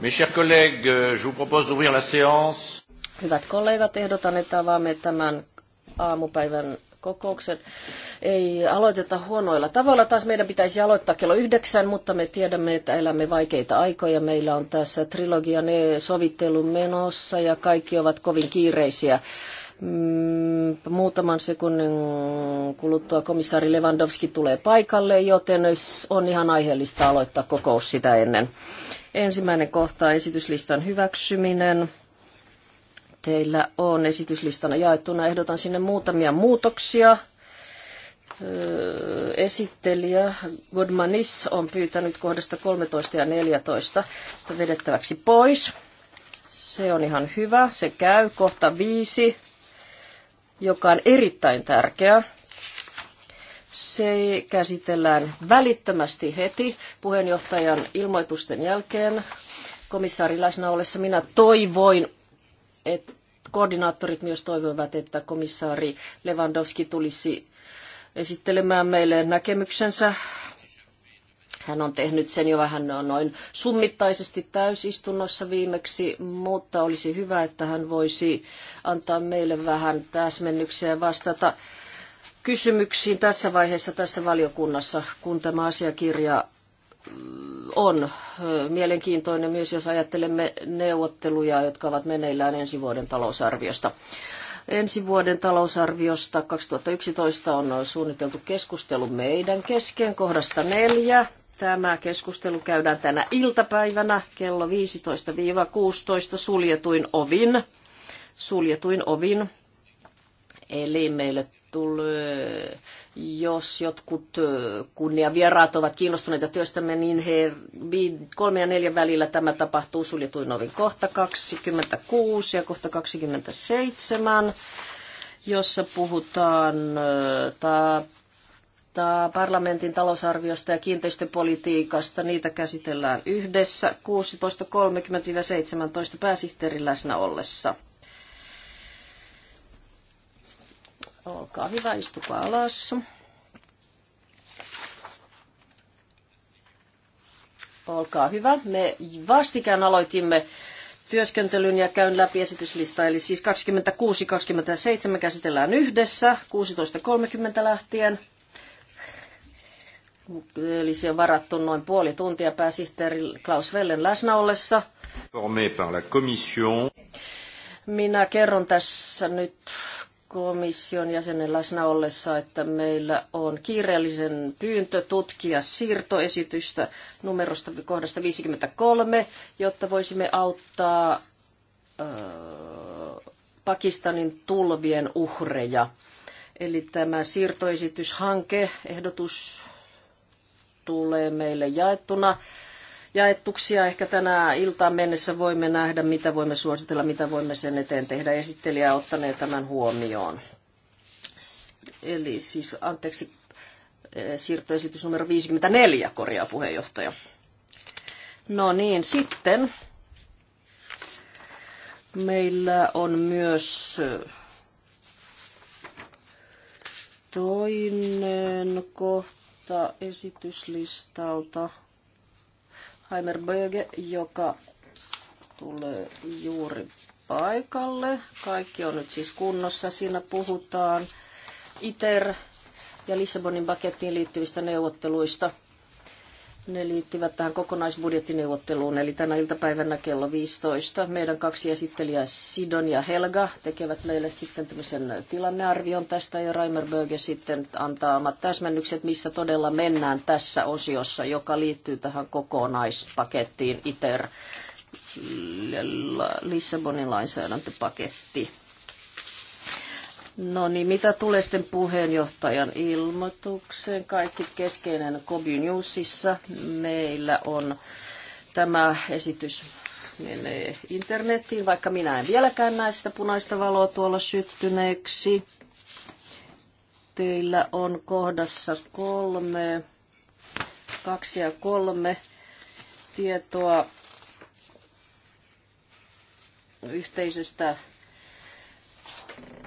Mes chers collègues, euh, je vous propose d'ouvrir la séance. Hyvät kollegat, ehdotan, että avaamme tämän aamupäivän kokouksen. Ei aloiteta huonoilla tavoilla. Taas meidän pitäisi aloittaa kello yhdeksän, mutta me tiedämme, että elämme vaikeita aikoja. Meillä on tässä trilogian sovittelu menossa ja kaikki ovat kovin kiireisiä. Mm, muutaman sekunnin kuluttua komissaari Lewandowski tulee paikalle, joten on ihan aiheellista aloittaa kokous sitä ennen. Ensimmäinen kohta esityslistan hyväksyminen. Teillä on esityslistana jaettuna. Ehdotan sinne muutamia muutoksia. Öö, esittelijä Godmanis on pyytänyt kohdasta 13 ja 14 vedettäväksi pois. Se on ihan hyvä. Se käy kohta 5, joka on erittäin tärkeä se käsitellään välittömästi heti puheenjohtajan ilmoitusten jälkeen. Komissaari läsnä ollessa minä toivoin, että koordinaattorit myös toivoivat, että komissaari Lewandowski tulisi esittelemään meille näkemyksensä hän on tehnyt sen jo vähän noin summittaisesti täysistunnossa viimeksi, mutta olisi hyvä, että hän voisi antaa meille vähän täsmennyksiä ja vastata kysymyksiin tässä vaiheessa tässä valiokunnassa, kun tämä asiakirja mm, on mielenkiintoinen myös, jos ajattelemme neuvotteluja, jotka ovat meneillään ensi vuoden talousarviosta. Ensi vuoden talousarviosta 2011 on suunniteltu keskustelu meidän kesken kohdasta neljä. Tämä keskustelu käydään tänä iltapäivänä kello 15-16 suljetuin ovin. Suljetuin ovin. Eli meille tullut, jos jotkut kunniavieraat ovat kiinnostuneita työstämme, niin he kolme ja neljän välillä tämä tapahtuu suljetuin ovin kohta 26 ja kohta 27, jossa puhutaan ta, ta, parlamentin talousarviosta ja kiinteistöpolitiikasta. Niitä käsitellään yhdessä 16.30-17 pääsihteerin läsnä ollessa. Olkaa hyvä, istukaa alas. Olkaa hyvä. Me vastikään aloitimme työskentelyn ja käyn läpi esityslista. Eli siis 26-27 käsitellään yhdessä, 16.30 lähtien. Eli se on varattu noin puoli tuntia pääsihteeri Klaus Vellen läsnä ollessa. Minä kerron tässä nyt komission jäsenen läsnä ollessa, että meillä on kiireellisen pyyntö tutkia siirtoesitystä numerosta kohdasta 53, jotta voisimme auttaa ö, Pakistanin tulvien uhreja. Eli tämä siirtoesityshanke, ehdotus tulee meille jaettuna jaettuksia. Ehkä tänä iltaan mennessä voimme nähdä, mitä voimme suositella, mitä voimme sen eteen tehdä. Esittelijä ottaneet tämän huomioon. Eli siis, anteeksi, eh, siirtoesitys numero 54, korjaa puheenjohtaja. No niin, sitten meillä on myös eh, toinen kohta esityslistalta. Heimer Böge, joka tulee juuri paikalle. Kaikki on nyt siis kunnossa. Siinä puhutaan ITER ja Lissabonin pakettiin liittyvistä neuvotteluista – ne liittyvät tähän kokonaisbudjettineuvotteluun, eli tänä iltapäivänä kello 15. Meidän kaksi esittelijää Sidon ja Helga tekevät meille sitten tämmöisen tilannearvion tästä, ja Reimer Böge sitten antaa omat täsmennykset, missä todella mennään tässä osiossa, joka liittyy tähän kokonaispakettiin ITER. Lissabonin lainsäädäntöpaketti. No niin, mitä tulee sitten puheenjohtajan ilmoitukseen? Kaikki keskeinen Kobi Newsissa. Meillä on tämä esitys menee internetiin, vaikka minä en vieläkään näe sitä punaista valoa tuolla syttyneeksi. Teillä on kohdassa kolme, kaksi ja kolme tietoa yhteisestä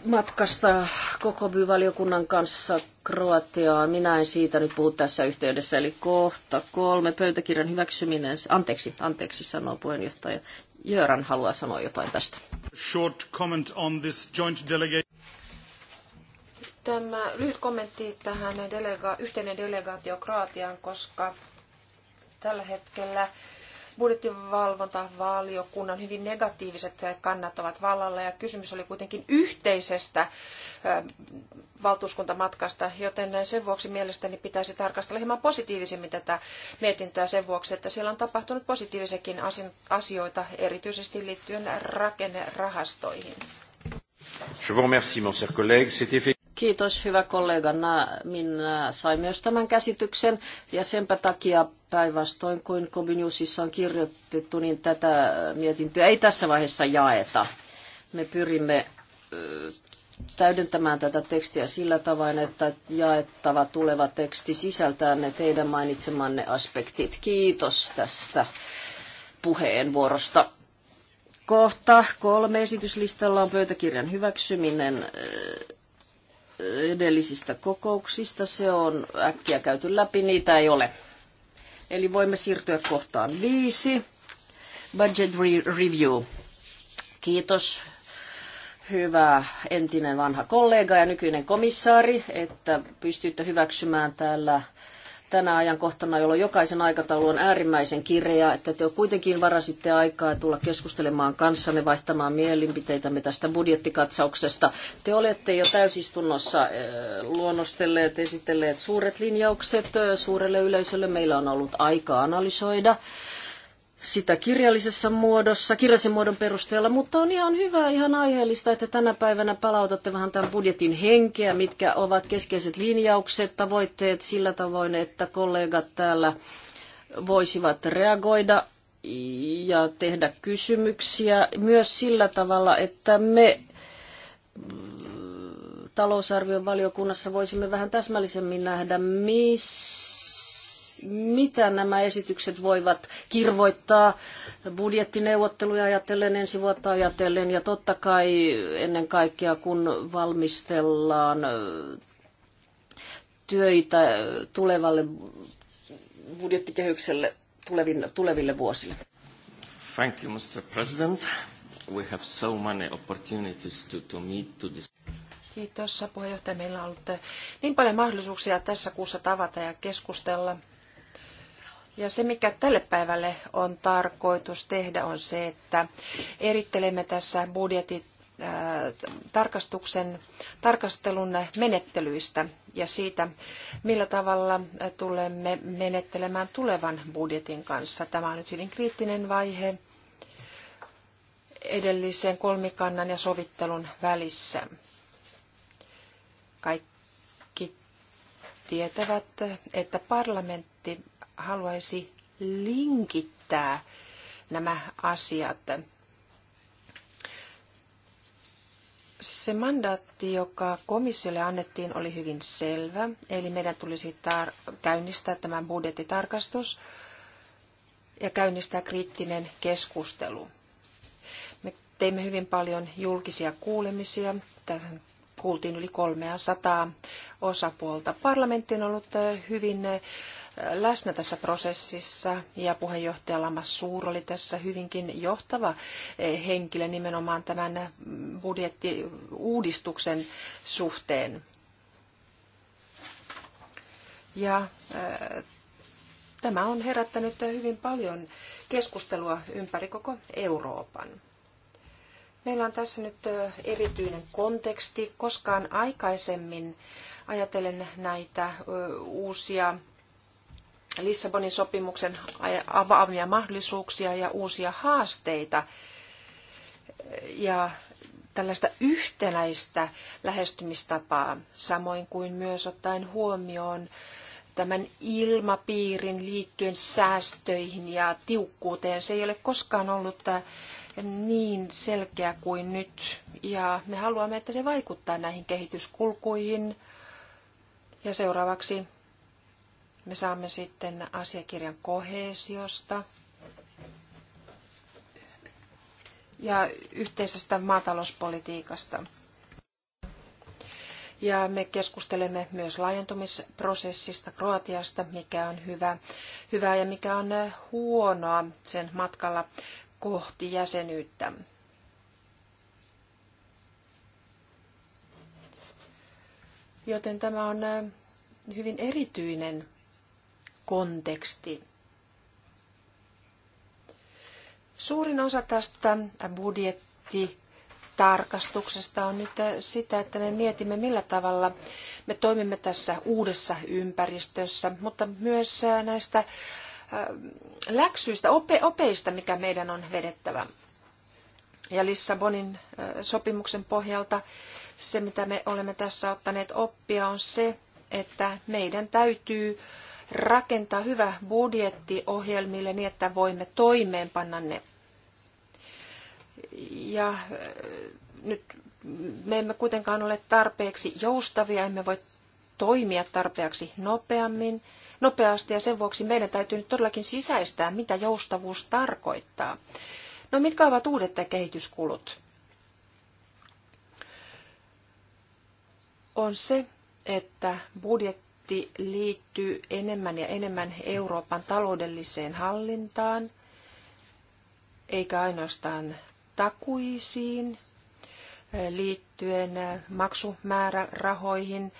matkasta koko valiokunnan kanssa Kroatiaan. Minä en siitä nyt puhu tässä yhteydessä, eli kohta kolme pöytäkirjan hyväksyminen. Anteeksi, anteeksi sanoo puheenjohtaja. Jöran haluaa sanoa jotain tästä. Short comment on this joint delegation. Tämä lyhyt kommentti tähän delega- yhteinen delegaatio Kroatiaan, koska tällä hetkellä budjettivalvontavaliokunnan hyvin negatiiviset kannat ovat vallalla ja kysymys oli kuitenkin yhteisestä valtuuskuntamatkasta, joten sen vuoksi mielestäni pitäisi tarkastella hieman positiivisemmin tätä mietintöä sen vuoksi, että siellä on tapahtunut positiivisiakin asioita, erityisesti liittyen rakennerahastoihin. Je vous remercie, mon cher collègue. Kiitos, hyvä kollega. Minä sain myös tämän käsityksen ja senpä takia päinvastoin kuin Kobinjusissa on kirjoitettu, niin tätä mietintöä ei tässä vaiheessa jaeta. Me pyrimme täydentämään tätä tekstiä sillä tavoin, että jaettava tuleva teksti sisältää ne teidän mainitsemanne aspektit. Kiitos tästä puheenvuorosta. Kohta kolme esityslistalla on pöytäkirjan hyväksyminen edellisistä kokouksista. Se on äkkiä käyty läpi, niitä ei ole. Eli voimme siirtyä kohtaan viisi. Budget re- review. Kiitos hyvä entinen vanha kollega ja nykyinen komissaari, että pystytte hyväksymään täällä tänä ajankohtana, jolloin jokaisen aikataulu on äärimmäisen kireä, että te kuitenkin varasitte aikaa tulla keskustelemaan kanssanne, vaihtamaan mielipiteitämme tästä budjettikatsauksesta. Te olette jo täysistunnossa eh, luonnostelleet, esitelleet suuret linjaukset eh, suurelle yleisölle. Meillä on ollut aikaa analysoida sitä kirjallisessa muodossa, kirjallisen muodon perusteella, mutta on ihan hyvä, ihan aiheellista, että tänä päivänä palautatte vähän tämän budjetin henkeä, mitkä ovat keskeiset linjaukset, tavoitteet sillä tavoin, että kollegat täällä voisivat reagoida ja tehdä kysymyksiä myös sillä tavalla, että me talousarvion valiokunnassa voisimme vähän täsmällisemmin nähdä, missä mitä nämä esitykset voivat kirvoittaa budjettineuvotteluja ajatellen, ensi vuotta ajatellen ja totta kai ennen kaikkea kun valmistellaan työitä tulevalle budjettikehykselle tuleville, vuosille. Thank you, Mr. President. We have so many opportunities to, to meet to this. Kiitos puheenjohtaja. Meillä on ollut eh, niin paljon mahdollisuuksia tässä kuussa tavata ja keskustella. Ja se, mikä tälle päivälle on tarkoitus tehdä, on se, että erittelemme tässä budjetit tarkastuksen, tarkastelun menettelyistä ja siitä, millä tavalla tulemme menettelemään tulevan budjetin kanssa. Tämä on nyt hyvin kriittinen vaihe edellisen kolmikannan ja sovittelun välissä. Kaikki tietävät, että parlamentti haluaisi linkittää nämä asiat. Se mandaatti, joka komissiolle annettiin, oli hyvin selvä. Eli meidän tulisi tar- käynnistää tämä budjettitarkastus ja käynnistää kriittinen keskustelu. Me teimme hyvin paljon julkisia kuulemisia. Tähän kuultiin yli 300 osapuolta. Parlamentti on ollut hyvin läsnä tässä prosessissa ja puheenjohtaja Lamas Suur oli tässä hyvinkin johtava henkilö nimenomaan tämän budjettiuudistuksen suhteen. Ja tämä on herättänyt hyvin paljon keskustelua ympäri koko Euroopan. Meillä on tässä nyt erityinen konteksti. Koskaan aikaisemmin ajatellen näitä uusia Lissabonin sopimuksen avaamia mahdollisuuksia ja uusia haasteita ja tällaista yhtenäistä lähestymistapaa, samoin kuin myös ottaen huomioon tämän ilmapiirin liittyen säästöihin ja tiukkuuteen. Se ei ole koskaan ollut niin selkeä kuin nyt. Ja me haluamme, että se vaikuttaa näihin kehityskulkuihin. Ja seuraavaksi me saamme sitten asiakirjan kohesiosta ja yhteisestä maatalouspolitiikasta. Ja me keskustelemme myös laajentumisprosessista Kroatiasta, mikä on hyvä, hyvä ja mikä on huonoa sen matkalla kohti jäsenyyttä. Joten tämä on hyvin erityinen konteksti. Suurin osa tästä budjetti-tarkastuksesta on nyt sitä, että me mietimme millä tavalla me toimimme tässä uudessa ympäristössä, mutta myös näistä läksyistä, opeista, mikä meidän on vedettävä. Ja Lissabonin sopimuksen pohjalta se, mitä me olemme tässä ottaneet oppia, on se, että meidän täytyy rakentaa hyvä budjetti ohjelmille niin, että voimme toimeenpanna ne. Ja nyt me emme kuitenkaan ole tarpeeksi joustavia, emme voi toimia tarpeeksi nopeammin – nopeasti ja sen vuoksi meidän täytyy nyt todellakin sisäistää, mitä joustavuus tarkoittaa. No mitkä ovat uudet kehityskulut? On se, että budjetti liittyy enemmän ja enemmän Euroopan taloudelliseen hallintaan, eikä ainoastaan takuisiin liittyen maksumäärärahoihin,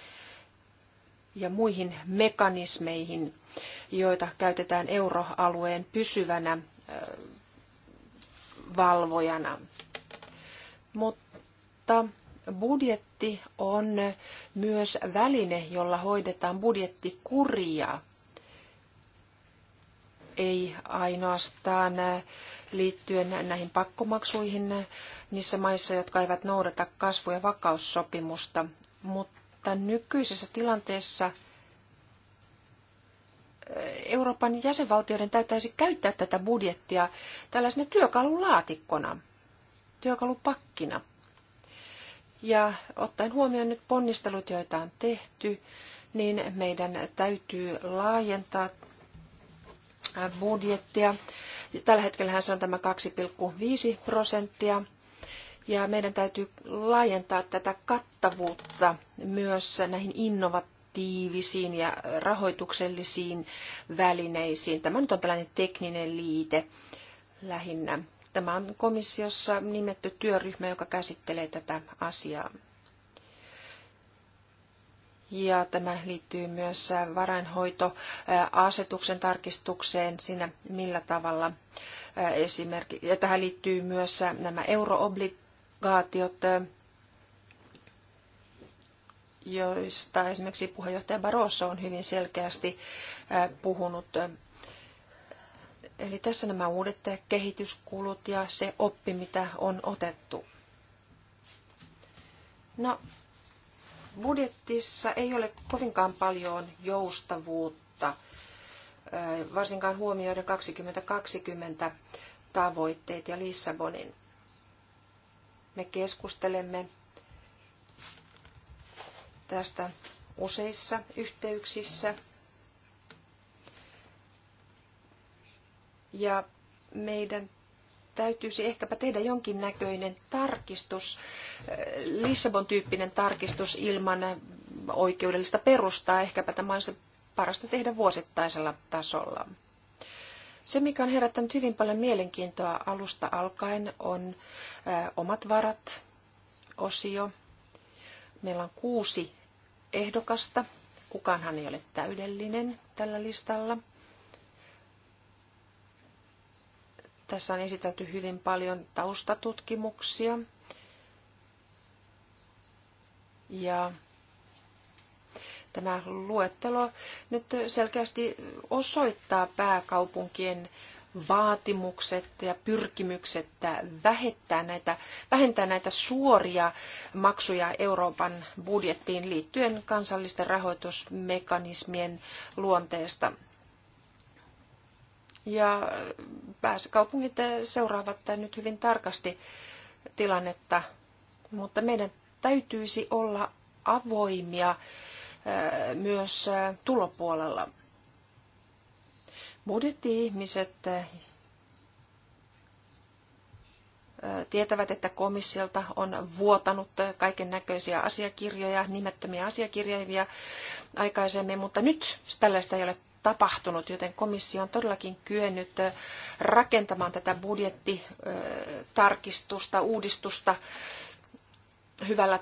ja muihin mekanismeihin, joita käytetään euroalueen pysyvänä valvojana. Mutta budjetti on myös väline, jolla hoidetaan budjettikuria, ei ainoastaan liittyen näihin pakkomaksuihin niissä maissa, jotka eivät noudata kasvu- ja vakaussopimusta, mutta että nykyisessä tilanteessa eh, Euroopan jäsenvaltioiden täytyisi käyttää tätä budjettia tällaisena työkalulaatikkona, työkalupakkina. Ja ottaen huomioon nyt ponnistelut, joita on tehty, niin meidän täytyy laajentaa eh, budjettia. Tällä hetkellä se on tämä 2,5 prosenttia ja meidän täytyy laajentaa tätä kattavuutta myös näihin innovatiivisiin ja rahoituksellisiin välineisiin. Tämä nyt on tällainen tekninen liite lähinnä. Tämä on komissiossa nimetty työryhmä, joka käsittelee tätä asiaa. Ja tämä liittyy myös varainhoitoasetuksen tarkistukseen siinä, millä tavalla esimerkiksi, ja tähän liittyy myös nämä euroobligaatiot delegaatiot, eh, joista esimerkiksi puheenjohtaja Barroso on hyvin selkeästi eh, puhunut. Eli tässä nämä uudet eh, kehityskulut ja se oppi, mitä on otettu. No, budjettissa ei ole kovinkaan paljon joustavuutta, varsinkaan huomioiden 2020 tavoitteet ja Lissabonin me keskustelemme tästä useissa yhteyksissä. Ja meidän täytyisi ehkäpä tehdä jonkinnäköinen tarkistus, Lissabon tyyppinen tarkistus ilman oikeudellista perustaa. Ehkäpä tämä on se parasta tehdä vuosittaisella tasolla. Se, mikä on herättänyt hyvin paljon mielenkiintoa alusta alkaen, on äh, omat varat osio. Meillä on kuusi ehdokasta. Kukaanhan ei ole täydellinen tällä listalla. Tässä on esitelty hyvin paljon taustatutkimuksia. Ja Tämä luettelo nyt selkeästi osoittaa pääkaupunkien vaatimukset ja pyrkimykset vähentää näitä, vähentää näitä suoria maksuja Euroopan budjettiin liittyen kansallisten rahoitusmekanismien luonteesta. Ja pääkaupungit seuraavat nyt hyvin tarkasti tilannetta, mutta meidän täytyisi olla avoimia myös tulopuolella. Budjetti-ihmiset tietävät, että komissiolta on vuotanut kaiken näköisiä asiakirjoja, nimettömiä asiakirjoja aikaisemmin, mutta nyt tällaista ei ole tapahtunut, joten komissio on todellakin kyennyt rakentamaan tätä budjettitarkistusta, uudistusta hyvällä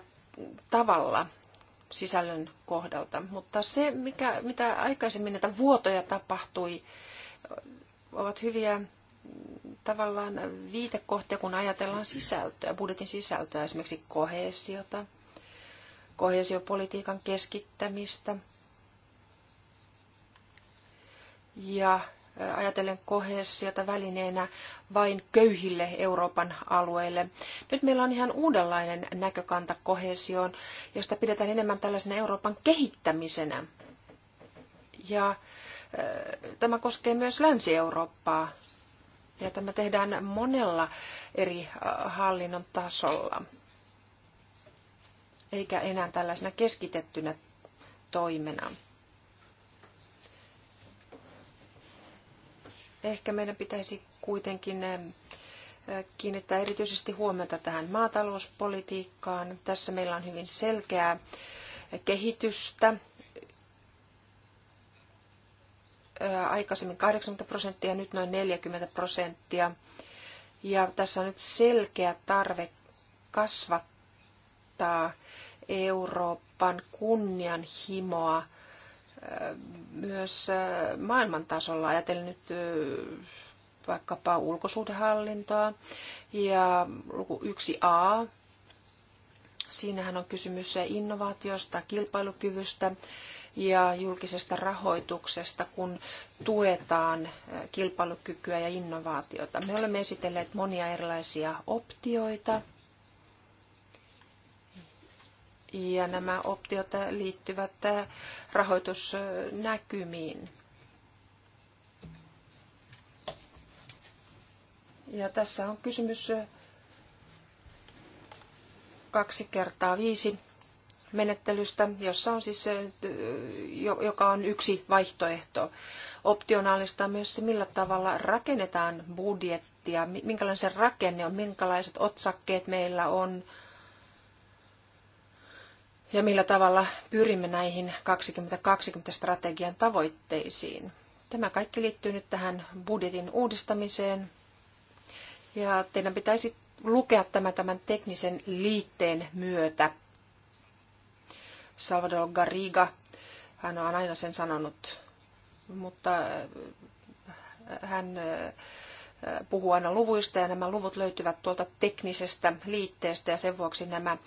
tavalla sisällön kohdalta. Mutta se, mikä, mitä aikaisemmin näitä vuotoja tapahtui, ovat hyviä tavallaan viitekohtia, kun ajatellaan sisältöä, budjetin sisältöä, esimerkiksi kohesiota, kohesiopolitiikan keskittämistä ja ajatellen kohessiota välineenä vain köyhille Euroopan alueille. Nyt meillä on ihan uudenlainen näkökanta kohesioon, josta pidetään enemmän tällaisena Euroopan kehittämisenä. Ja tämä koskee myös Länsi-Eurooppaa. Ja tämä tehdään monella eri hallinnon tasolla, eikä enää tällaisena keskitettynä toimena. Ehkä meidän pitäisi kuitenkin eh, kiinnittää erityisesti huomiota tähän maatalouspolitiikkaan. Tässä meillä on hyvin selkeää kehitystä. Eh, aikaisemmin 80 prosenttia, nyt noin 40 prosenttia. Ja tässä on nyt selkeä tarve kasvattaa Euroopan kunnianhimoa myös maailman tasolla. Ajatellen nyt vaikkapa ulkosuhdehallintoa ja luku 1a. Siinähän on kysymys innovaatiosta, kilpailukyvystä ja julkisesta rahoituksesta, kun tuetaan kilpailukykyä ja innovaatiota. Me olemme esitelleet monia erilaisia optioita ja nämä optiot liittyvät rahoitusnäkymiin. Ja tässä on kysymys kaksi kertaa viisi menettelystä, jossa on siis, joka on yksi vaihtoehto. Optionaalista on myös se, millä tavalla rakennetaan budjettia, minkälainen se rakenne on, minkälaiset otsakkeet meillä on, ja millä tavalla pyrimme näihin 2020-strategian tavoitteisiin. Tämä kaikki liittyy nyt tähän budjetin uudistamiseen. Ja teidän pitäisi lukea tämä tämän teknisen liitteen myötä. Salvador Garriga, hän on aina sen sanonut, mutta hän puhuu aina luvuista ja nämä luvut löytyvät tuolta teknisestä liitteestä ja sen vuoksi nämä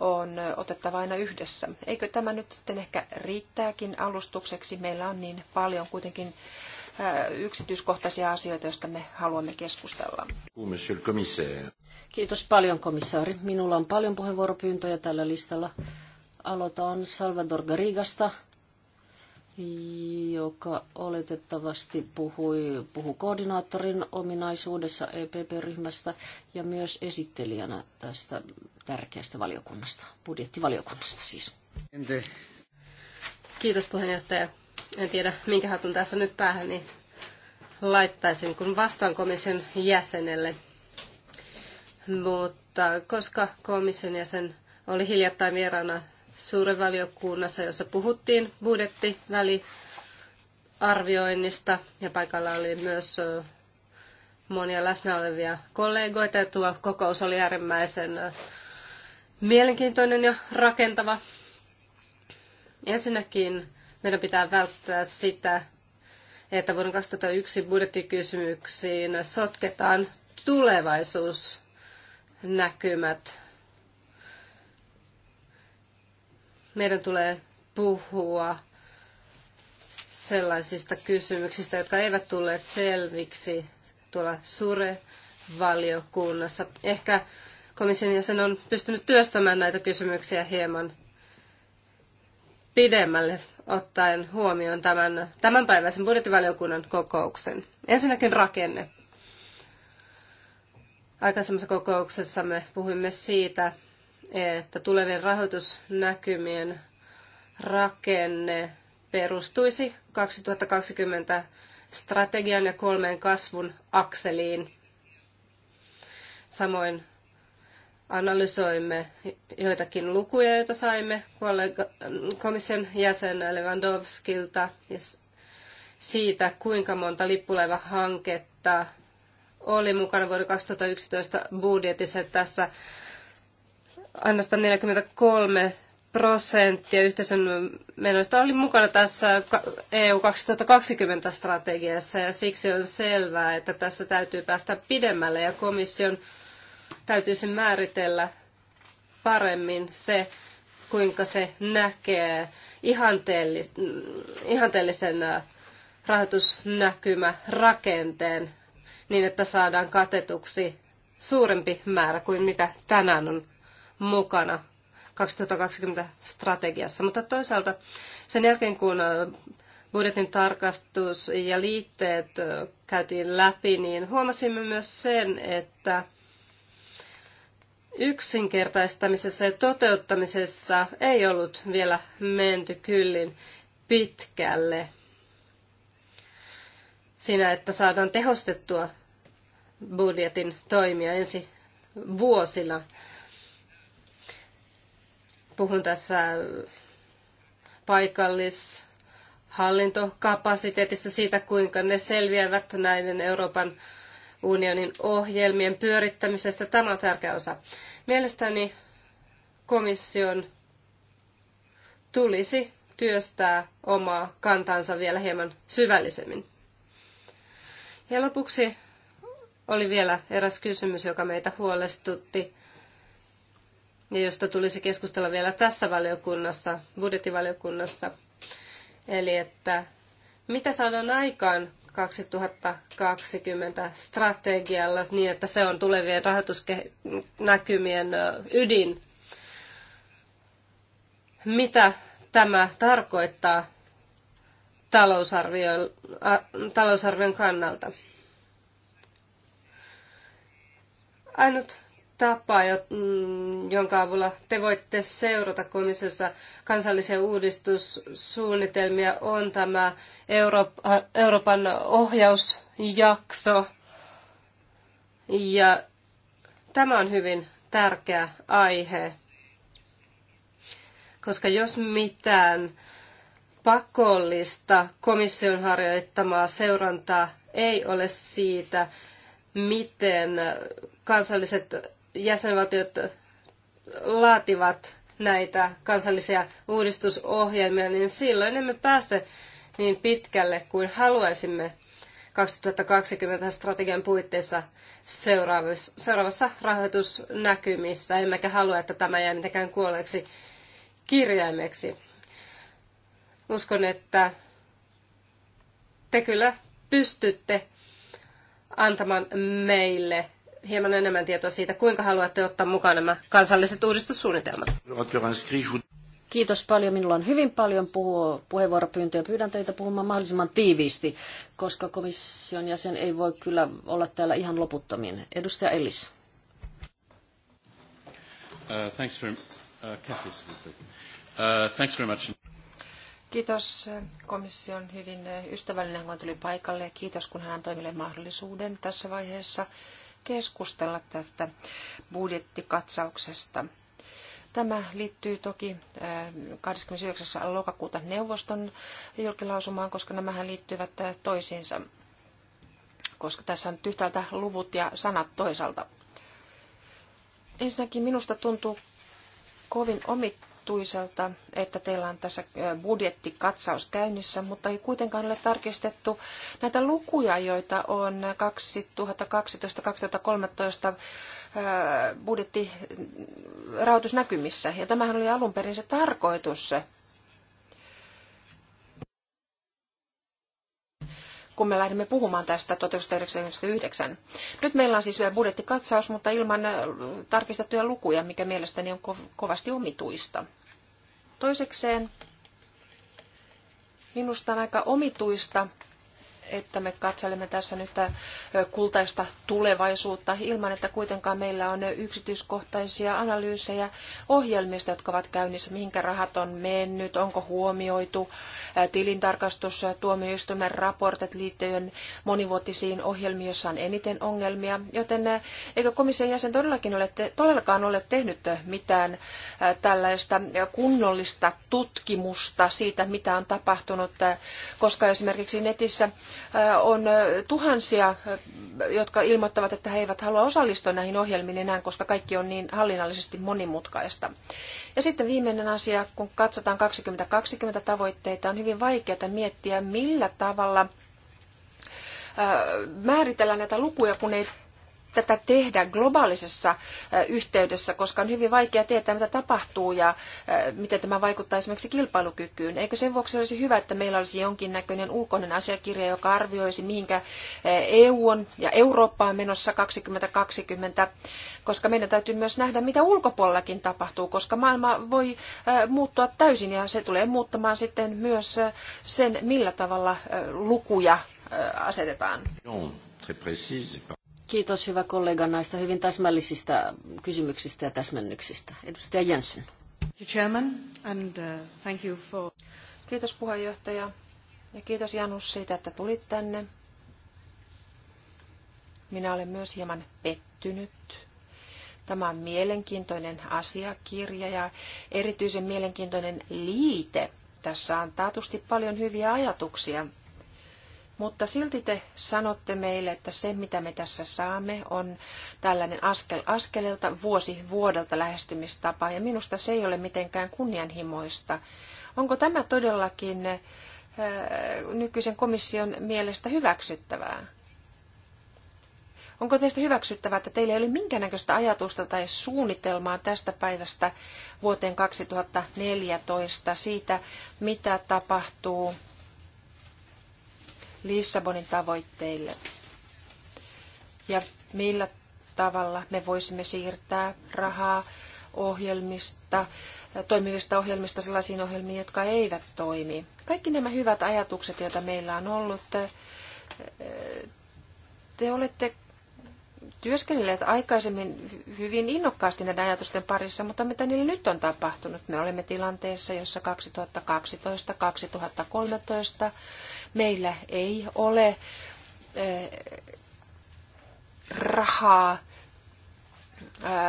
on otettava aina yhdessä. Eikö tämä nyt sitten ehkä riittääkin alustukseksi? Meillä on niin paljon kuitenkin äh, yksityiskohtaisia asioita, joista me haluamme keskustella. Kiitos paljon komissaari. Minulla on paljon puheenvuoropyyntöjä tällä listalla. Aloitan Salvador Garrigasta joka oletettavasti puhui, puhui koordinaattorin ominaisuudessa EPP-ryhmästä ja myös esittelijänä tästä tärkeästä valiokunnasta, budjettivaliokunnasta siis. Ente. Kiitos puheenjohtaja. En tiedä, minkä hatun tässä nyt päähän niin laittaisin, kun vastaan komission jäsenelle. Mutta koska komission jäsen oli hiljattain vieraana suuren valiokunnassa, jossa puhuttiin budjettiväliarvioinnista ja paikalla oli myös monia läsnä olevia kollegoita ja tuo kokous oli äärimmäisen mielenkiintoinen ja rakentava. Ensinnäkin meidän pitää välttää sitä, että vuoden 2001 budjettikysymyksiin sotketaan tulevaisuusnäkymät Meidän tulee puhua sellaisista kysymyksistä, jotka eivät tulleet selviksi tuolla SURE-valiokunnassa. Ehkä komission jäsen on pystynyt työstämään näitä kysymyksiä hieman pidemmälle ottaen huomioon tämän tämänpäiväisen budjettivaliokunnan kokouksen. Ensinnäkin rakenne. Aikaisemmassa kokouksessa me puhuimme siitä, että tulevien rahoitusnäkymien rakenne perustuisi 2020 strategian ja kolmen kasvun akseliin. Samoin analysoimme joitakin lukuja, joita saimme kollega, komission jäsen Lewandowskilta siitä, kuinka monta lippulaivahanketta oli mukana vuoden 2011 budjetissa. Tässä ainoastaan 43 prosenttia yhteisön menoista oli mukana tässä EU 2020-strategiassa ja siksi on selvää, että tässä täytyy päästä pidemmälle ja komission täytyisi määritellä paremmin se, kuinka se näkee ihanteellisen äh, rahoitusnäkymä rakenteen niin, että saadaan katetuksi suurempi määrä kuin mitä tänään on mukana 2020 strategiassa. Mutta toisaalta sen jälkeen, kun äh, budjetin tarkastus ja liitteet äh, käytiin läpi, niin huomasimme myös sen, että yksinkertaistamisessa ja toteuttamisessa ei ollut vielä menty kyllin pitkälle siinä, että saadaan tehostettua budjetin toimia ensi vuosina – Puhun tässä paikallis hallintokapasiteetista, siitä kuinka ne selviävät näiden Euroopan unionin ohjelmien pyörittämisestä. Tämä on tärkeä osa. Mielestäni komission tulisi työstää omaa kantansa vielä hieman syvällisemmin. Ja lopuksi oli vielä eräs kysymys, joka meitä huolestutti ja josta tulisi keskustella vielä tässä valiokunnassa, budjettivaliokunnassa. Eli että mitä saadaan aikaan 2020 strategialla niin, että se on tulevien rahoitusnäkymien ydin. Mitä tämä tarkoittaa talousarvion, talousarvion kannalta? Ainut tapa, mm, jonka avulla te voitte seurata komissiossa kansallisia uudistussuunnitelmia, on tämä äh, Euroopan ohjausjakso. Ja tämä on hyvin tärkeä aihe, koska jos mitään pakollista komission harjoittamaa seurantaa ei ole siitä, miten kansalliset jäsenvaltiot laativat näitä kansallisia uudistusohjelmia, niin silloin emme pääse niin pitkälle kuin haluaisimme 2020 strategian puitteissa seuraavassa rahoitusnäkymissä, emmekä halua, että tämä jää mitenkään kuolleeksi kirjaimeksi. Uskon, että te kyllä pystytte antamaan meille hieman enemmän tietoa siitä, kuinka haluatte ottaa mukaan nämä kansalliset uudistussuunnitelmat. Kiitos paljon. Minulla on hyvin paljon puhu- puheenvuoropyyntöjä. Pyydän teitä puhumaan mahdollisimman tiiviisti, koska komission jäsen ei voi kyllä olla täällä ihan loputtomiin. Edustaja Ellis. Uh, uh, uh, kiitos. komission hyvin ystävällinen, kun tuli paikalle. Kiitos, kun hän antoi meille mahdollisuuden tässä vaiheessa keskustella tästä budjettikatsauksesta. Tämä liittyy toki 29. lokakuuta neuvoston julkilausumaan, koska nämähän liittyvät toisiinsa, koska tässä on yhtäältä luvut ja sanat toisaalta. Ensinnäkin minusta tuntuu kovin omittain kohtuiselta, että teillä on tässä budjettikatsaus käynnissä, mutta ei kuitenkaan ole tarkistettu näitä lukuja, joita on 2012-2013 budjettirahoitusnäkymissä. Ja tämähän oli alun perin se tarkoitus, kun me lähdemme puhumaan tästä 1999. Nyt meillä on siis vielä budjettikatsaus, mutta ilman äh, tarkistettuja lukuja, mikä mielestäni on kovasti omituista. Toisekseen minusta on aika omituista, että me katselemme tässä nyt äh, kultaista tulevaisuutta ilman, että kuitenkaan meillä on yksityiskohtaisia analyysejä ohjelmista, jotka ovat käynnissä, mihinkä rahat on mennyt, onko huomioitu äh, tilintarkastus, äh, tuomioistuimen raportit liittyen monivuotisiin ohjelmiin, joissa on eniten ongelmia. Joten eikö komission jäsen todellakin ole, todellakaan ole tehnyt mitään tällaista kunnollista tutkimusta siitä, mitä on tapahtunut, koska esimerkiksi netissä on tuhansia, jotka ilmoittavat, että he eivät halua osallistua näihin ohjelmiin enää, koska kaikki on niin hallinnallisesti monimutkaista. Ja sitten viimeinen asia, kun katsotaan 2020 tavoitteita, on hyvin vaikeaa miettiä, millä tavalla määritellään näitä lukuja, kun ei tätä tehdä globaalisessa yhteydessä, koska on hyvin vaikea tietää, mitä tapahtuu ja miten tämä vaikuttaa esimerkiksi kilpailukykyyn. Eikö sen vuoksi olisi hyvä, että meillä olisi jonkinnäköinen ulkoinen asiakirja, joka arvioisi, mihinkä EU on ja Eurooppa on menossa 2020, koska meidän täytyy myös nähdä, mitä ulkopuolellakin tapahtuu, koska maailma voi muuttua täysin ja se tulee muuttamaan sitten myös sen, millä tavalla lukuja asetetaan. Kiitos hyvä kollega näistä hyvin täsmällisistä kysymyksistä ja täsmennyksistä. Edustaja Jensen. Uh, kiitos puheenjohtaja ja kiitos Janus siitä, että tulit tänne. Minä olen myös hieman pettynyt. Tämä on mielenkiintoinen asiakirja ja erityisen mielenkiintoinen liite. Tässä on taatusti paljon hyviä ajatuksia, mutta silti te sanotte meille, että se mitä me tässä saamme on tällainen askel askeleelta, vuosi vuodelta lähestymistapa. Ja minusta se ei ole mitenkään kunnianhimoista. Onko tämä todellakin äh, nykyisen komission mielestä hyväksyttävää? Onko teistä hyväksyttävää, että teillä ei ole minkäännäköistä ajatusta tai suunnitelmaa tästä päivästä vuoteen 2014 siitä, mitä tapahtuu Lissabonin tavoitteille ja millä tavalla me voisimme siirtää rahaa ohjelmista, toimivista ohjelmista sellaisiin ohjelmiin, jotka eivät toimi. Kaikki nämä hyvät ajatukset, joita meillä on ollut, eh, te olette työskennelleet aikaisemmin hyvin innokkaasti näiden ajatusten parissa, mutta mitä niille nyt on tapahtunut? Me olemme tilanteessa, jossa 2012-2013 Meillä ei ole rahaa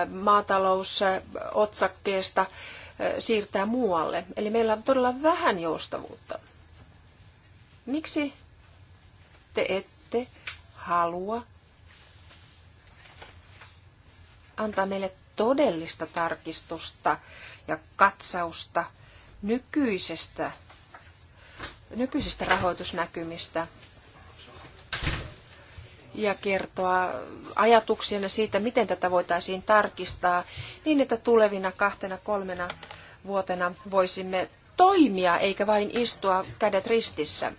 maatalousotsakkeesta siirtää muualle. Eli meillä on todella vähän joustavuutta. Miksi te ette halua antaa meille todellista tarkistusta ja katsausta nykyisestä nykyisistä rahoitusnäkymistä ja kertoa ajatuksienne siitä, miten tätä voitaisiin tarkistaa niin, että tulevina kahtena kolmena vuotena voisimme toimia eikä vain istua kädet ristissä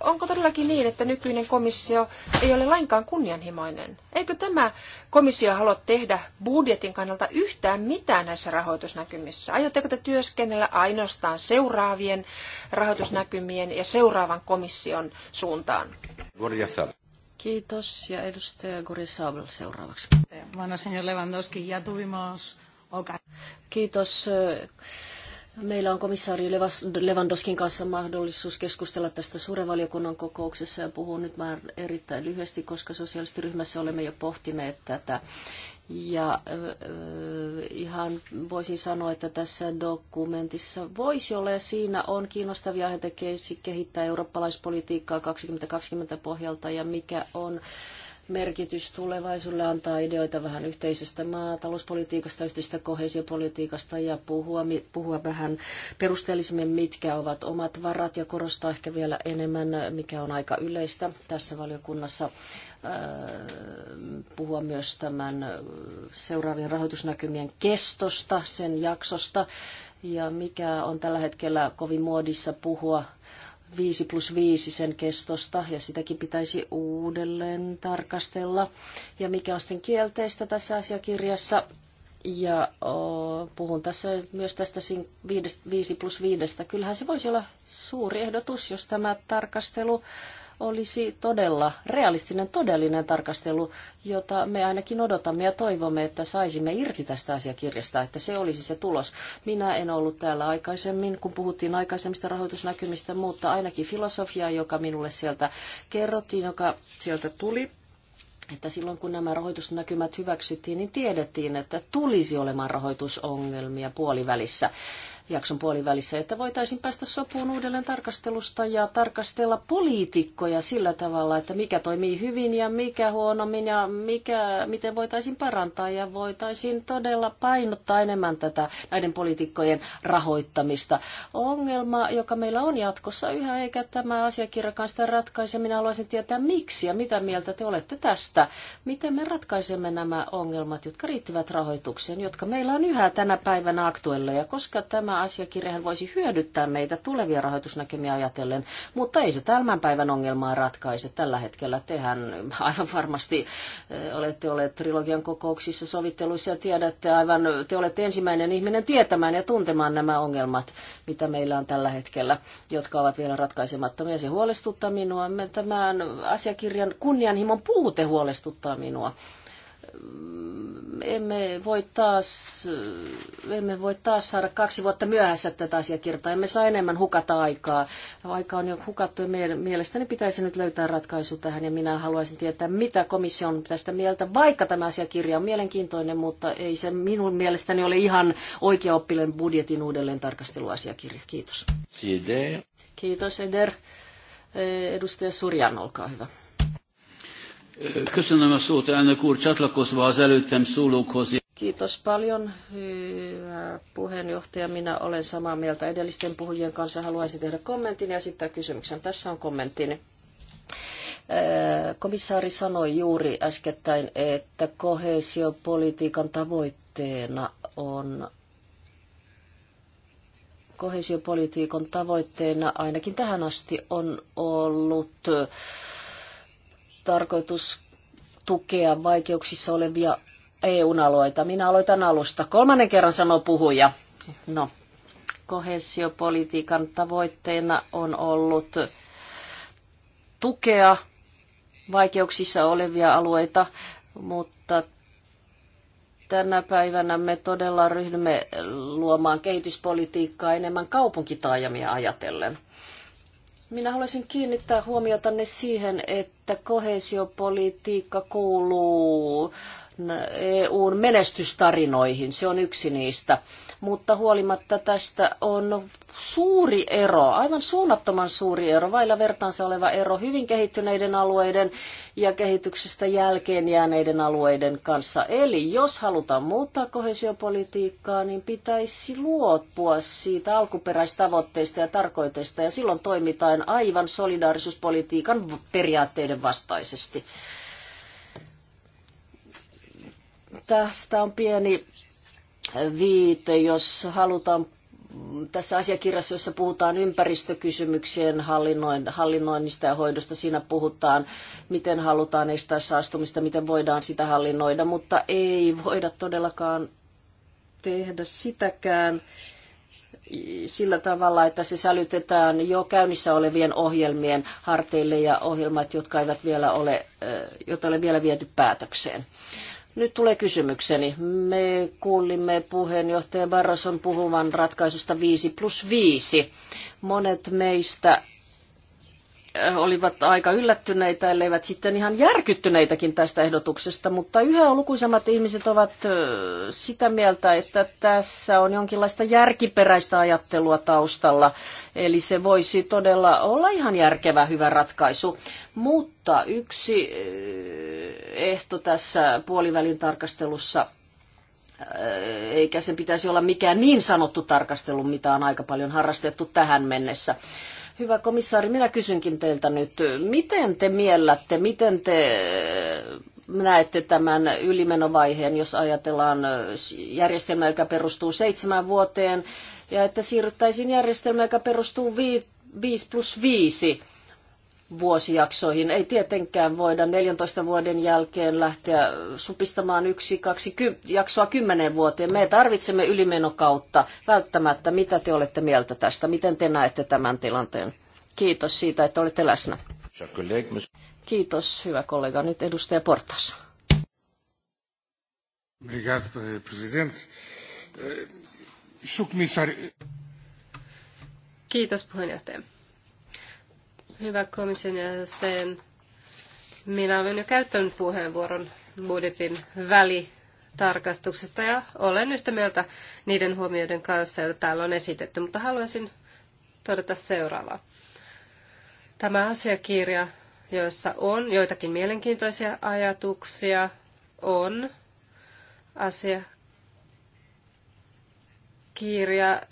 onko todellakin niin, että nykyinen komissio ei ole lainkaan kunnianhimoinen? Eikö tämä komissio halua tehdä budjetin kannalta yhtään mitään näissä rahoitusnäkymissä? Aiotteko te työskennellä ainoastaan seuraavien rahoitusnäkymien ja seuraavan komission suuntaan? Kiitos. Ja edustaja Gori Saabel seuraavaksi. señor tuvimos... Kiitos Meillä on komissaari Lewandowskin kanssa mahdollisuus keskustella tästä suurevaliokunnan kokouksessa ja puhun nyt vain erittäin lyhyesti, koska sosiaalistiryhmässä olemme jo pohtineet tätä. Ja äh, ihan voisin sanoa, että tässä dokumentissa voisi olla ja siinä on kiinnostavia aiheita kehittää eurooppalaispolitiikkaa 2020 pohjalta ja mikä on äh, merkitys tulevaisuudelle, antaa ideoita vähän yhteisestä maatalouspolitiikasta, yhteisestä kohesiopolitiikasta ja puhua, puhua vähän perusteellisemmin, mitkä ovat omat varat ja korostaa ehkä vielä enemmän, mikä on aika yleistä tässä valiokunnassa äh, puhua myös tämän seuraavien rahoitusnäkymien kestosta, sen jaksosta ja mikä on tällä hetkellä kovin muodissa puhua 5 plus 5 sen kestosta ja sitäkin pitäisi uudelleen tarkastella. Ja mikä on sitten kielteistä tässä asiakirjassa? Ja o, puhun tässä myös tästä 5 plus 5. Kyllähän se voisi olla suuri ehdotus, jos tämä tarkastelu olisi todella realistinen, todellinen tarkastelu, jota me ainakin odotamme ja toivomme, että saisimme irti tästä asiakirjasta, että se olisi se tulos. Minä en ollut täällä aikaisemmin, kun puhuttiin aikaisemmista rahoitusnäkymistä, mutta ainakin filosofia, joka minulle sieltä kerrottiin, joka sieltä tuli, että silloin kun nämä rahoitusnäkymät hyväksyttiin, niin tiedettiin, että tulisi olemaan rahoitusongelmia puolivälissä jakson puolivälissä, että voitaisiin päästä sopuun uudelleen tarkastelusta ja tarkastella poliitikkoja sillä tavalla, että mikä toimii hyvin ja mikä huonommin ja mikä, miten voitaisiin parantaa ja voitaisiin todella painottaa enemmän tätä näiden poliitikkojen rahoittamista. Ongelma, joka meillä on jatkossa yhä, eikä tämä asiakirjakaan sitä ratkaise. Minä haluaisin tietää miksi ja mitä mieltä te olette tästä. Miten me ratkaisemme nämä ongelmat, jotka riittyvät rahoitukseen, jotka meillä on yhä tänä päivänä aktuelleja, koska tämä tämä asiakirjahan voisi hyödyttää meitä tulevia rahoitusnäkemiä ajatellen, mutta ei se tämän päivän ongelmaa ratkaise tällä hetkellä. Tehän aivan varmasti eh, olette olleet trilogian kokouksissa sovitteluissa ja tiedätte aivan, te olette ensimmäinen ihminen tietämään ja tuntemaan nämä ongelmat, mitä meillä on tällä hetkellä, jotka ovat vielä ratkaisemattomia. Se huolestuttaa minua. Tämän asiakirjan kunnianhimon puute huolestuttaa minua emme voi taas, emme voi taas saada kaksi vuotta myöhässä tätä asiakirtaa. Emme saa enemmän hukata aikaa. Aika on jo hukattu ja mielestäni pitäisi nyt löytää ratkaisu tähän ja minä haluaisin tietää, mitä komissio on tästä mieltä, vaikka tämä asiakirja on mielenkiintoinen, mutta ei se minun mielestäni ole ihan oikea oppilen budjetin uudelleen tarkasteluasiakirja. Kiitos. Kiitos Eder. Edustaja Surjan, olkaa hyvä. Köszönöm a szót, elnök úr, csatlakozva az előttem szólókhoz. Kiitos paljon, hyvä puheenjohtaja. Minä olen samaa mieltä edellisten puhujien kanssa. Haluaisin tehdä kommentin ja esittää kysymyksen. Tässä on kommenttini. Komissaari sanoi juuri äskettäin, että kohesiopolitiikan tavoitteena on kohesiopolitiikan tavoitteena ainakin tähän asti on ollut äh, tarkoitus tukea vaikeuksissa olevia EU-alueita. Minä aloitan alusta. Kolmannen kerran sanoo puhuja. No, kohesiopolitiikan tavoitteena on ollut tukea vaikeuksissa olevia alueita, mutta tänä päivänä me todella ryhdymme luomaan kehityspolitiikkaa enemmän kaupunkitaajamia ajatellen. Minä haluaisin kiinnittää huomiotanne siihen, että kohesiopolitiikka kuuluu EUn menestystarinoihin. Se on yksi niistä. Mutta huolimatta tästä on suuri ero, aivan suunnattoman suuri ero, vailla vertaansa oleva ero hyvin kehittyneiden alueiden ja kehityksestä jälkeen jääneiden alueiden kanssa. Eli jos halutaan muuttaa kohesiopolitiikkaa, niin pitäisi luopua siitä alkuperäistavoitteista ja tarkoitteista, ja silloin toimitaan aivan solidaarisuuspolitiikan periaatteiden vastaisesti. Tästä on pieni viite, jos halutaan tässä asiakirjassa, jossa puhutaan ympäristökysymyksien hallinnoinnista ja hoidosta, siinä puhutaan, miten halutaan estää saastumista, miten voidaan sitä hallinnoida, mutta ei voida todellakaan tehdä sitäkään sillä tavalla, että se sälytetään jo käynnissä olevien ohjelmien harteille ja ohjelmat, jotka eivät vielä ole, eh, joita ole vielä viety päätökseen. Nyt tulee kysymykseni. Me kuulimme puheenjohtaja Barroson puhuvan ratkaisusta 5 plus 5. Monet meistä Äh, olivat aika yllättyneitä, elleivät sitten ihan järkyttyneitäkin tästä ehdotuksesta, mutta yhä lukuisemmat ihmiset ovat äh, sitä mieltä, että tässä on jonkinlaista järkiperäistä ajattelua taustalla, eli se voisi todella olla ihan järkevä hyvä ratkaisu. Mutta yksi äh, ehto tässä puolivälin tarkastelussa eikä sen pitäisi olla mikään niin sanottu tarkastelu, mitä on aika paljon harrastettu tähän mennessä. Hyvä komissaari, minä kysynkin teiltä nyt, miten te miellätte, miten te äh, näette tämän ylimenovaiheen, jos ajatellaan äh, järjestelmää, joka perustuu seitsemän vuoteen, ja että siirryttäisiin järjestelmään, joka perustuu 5 plus 5 vuosijaksoihin. Ei tietenkään voida 14 vuoden jälkeen lähteä supistamaan yksi, kaksi ky- jaksoa kymmenen vuoteen. Me tarvitsemme ylimenokautta välttämättä. Mitä te olette mieltä tästä? Miten te näette tämän tilanteen? Kiitos siitä, että olette läsnä. Kiitos, hyvä kollega. Nyt edustaja Portas. Eh, eh, Kiitos puheenjohtaja. Hyvä komission jäsen. Minä olen jo käyttänyt puheenvuoron budjetin välitarkastuksesta ja olen yhtä mieltä niiden huomioiden kanssa, joita täällä on esitetty, mutta haluaisin todeta seuraavaa. Tämä asiakirja, joissa on joitakin mielenkiintoisia ajatuksia, on asiakirja,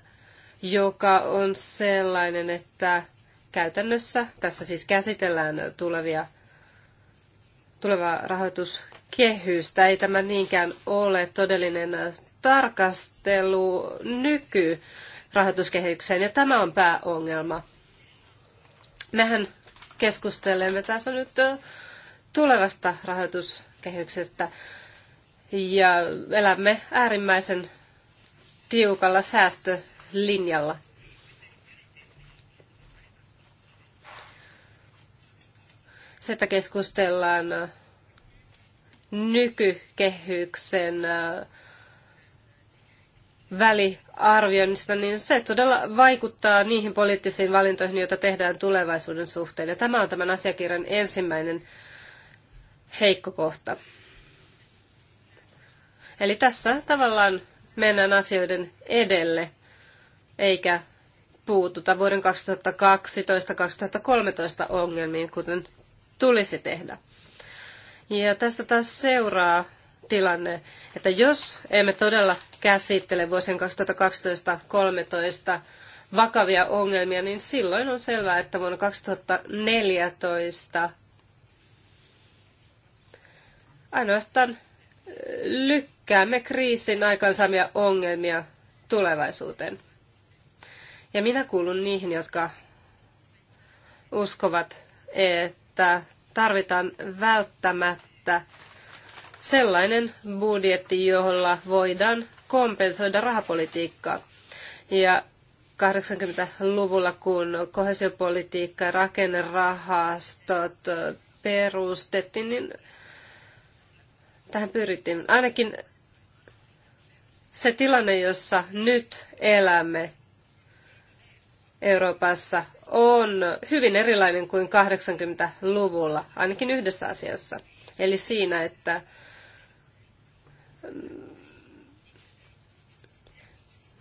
joka on sellainen, että Käytännössä tässä siis käsitellään tulevia, tulevaa rahoituskehystä. Ei tämä niinkään ole todellinen tarkastelu nyky rahoituskehykseen, ja tämä on pääongelma. Mehän keskustelemme tässä nyt tulevasta rahoituskehyksestä ja elämme äärimmäisen tiukalla säästölinjalla. Se, että keskustellaan nykykehyksen äh, väliarvioinnista, niin se todella vaikuttaa niihin poliittisiin valintoihin, joita tehdään tulevaisuuden suhteen. Ja tämä on tämän asiakirjan ensimmäinen heikko kohta. Eli tässä tavallaan mennään asioiden edelle, eikä puututa vuoden 2012-2013 ongelmiin, kuten tulisi tehdä. Ja tästä taas seuraa tilanne, että jos emme todella käsittele vuosien 2012-2013 vakavia ongelmia, niin silloin on selvää, että vuonna 2014 ainoastaan lykkäämme kriisin aikaansaamia ongelmia tulevaisuuteen. Ja minä kuulun niihin, jotka uskovat, että että tarvitaan välttämättä sellainen budjetti, jolla voidaan kompensoida rahapolitiikkaa. Ja 80-luvulla, kun kohesiopolitiikka ja rakennerahastot perustettiin, niin tähän pyrittiin. Ainakin se tilanne, jossa nyt elämme, Euroopassa on hyvin erilainen kuin 80-luvulla, ainakin yhdessä asiassa. Eli siinä, että mm,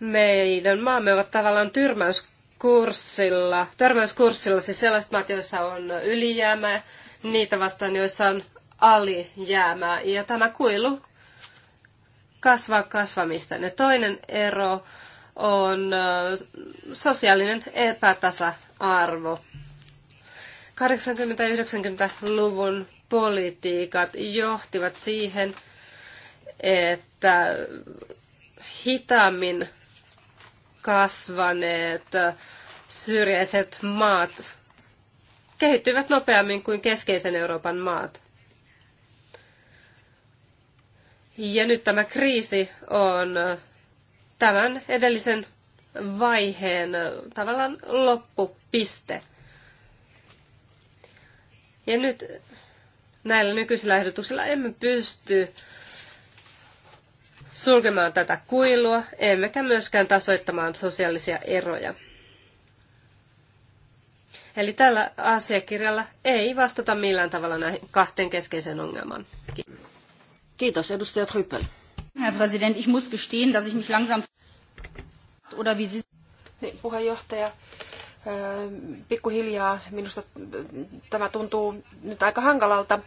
meidän maamme ovat tavallaan tyrmäyskurssilla, törmäyskurssilla siis sellaiset maat, joissa on ylijäämää, niitä vastaan, joissa on alijäämää. Ja tämä kuilu kasvaa kasvamista. Ne toinen ero on sosiaalinen epätasa-arvo. 80-90-luvun politiikat johtivat siihen, että hitaammin kasvaneet syrjäiset maat kehittyvät nopeammin kuin keskeisen Euroopan maat. Ja nyt tämä kriisi on tämän edellisen vaiheen tavallaan loppupiste. Ja nyt näillä nykyisillä ehdotuksilla emme pysty sulkemaan tätä kuilua, emmekä myöskään tasoittamaan sosiaalisia eroja. Eli tällä asiakirjalla ei vastata millään tavalla näihin kahteen keskeiseen ongelmaan. Kiitos, edustaja Tryppel. Herr Präsident, ich muss gestehen, dass ich mich langsam... Oder wie Sie... Niin, puheenjohtaja, ähm, pikkuhiljaa minusta äh, tämä tuntuu nyt aika hankalalta.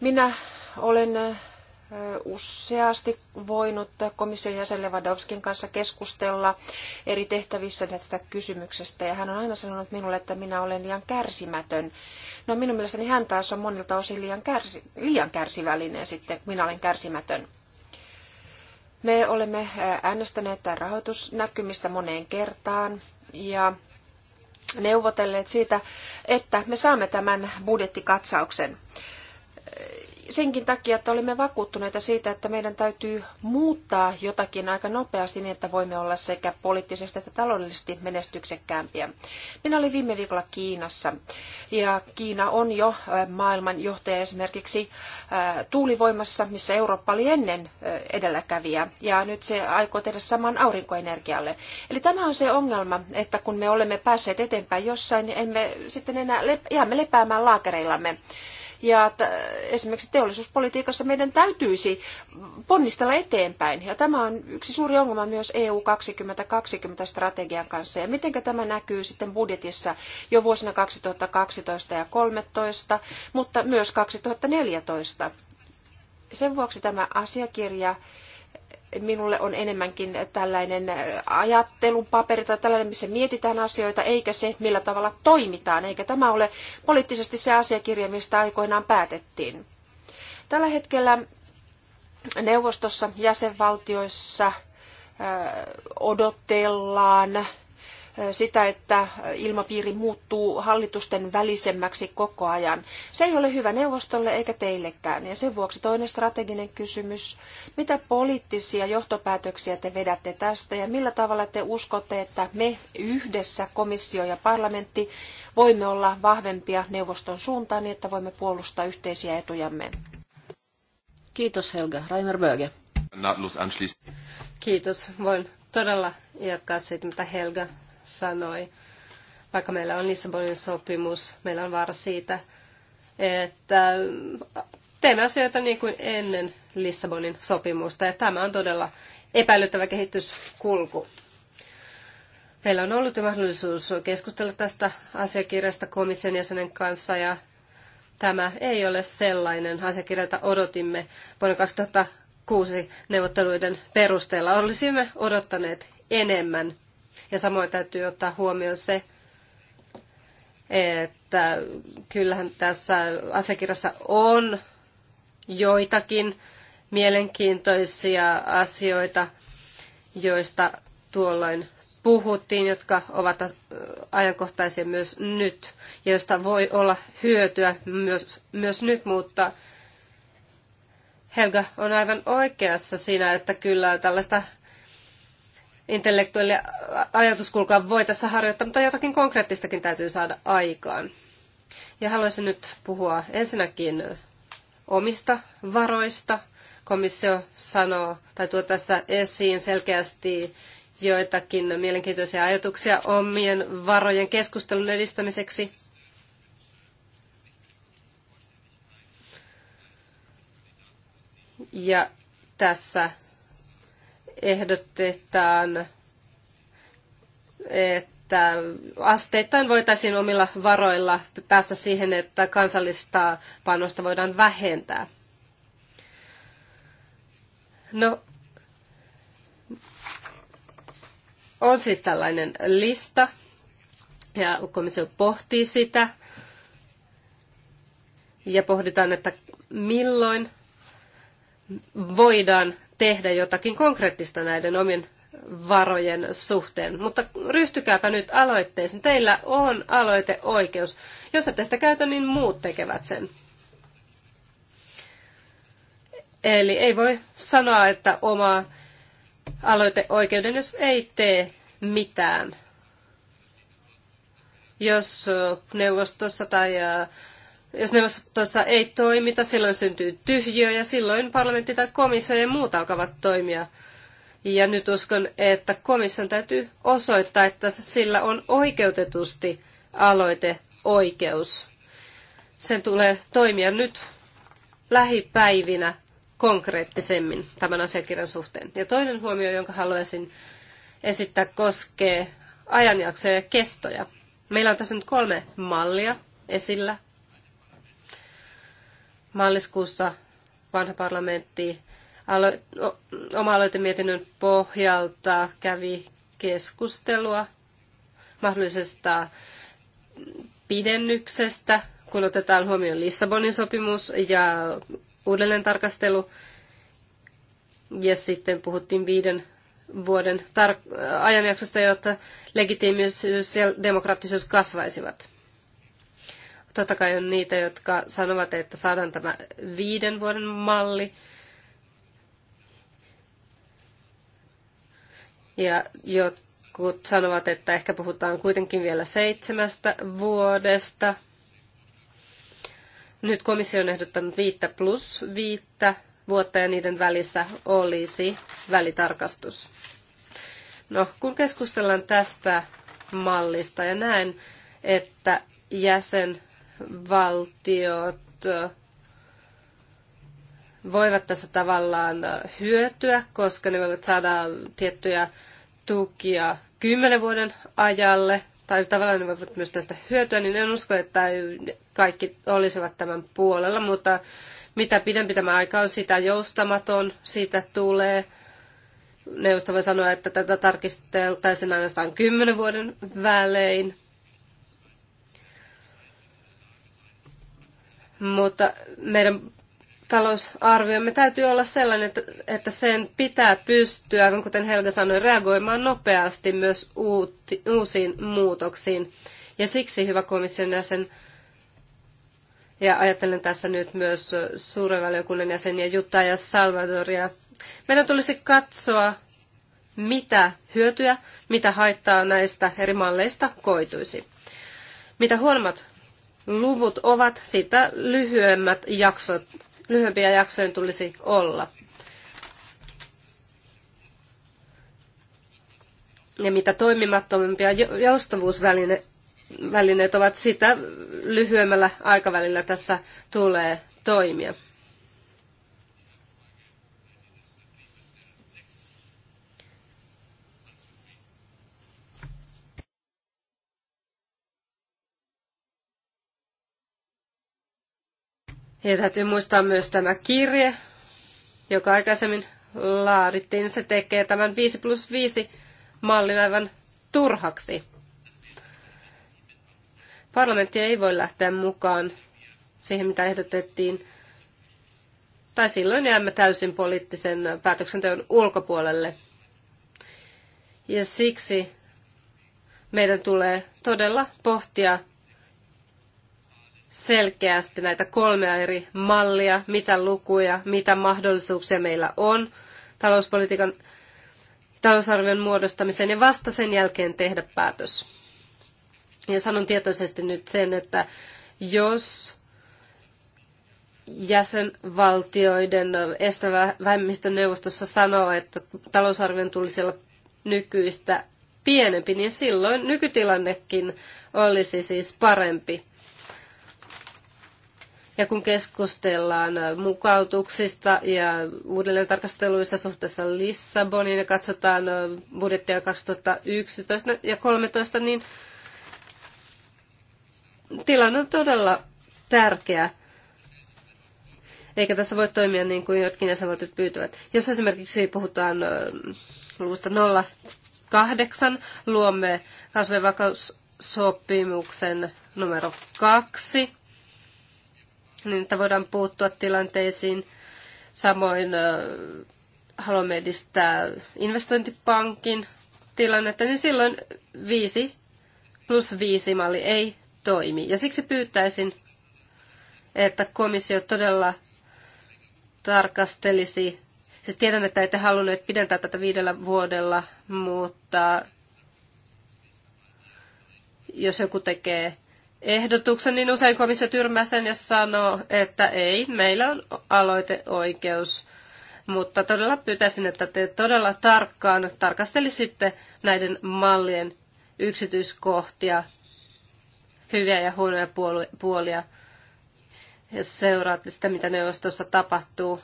Minä olen äh, useasti voinut komission jäsen Lewandowskin kanssa keskustella eri tehtävissä tästä kysymyksestä. Ja hän on aina sanonut minulle, että minä olen liian kärsimätön. No minun mielestäni hän taas on monilta osin liian, kärsi, liian kärsivällinen sitten, minä olen kärsimätön. Me olemme äänestäneet rahoitusnäkymistä moneen kertaan ja neuvotelleet siitä, että me saamme tämän budjettikatsauksen senkin takia, että olemme vakuuttuneita siitä, että meidän täytyy muuttaa jotakin aika nopeasti niin, että voimme olla sekä poliittisesti että taloudellisesti menestyksekkäämpiä. Minä olin viime viikolla Kiinassa ja Kiina on jo maailman johtaja esimerkiksi tuulivoimassa, missä Eurooppa oli ennen edelläkävijä ja nyt se aikoo tehdä saman aurinkoenergialle. Eli tämä on se ongelma, että kun me olemme päässeet eteenpäin jossain, niin emme sitten enää jäämme lepäämään laakereillamme ja esimerkiksi teollisuuspolitiikassa meidän täytyisi ponnistella eteenpäin. Ja tämä on yksi suuri ongelma myös EU 2020 strategian kanssa. Ja miten tämä näkyy sitten budjetissa jo vuosina 2012 ja 2013, mutta myös 2014. Sen vuoksi tämä asiakirja minulle on enemmänkin tällainen ajattelupaperi tai tällainen, missä mietitään asioita, eikä se, millä tavalla toimitaan, eikä tämä ole poliittisesti se asiakirja, mistä aikoinaan päätettiin. Tällä hetkellä neuvostossa jäsenvaltioissa odotellaan sitä, että ilmapiiri muuttuu hallitusten välisemmäksi koko ajan. Se ei ole hyvä neuvostolle eikä teillekään. Ja sen vuoksi toinen strateginen kysymys, mitä poliittisia johtopäätöksiä te vedätte tästä ja millä tavalla te uskotte, että me yhdessä, komissio ja parlamentti, voimme olla vahvempia neuvoston suuntaan niin, että voimme puolustaa yhteisiä etujamme. Kiitos Helga. Rainer Böge. Kiitos. Voin todella jatkaa siitä, mitä Helga sanoi. Vaikka meillä on Lissabonin sopimus, meillä on vaara siitä, että teemme asioita niin kuin ennen Lissabonin sopimusta. Ja tämä on todella epäilyttävä kehityskulku. Meillä on ollut jo mahdollisuus keskustella tästä asiakirjasta komission jäsenen kanssa ja tämä ei ole sellainen asiakirja, jota odotimme vuonna 2006 neuvotteluiden perusteella. Olisimme odottaneet enemmän. Ja samoin täytyy ottaa huomioon se, että kyllähän tässä asiakirjassa on joitakin mielenkiintoisia asioita, joista tuolloin puhuttiin, jotka ovat ajankohtaisia myös nyt, ja joista voi olla hyötyä myös, myös nyt, mutta Helga on aivan oikeassa siinä, että kyllä tällaista intellektuelle ajatuskulkaa voi tässä harjoittaa, mutta jotakin konkreettistakin täytyy saada aikaan. Ja haluaisin nyt puhua ensinnäkin omista varoista. Komissio sanoo tai tuo tässä esiin selkeästi joitakin mielenkiintoisia ajatuksia omien varojen keskustelun edistämiseksi. Ja tässä ehdotetaan, että asteittain voitaisiin omilla varoilla päästä siihen, että kansallista panosta voidaan vähentää. No, on siis tällainen lista, ja komissio pohtii sitä, ja pohditaan, että milloin voidaan tehdä jotakin konkreettista näiden omien varojen suhteen. Mutta ryhtykääpä nyt aloitteeseen. Teillä on aloiteoikeus. Jos ette sitä käytä, niin muut tekevät sen. Eli ei voi sanoa, että oma aloiteoikeuden, jos ei tee mitään. Jos neuvostossa tai jos neuvostossa ei toimita, silloin syntyy tyhjiö ja silloin parlamentti tai komissio ja muut alkavat toimia. Ja nyt uskon, että komission täytyy osoittaa, että sillä on oikeutetusti aloiteoikeus. Sen tulee toimia nyt lähipäivinä konkreettisemmin tämän asiakirjan suhteen. Ja toinen huomio, jonka haluaisin esittää, koskee ajanjaksoja ja kestoja. Meillä on tässä nyt kolme mallia esillä. Maaliskuussa vanha parlamentti alo- oma-aloitemietinnön pohjalta kävi keskustelua mahdollisesta pidennyksestä, kun otetaan huomioon Lissabonin sopimus ja uudelleen tarkastelu. Ja sitten puhuttiin viiden vuoden tar- ajanjaksosta, jotta legitiimisyys ja demokraattisuus kasvaisivat. Totta kai on niitä, jotka sanovat, että saadaan tämä viiden vuoden malli. Ja jotkut sanovat, että ehkä puhutaan kuitenkin vielä seitsemästä vuodesta. Nyt komissio on ehdottanut viittä plus viittä vuotta ja niiden välissä olisi välitarkastus. No, kun keskustellaan tästä mallista ja näen, että jäsen valtiot voivat tässä tavallaan hyötyä, koska ne voivat saada tiettyjä tukia kymmenen vuoden ajalle, tai tavallaan ne voivat myös tästä hyötyä, niin en usko, että kaikki olisivat tämän puolella, mutta mitä pidempi tämä aika on, sitä joustamaton siitä tulee. Neuvosto voi sanoa, että tätä tarkisteltaisiin ainoastaan kymmenen vuoden välein. mutta meidän talousarviomme täytyy olla sellainen, että, että sen pitää pystyä, kuten Helga sanoi, reagoimaan nopeasti myös uuti, uusiin muutoksiin. Ja siksi, hyvä komission jäsen, ja ajattelen tässä nyt myös suuren valiokunnan jäseniä Jutta ja Salvadoria, meidän tulisi katsoa, mitä hyötyä, mitä haittaa näistä eri malleista koituisi. Mitä huonommat luvut ovat, sitä lyhyemmät jaksot, lyhyempiä jaksojen tulisi olla. Ja mitä toimimattomimpia joustavuusvälineet ovat, sitä lyhyemmällä aikavälillä tässä tulee toimia. Ja täytyy muistaa myös tämä kirje, joka aikaisemmin laadittiin. Se tekee tämän 5 plus 5 mallin aivan turhaksi. Parlamentti ei voi lähteä mukaan siihen, mitä ehdotettiin. Tai silloin jäämme täysin poliittisen päätöksenteon ulkopuolelle. Ja siksi meidän tulee todella pohtia selkeästi näitä kolmea eri mallia, mitä lukuja, mitä mahdollisuuksia meillä on talouspolitiikan talousarvion muodostamiseen ja vasta sen jälkeen tehdä päätös. Ja sanon tietoisesti nyt sen, että jos jäsenvaltioiden estävä neuvostossa sanoo, että talousarvion tulisi olla nykyistä pienempi, niin silloin nykytilannekin olisi siis parempi. Ja kun keskustellaan mukautuksista ja uudelleen tarkasteluista suhteessa Lissaboniin ja katsotaan budjettia 2011 ja 2013, niin tilanne on todella tärkeä. Eikä tässä voi toimia niin kuin jotkin jäsenvaltiot pyytävät. Jos esimerkiksi puhutaan luvusta 08, luomme kasvevakaussopimuksen numero 2, niin että voidaan puuttua tilanteisiin. Samoin haluamme edistää investointipankin tilannetta, niin silloin 5 plus 5 malli ei toimi. Ja siksi pyytäisin, että komissio todella tarkastelisi, siis tiedän, että ette halunneet pidentää tätä viidellä vuodella, mutta jos joku tekee ehdotuksen, niin usein komissio tyrmää sen ja sanoo, että ei, meillä on aloiteoikeus. Mutta todella pyytäisin, että te todella tarkkaan tarkastelisitte näiden mallien yksityiskohtia, hyviä ja huonoja puolia, ja seuraatte sitä, mitä neuvostossa tapahtuu.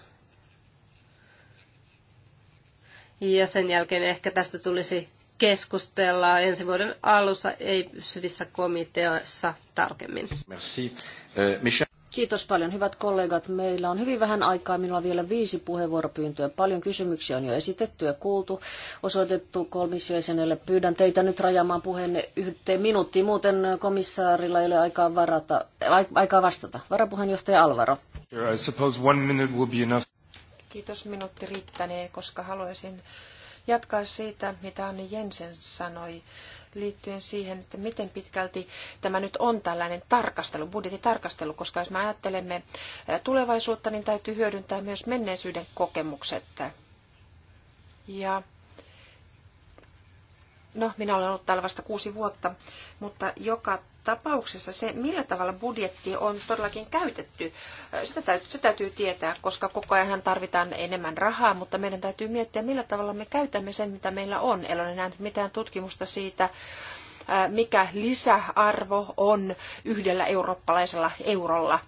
Ja sen jälkeen ehkä tästä tulisi keskustellaan ensi vuoden alussa ei pysyvissä komiteoissa tarkemmin. Merci. Euh, Kiitos paljon, hyvät kollegat. Meillä on hyvin vähän aikaa. Minulla on vielä viisi puheenvuoropyyntöä. Paljon kysymyksiä on jo esitetty ja kuultu, osoitettu komissiojäsenelle. Pyydän teitä nyt rajaamaan puheenne yhteen minuuttiin. Muuten komissaarilla ei ole aikaa, varata, aikaa vastata. Varapuheenjohtaja Alvaro. Kiitos, minuutti riittänee, koska haluaisin jatkaa siitä, mitä Anni Jensen sanoi liittyen siihen, että miten pitkälti tämä nyt on tällainen tarkastelu, budjettitarkastelu, koska jos me ajattelemme tulevaisuutta, niin täytyy hyödyntää myös menneisyyden kokemukset. Ja no, minä olen ollut täällä vasta kuusi vuotta, mutta joka tapauksessa se, millä tavalla budjetti on todellakin käytetty, sitä täytyy, se täytyy tietää, koska koko ajan tarvitaan enemmän rahaa, mutta meidän täytyy miettiä, millä tavalla me käytämme sen, mitä meillä on. En ole nähnyt mitään tutkimusta siitä, mikä lisäarvo on yhdellä eurooppalaisella eurolla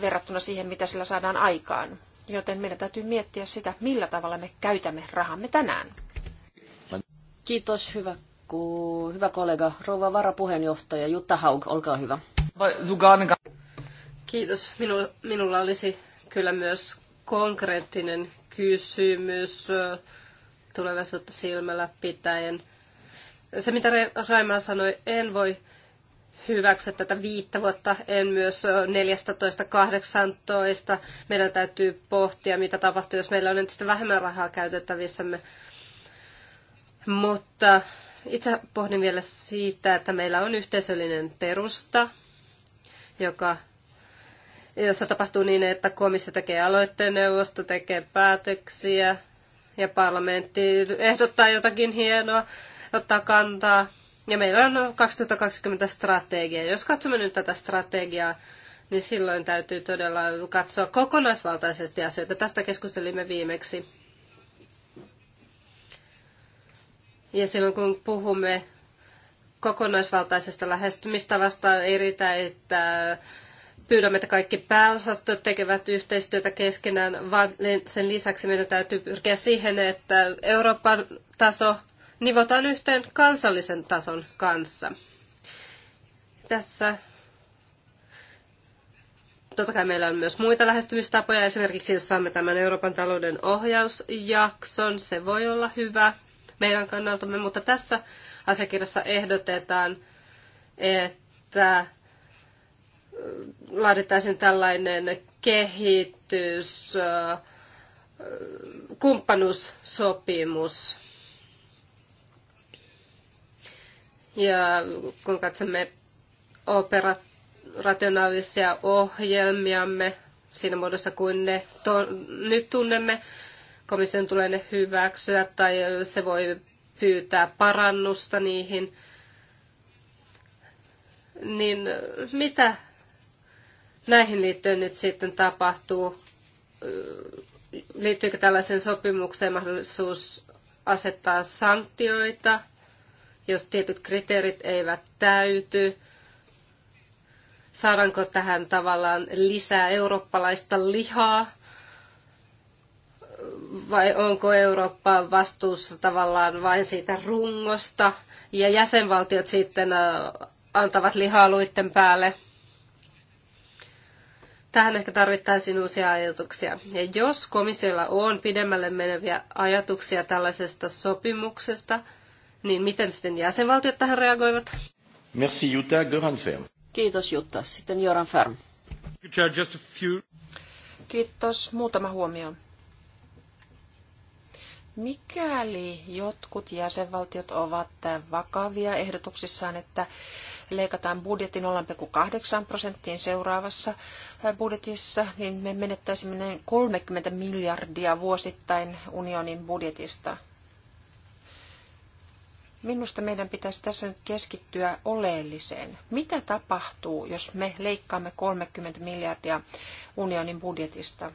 verrattuna siihen, mitä sillä saadaan aikaan. Joten meidän täytyy miettiä sitä, millä tavalla me käytämme rahamme tänään. Kiitos, hyvä hyvä kollega, rouva varapuheenjohtaja Jutta Haug, olkaa hyvä. Kiitos. Minulla, minulla olisi kyllä myös konkreettinen kysymys äh, tulevaisuutta silmällä pitäen. Se, mitä Raima sanoi, en voi hyväksyä tätä viittä vuotta, en myös 14-18. Äh, Meidän täytyy pohtia, mitä tapahtuu, jos meillä on entistä vähemmän rahaa käytettävissämme. Mutta itse pohdin vielä siitä, että meillä on yhteisöllinen perusta, joka, jossa tapahtuu niin, että komissio tekee aloitteen, neuvosto tekee päätöksiä ja parlamentti ehdottaa jotakin hienoa, ottaa kantaa. Ja meillä on 2020 strategia. Jos katsomme nyt tätä strategiaa, niin silloin täytyy todella katsoa kokonaisvaltaisesti asioita. Tästä keskustelimme viimeksi. Ja silloin kun puhumme kokonaisvaltaisesta lähestymistavasta, ei riitä, että pyydämme, että kaikki pääosastot tekevät yhteistyötä keskenään, vaan sen lisäksi meidän täytyy pyrkiä siihen, että Euroopan taso nivotaan yhteen kansallisen tason kanssa. Tässä totta kai meillä on myös muita lähestymistapoja. Esimerkiksi jos saamme tämän Euroopan talouden ohjausjakson, se voi olla hyvä meidän kannaltamme, mutta tässä asiakirjassa ehdotetaan, että äh, laadittaisiin tällainen kehitys, äh, kumppanuussopimus. Ja kun katsomme operationaalisia ohjelmiamme siinä muodossa kuin ne to- nyt tunnemme, komission tulee ne hyväksyä tai se voi pyytää parannusta niihin. Niin mitä näihin liittyen nyt sitten tapahtuu? Liittyykö tällaiseen sopimukseen mahdollisuus asettaa sanktioita, jos tietyt kriteerit eivät täyty? Saadaanko tähän tavallaan lisää eurooppalaista lihaa? vai onko Eurooppa vastuussa tavallaan vain siitä rungosta ja jäsenvaltiot sitten antavat lihaa luitten päälle? Tähän ehkä tarvittaisiin uusia ajatuksia. Ja jos komissiolla on pidemmälle meneviä ajatuksia tällaisesta sopimuksesta, niin miten sitten jäsenvaltiot tähän reagoivat? Merci Jutta, Göran Färm. Kiitos Jutta. Sitten Göran Färm. Kiitos. Muutama huomio. Mikäli jotkut jäsenvaltiot ovat vakavia ehdotuksissaan, että leikataan budjetti 0,8 prosenttiin seuraavassa budjetissa, niin me menettäisimme noin 30 miljardia vuosittain unionin budjetista. Minusta meidän pitäisi tässä nyt keskittyä oleelliseen. Mitä tapahtuu, jos me leikkaamme 30 miljardia unionin budjetista?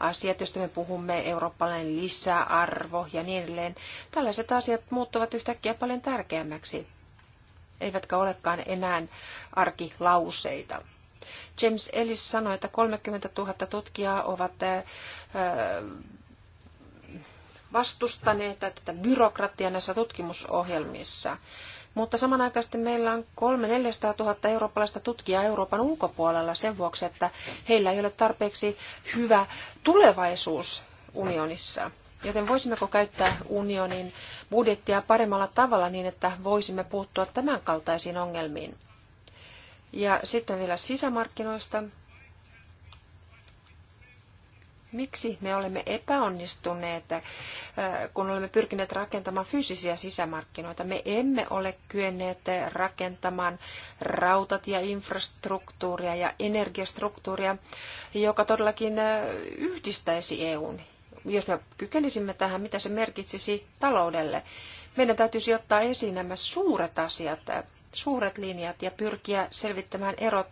asiat, joista me puhumme, eurooppalainen lisäarvo ja niin edelleen, tällaiset asiat muuttuvat yhtäkkiä paljon tärkeämmäksi, eivätkä olekaan enää arkilauseita. James Ellis sanoi, että 30 000 tutkijaa ovat äh, vastustaneet tätä byrokratiaa näissä tutkimusohjelmissa. Mutta samanaikaisesti meillä on 3 400 000 eurooppalaista tutkijaa Euroopan ulkopuolella sen vuoksi, että heillä ei ole tarpeeksi hyvä tulevaisuus unionissa. Joten voisimmeko käyttää unionin budjettia paremmalla tavalla niin, että voisimme puuttua tämänkaltaisiin ongelmiin? Ja sitten vielä sisämarkkinoista. Miksi me olemme epäonnistuneet, äh, kun olemme pyrkineet rakentamaan fyysisiä sisämarkkinoita? Me emme ole kyenneet rakentamaan infrastruktuuria ja energiastruktuuria, joka todellakin äh, yhdistäisi EUn. Jos me kykenisimme tähän, mitä se merkitsisi taloudelle? Meidän täytyisi ottaa esiin nämä suuret asiat, suuret linjat ja pyrkiä selvittämään erot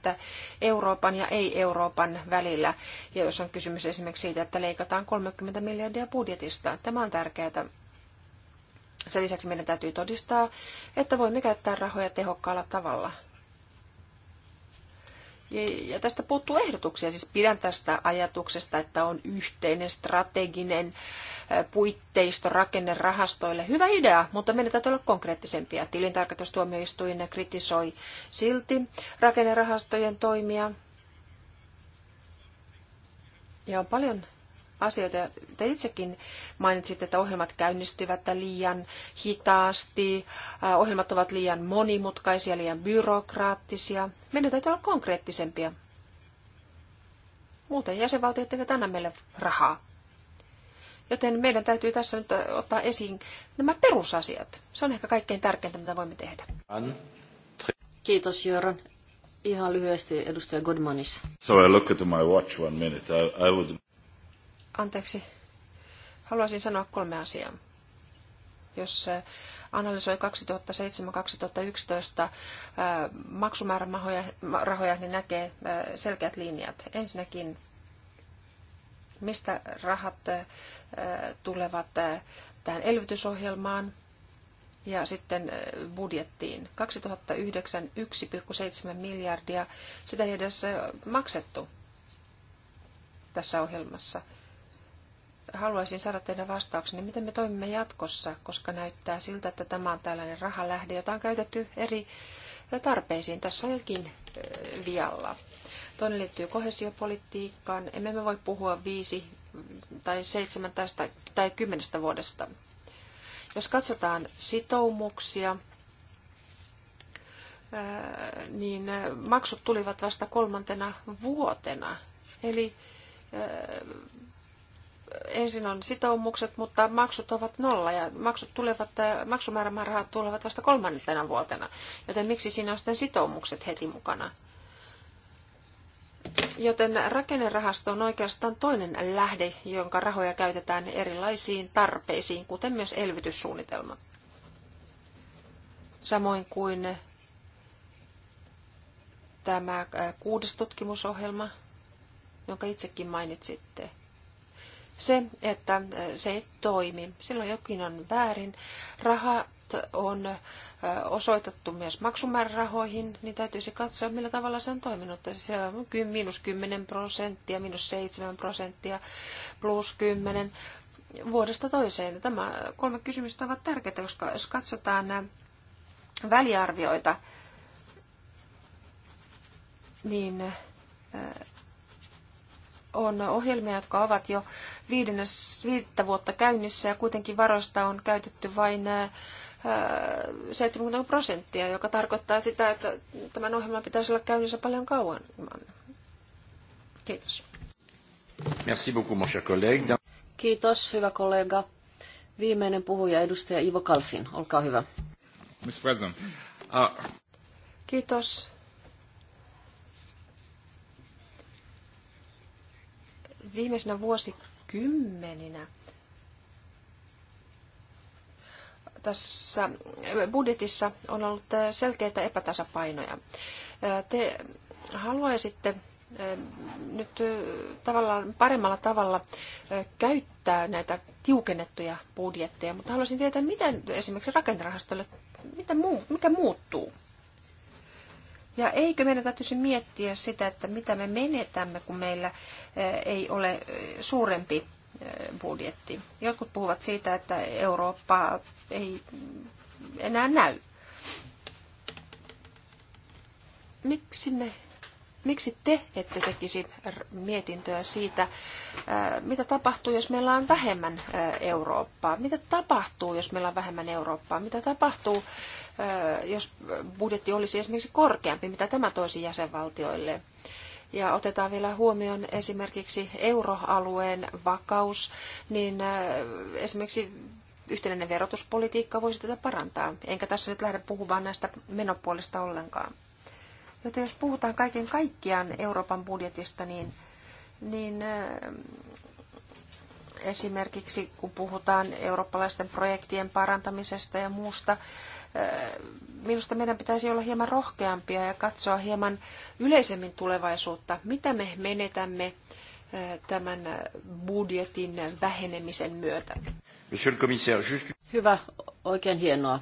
Euroopan ja ei-Euroopan välillä. Ja jos on kysymys esimerkiksi siitä, että leikataan 30 miljardia budjetista, tämä on tärkeää. Sen lisäksi meidän täytyy todistaa, että voimme käyttää rahoja tehokkaalla tavalla. Ja tästä puuttuu ehdotuksia. Siis pidän tästä ajatuksesta, että on yhteinen strateginen puitteisto rahastoille. Hyvä idea, mutta meidän täytyy olla konkreettisempia. Tilintarkastustuomioistuin kritisoi silti rakennerahastojen toimia. Ja on paljon asioita. Te itsekin mainitsitte, että ohjelmat käynnistyvät liian hitaasti, äh, ohjelmat ovat liian monimutkaisia, liian byrokraattisia. Meidän täytyy olla konkreettisempia. Muuten jäsenvaltiot eivät anna meille rahaa. Joten meidän täytyy tässä nyt äh, ottaa esiin nämä perusasiat. Se on ehkä kaikkein tärkeintä, mitä voimme tehdä. Kiitos Jöran. Ihan lyhyesti edustaja Godmanis. So I look at my watch one minute. I, I would... Anteeksi. Haluaisin sanoa kolme asiaa. Jos äh, analysoi 2007-2011 äh, maksumäärärahoja, niin näkee äh, selkeät linjat. Ensinnäkin, mistä rahat tulevat tähän elvytysohjelmaan, ja sitten budjettiin. 2009 1,7 miljardia, sitä ei edes maksettu tässä ohjelmassa haluaisin saada teidän vastauksenne, niin miten me toimimme jatkossa, koska näyttää siltä, että tämä on tällainen rahalähde, jota on käytetty eri tarpeisiin. Tässä on jokin vialla. Toinen liittyy kohesiopolitiikkaan. Emme me voi puhua viisi tai seitsemän tästä, tai kymmenestä vuodesta. Jos katsotaan sitoumuksia, niin maksut tulivat vasta kolmantena vuotena. Eli ensin on sitoumukset, mutta maksut ovat nolla ja maksut tulevat, äh, maksumäärämäärärahat tulevat vasta kolmantena vuotena. Joten miksi siinä on sitten sitoumukset heti mukana? Joten rakennerahasto on oikeastaan toinen lähde, jonka rahoja käytetään erilaisiin tarpeisiin, kuten myös elvytyssuunnitelma. Samoin kuin tämä äh, kuudes tutkimusohjelma, jonka itsekin mainitsitte – se, että äh, se ei toimi. Silloin jokin on väärin. Rahat on äh, osoitettu myös maksumäärärahoihin, niin täytyisi katsoa, millä tavalla se on toiminut. Siellä on miinus 10 prosenttia, miinus 7 prosenttia, plus 10 vuodesta toiseen. Tämä kolme kysymystä ovat tärkeitä, koska jos katsotaan nämä äh, väliarvioita, niin on ohjelmia, jotka ovat jo viidennes, viittä vuotta käynnissä ja kuitenkin varoista on käytetty vain 70 äh, prosenttia, joka tarkoittaa sitä, että tämän ohjelman pitäisi olla käynnissä paljon kauan. Kiitos. Merci beaucoup, mon cher collègue. Kiitos, hyvä kollega. Viimeinen puhuja, edustaja Ivo Kalfin, olkaa hyvä. Mr. President. Uh... Kiitos, viimeisenä vuosikymmeninä tässä budjetissa on ollut selkeitä epätasapainoja. Te haluaisitte nyt tavallaan paremmalla tavalla käyttää näitä tiukennettuja budjetteja, mutta haluaisin tietää, miten esimerkiksi rakennerahastolle, mitä muu, mikä muuttuu? Ja eikö meidän täytyisi miettiä sitä, että mitä me menetämme, kun meillä ei ole suurempi budjetti. Jotkut puhuvat siitä, että Eurooppa ei enää näy. Miksi me Miksi te ette tekisi mietintöä siitä, äh, mitä tapahtuu, jos meillä on vähemmän äh, Eurooppaa? Mitä tapahtuu, jos meillä on vähemmän Eurooppaa? Mitä tapahtuu, äh, jos budjetti olisi esimerkiksi korkeampi? Mitä tämä toisi jäsenvaltioille? ja otetaan vielä huomioon esimerkiksi euroalueen vakaus, niin esimerkiksi yhtenäinen verotuspolitiikka voisi tätä parantaa. Enkä tässä nyt lähde puhumaan näistä menopuolista ollenkaan. Joten jos puhutaan kaiken kaikkiaan Euroopan budjetista, niin, niin esimerkiksi kun puhutaan eurooppalaisten projektien parantamisesta ja muusta, minusta meidän pitäisi olla hieman rohkeampia ja katsoa hieman yleisemmin tulevaisuutta, mitä me menetämme tämän budjetin vähenemisen myötä. Hyvä, oikein hienoa.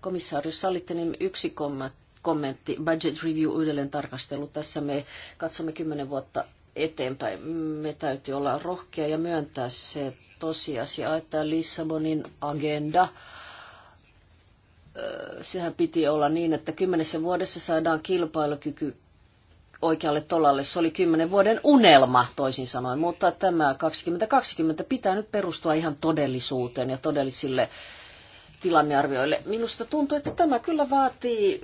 Komissaari, jos sallitte, niin yksi kommentti kommentti, budget review uudelleen tarkastelu. Tässä me katsomme kymmenen vuotta eteenpäin. Me täytyy olla rohkea ja myöntää se tosiasia, että Lissabonin agenda sehän piti olla niin, että kymmenessä vuodessa saadaan kilpailukyky oikealle tolalle. Se oli kymmenen vuoden unelma toisin sanoen, mutta tämä 2020 pitää nyt perustua ihan todellisuuteen ja todellisille tilannearvioille. Minusta tuntuu, että tämä kyllä vaatii,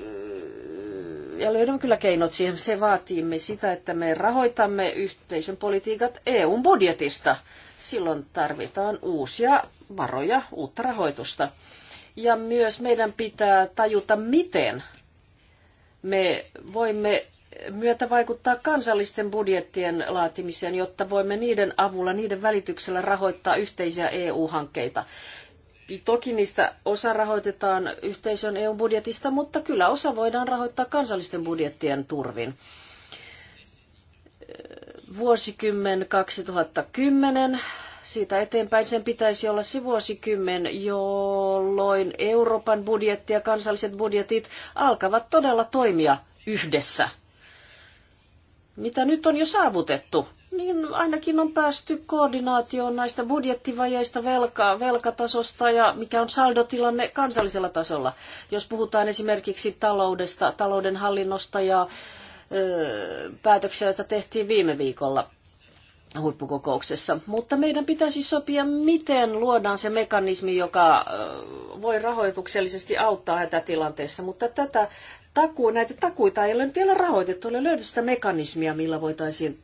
ja löydämme kyllä keinot siihen, se vaatii me sitä, että me rahoitamme yhteisön politiikat EUn budjetista. Silloin tarvitaan uusia varoja, uutta rahoitusta. Ja myös meidän pitää tajuta, miten me voimme myötä vaikuttaa kansallisten budjettien laatimiseen, jotta voimme niiden avulla, niiden välityksellä rahoittaa yhteisiä EU-hankkeita. Toki niistä osa rahoitetaan yhteisön EU-budjetista, mutta kyllä osa voidaan rahoittaa kansallisten budjettien turvin. Vuosikymmen 2010 siitä eteenpäin sen pitäisi olla se vuosikymmen, jolloin Euroopan budjetti ja kansalliset budjetit alkavat todella toimia yhdessä. Mitä nyt on jo saavutettu niin ainakin on päästy koordinaatioon näistä budjettivajeista, velkaa, velkatasosta ja mikä on saldotilanne kansallisella tasolla. Jos puhutaan esimerkiksi taloudesta, talouden hallinnosta ja ö, päätöksiä, joita tehtiin viime viikolla huippukokouksessa. Mutta meidän pitäisi sopia, miten luodaan se mekanismi, joka voi rahoituksellisesti auttaa hätätilanteessa, mutta tätä taku, näitä takuita ei ole nyt vielä rahoitettu, ei löydy sitä mekanismia, millä voitaisiin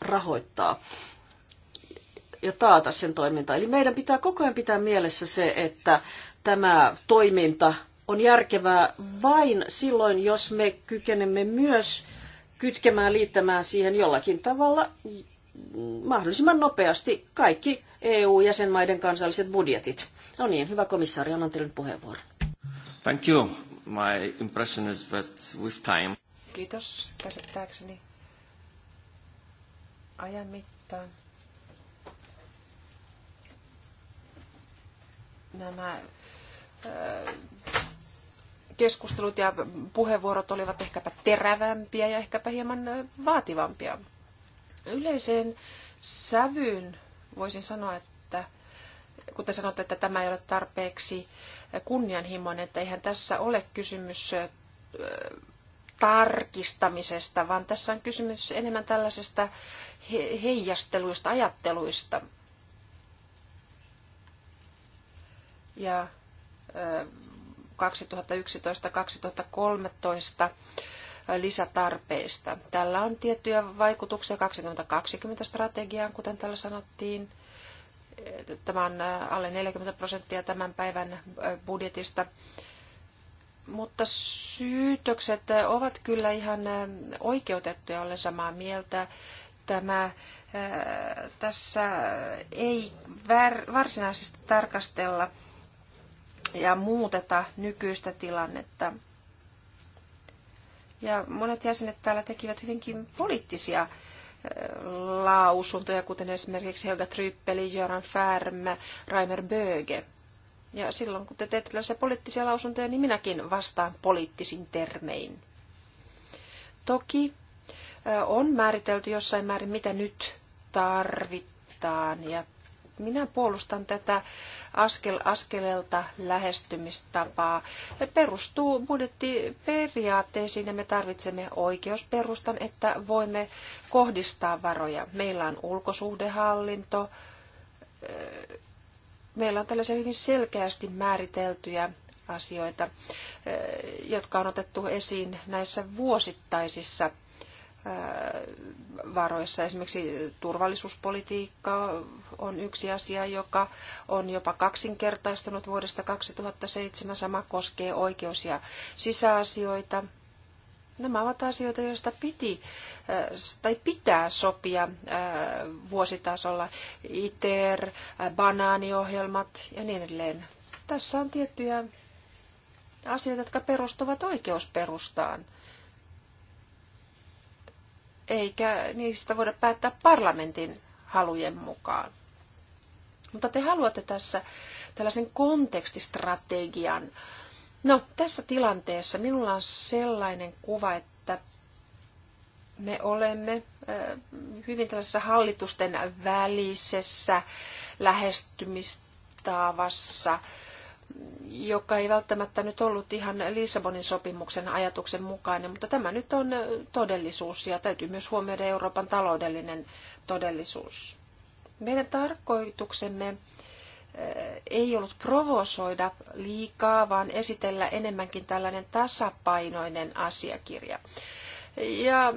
rahoittaa ja taata sen toiminta. Eli meidän pitää koko ajan pitää mielessä se, että tämä toiminta on järkevää vain silloin, jos me kykenemme myös kytkemään, liittämään siihen jollakin tavalla mahdollisimman nopeasti kaikki EU-jäsenmaiden kansalliset budjetit. No niin, hyvä komissaari, annan teille puheenvuoron. Thank you. My impression is that with time. Kiitos. Käsittääkseni ajan mittaan. Nämä keskustelut ja puheenvuorot olivat ehkäpä terävämpiä ja ehkäpä hieman vaativampia. Yleiseen sävyyn voisin sanoa, että kun te sanotte, että tämä ei ole tarpeeksi kunnianhimoinen, että eihän tässä ole kysymys tarkistamisesta, vaan tässä on kysymys enemmän tällaisesta heijasteluista, ajatteluista. Ja 2011-2013 lisätarpeista. Tällä on tiettyjä vaikutuksia 2020-strategiaan, kuten täällä sanottiin. Tämä on alle 40 prosenttia tämän päivän budjetista. Mutta syytökset ovat kyllä ihan oikeutettuja, olen samaa mieltä tämä tässä ei varsinaisesti tarkastella ja muuteta nykyistä tilannetta. Ja monet jäsenet täällä tekivät hyvinkin poliittisia lausuntoja, kuten esimerkiksi Helga Tryppeli, Göran Färm, Raimer Böge. Ja silloin, kun te teette tällaisia poliittisia lausuntoja, niin minäkin vastaan poliittisin termein. Toki on määritelty jossain määrin, mitä nyt tarvitaan. Ja minä puolustan tätä askel askeleelta lähestymistapaa. Se perustuu budjettiperiaatteisiin ja me tarvitsemme oikeusperustan, että voimme kohdistaa varoja. Meillä on ulkosuhdehallinto, meillä on tällaisia hyvin selkeästi määriteltyjä asioita, jotka on otettu esiin näissä vuosittaisissa varoissa. Esimerkiksi turvallisuuspolitiikka on yksi asia, joka on jopa kaksinkertaistunut vuodesta 2007. Sama koskee oikeus- ja sisäasioita. Nämä ovat asioita, joista piti tai pitää sopia vuositasolla. ITER, banaaniohjelmat ja niin edelleen. Tässä on tiettyjä asioita, jotka perustuvat oikeusperustaan – eikä niistä voida päättää parlamentin halujen mukaan. Mutta te haluatte tässä tällaisen kontekstistrategian. No, tässä tilanteessa minulla on sellainen kuva, että me olemme hyvin tällaisessa hallitusten välisessä lähestymistavassa – joka ei välttämättä nyt ollut ihan Lissabonin sopimuksen ajatuksen mukainen, mutta tämä nyt on todellisuus ja täytyy myös huomioida Euroopan taloudellinen todellisuus. Meidän tarkoituksemme eh, ei ollut provosoida liikaa, vaan esitellä enemmänkin tällainen tasapainoinen asiakirja. Ja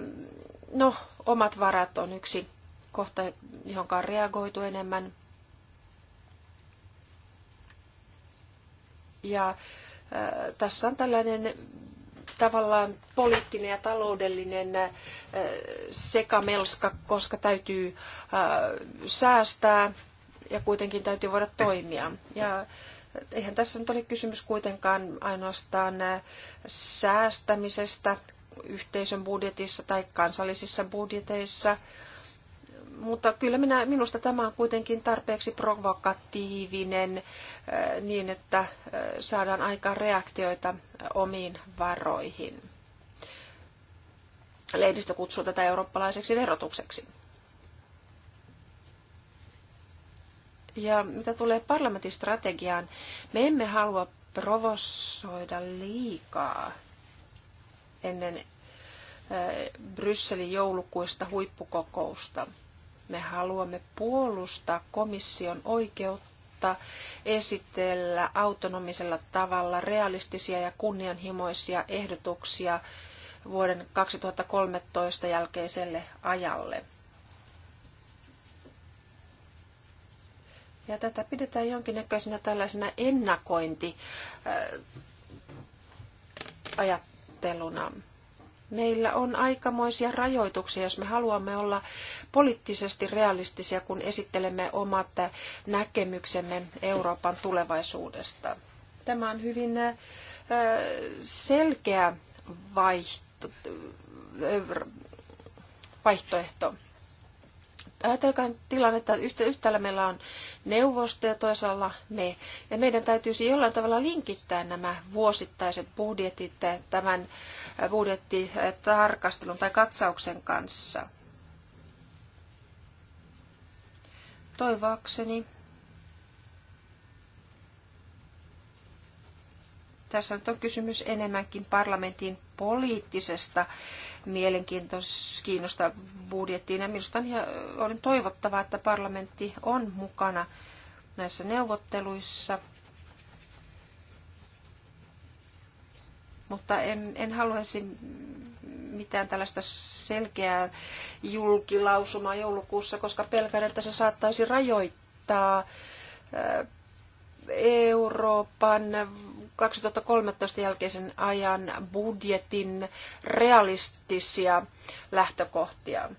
no, omat varat on yksi kohta, johon on reagoitu enemmän. Ja äh, tässä on tällainen tavallaan poliittinen ja taloudellinen äh, sekamelska, koska täytyy äh, säästää ja kuitenkin täytyy voida toimia. Ja eihän tässä nyt ole kysymys kuitenkaan ainoastaan säästämisestä yhteisön budjetissa tai kansallisissa budjeteissa – mutta kyllä minä, minusta tämä on kuitenkin tarpeeksi provokatiivinen äh, niin, että äh, saadaan aikaan reaktioita äh, omiin varoihin. Lehdistö kutsuu tätä eurooppalaiseksi verotukseksi. Ja mitä tulee parlamentin strategiaan, me emme halua provosoida liikaa ennen Brysselin joulukuista huippukokousta. Me haluamme puolustaa komission oikeutta esitellä autonomisella tavalla realistisia ja kunnianhimoisia ehdotuksia vuoden 2013 jälkeiselle ajalle. Ja tätä pidetään jonkinnäköisenä tällaisena ennakointiajatteluna. Äh, Meillä on aikamoisia rajoituksia, jos me haluamme olla poliittisesti realistisia, kun esittelemme omat näkemyksemme Euroopan tulevaisuudesta. Tämä on hyvin selkeä vaihto, vaihtoehto. Ajatelkaa tilannetta, että yhtäällä meillä on neuvosto ja toisaalla me. Ja meidän täytyisi jollain tavalla linkittää nämä vuosittaiset budjetit tämän äh, budjettitarkastelun tai katsauksen kanssa. Toivaakseni. tässä nyt on kysymys enemmänkin parlamentin poliittisesta mielenkiintoista budjettiin. Ja minusta on, on toivottavaa, että parlamentti on mukana näissä neuvotteluissa. Mutta en, en haluaisi mitään tällaista selkeää julkilausumaa joulukuussa, koska pelkään, että se saattaisi rajoittaa Euroopan 2013 jälkeisen ajan budjetin realistisia lähtökohtia.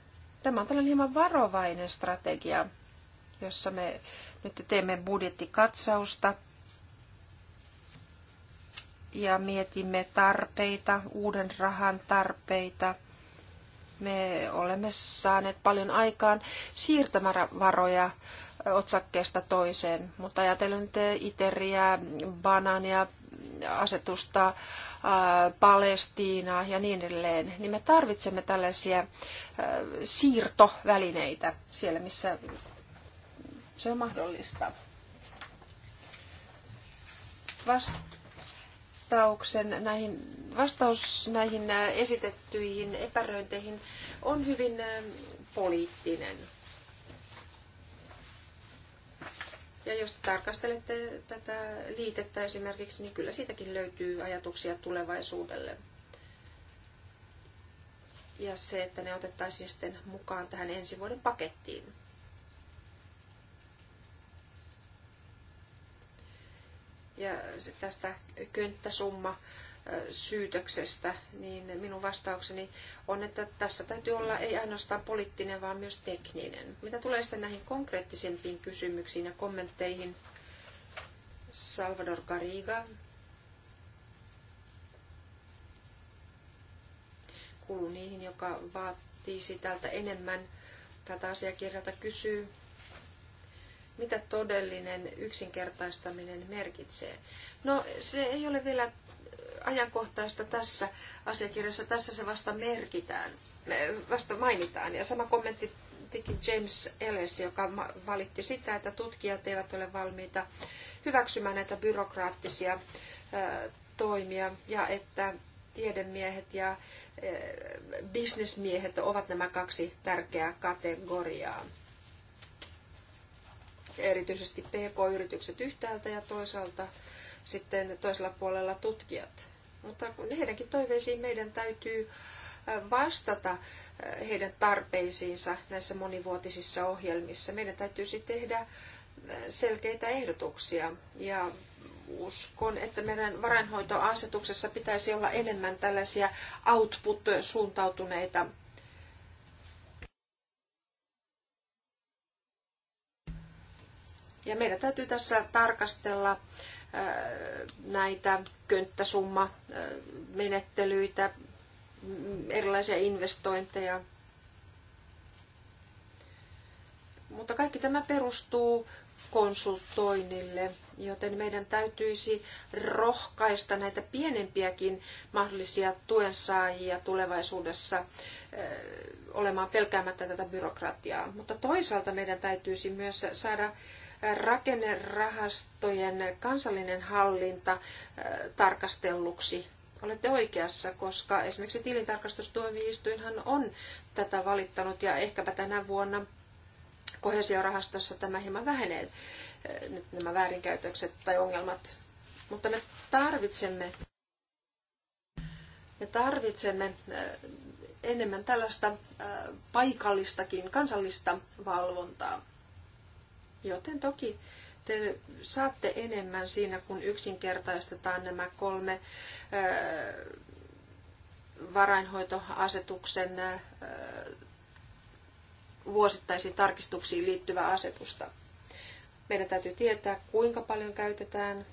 Tämä on tällainen hieman varovainen strategia, jossa me nyt teemme budjettikatsausta ja mietimme tarpeita, uuden rahan tarpeita. Me olemme saaneet paljon aikaan siirtämävaroja otsakkeesta toiseen, mutta ajatellen nyt Iteriä, Banania, asetusta, Palestiinaa ja niin edelleen, niin me tarvitsemme tällaisia siirtovälineitä siellä, missä se on mahdollista. Vastauksen näihin, vastaus näihin esitettyihin epäröinteihin on hyvin poliittinen. Ja jos tarkastelette tätä liitettä esimerkiksi, niin kyllä siitäkin löytyy ajatuksia tulevaisuudelle. Ja se, että ne otettaisiin sitten mukaan tähän ensi vuoden pakettiin. Ja tästä könttäsumma syytöksestä, niin minun vastaukseni on, että tässä täytyy olla ei ainoastaan poliittinen, vaan myös tekninen. Mitä tulee sitten näihin konkreettisempiin kysymyksiin ja kommentteihin, Salvador Garriga kuuluu niihin, joka vaatii tältä enemmän tätä asiakirjalta kysyy, mitä todellinen yksinkertaistaminen merkitsee. No se ei ole vielä ajankohtaista tässä asiakirjassa. Tässä se vasta merkitään, vasta mainitaan. Ja sama kommentti teki James Ellis, joka valitti sitä, että tutkijat eivät ole valmiita hyväksymään näitä byrokraattisia toimia ja että tiedemiehet ja bisnesmiehet ovat nämä kaksi tärkeää kategoriaa. Erityisesti PK-yritykset yhtäältä ja toisaalta sitten toisella puolella tutkijat. Mutta heidänkin toiveisiin meidän täytyy vastata heidän tarpeisiinsa näissä monivuotisissa ohjelmissa. Meidän täytyisi tehdä selkeitä ehdotuksia ja uskon, että meidän varainhoitoasetuksessa pitäisi olla enemmän tällaisia output-suuntautuneita Ja meidän täytyy tässä tarkastella näitä könttäsummamenettelyitä, mm, erilaisia investointeja. Mutta kaikki tämä perustuu konsultoinnille, joten meidän täytyisi rohkaista näitä pienempiäkin mahdollisia tuensaajia tulevaisuudessa olemaan pelkäämättä tätä byrokratiaa. Mutta toisaalta meidän täytyisi myös saada rakennerahastojen kansallinen hallinta äh, tarkastelluksi. Olette oikeassa, koska esimerkiksi tilintarkastustuomioistuinhan on tätä valittanut ja ehkäpä tänä vuonna kohesiorahastossa tämä hieman vähenee, äh, nyt nämä väärinkäytökset tai ongelmat. Mutta me tarvitsemme, me tarvitsemme äh, enemmän tällaista paikallistakin kansallista valvontaa. Joten toki te saatte enemmän siinä, kun yksinkertaistetaan nämä kolme varainhoitoasetuksen vuosittaisiin tarkistuksiin liittyvää asetusta. Meidän täytyy tietää, kuinka paljon käytetään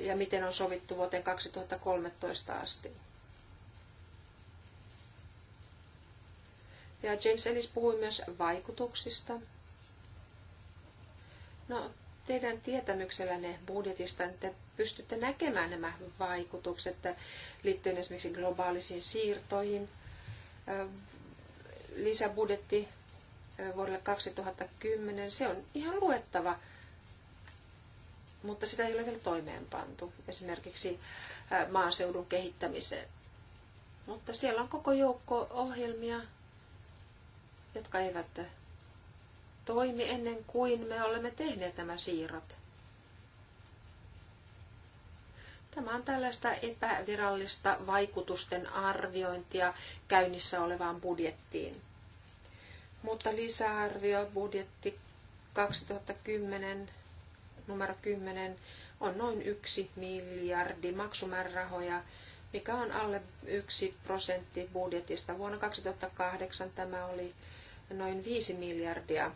ja miten on sovittu vuoteen 2013 asti. Ja James Ellis puhui myös vaikutuksista. No, teidän tietämyksellänne budjetista, te pystytte näkemään nämä vaikutukset liittyen esimerkiksi globaalisiin siirtoihin. Lisäbudjetti vuodelle 2010, se on ihan luettava, mutta sitä ei ole vielä toimeenpantu esimerkiksi maaseudun kehittämiseen. Mutta siellä on koko joukko ohjelmia, jotka eivät toimi ennen kuin me olemme tehneet nämä siirrot. Tämä on tällaista epävirallista vaikutusten arviointia käynnissä olevaan budjettiin. Mutta lisäarvio budjetti 2010 numero 10 on noin 1 miljardi maksumäärärahoja, mikä on alle 1 prosentti budjetista. Vuonna 2008 tämä oli noin 5 miljardia.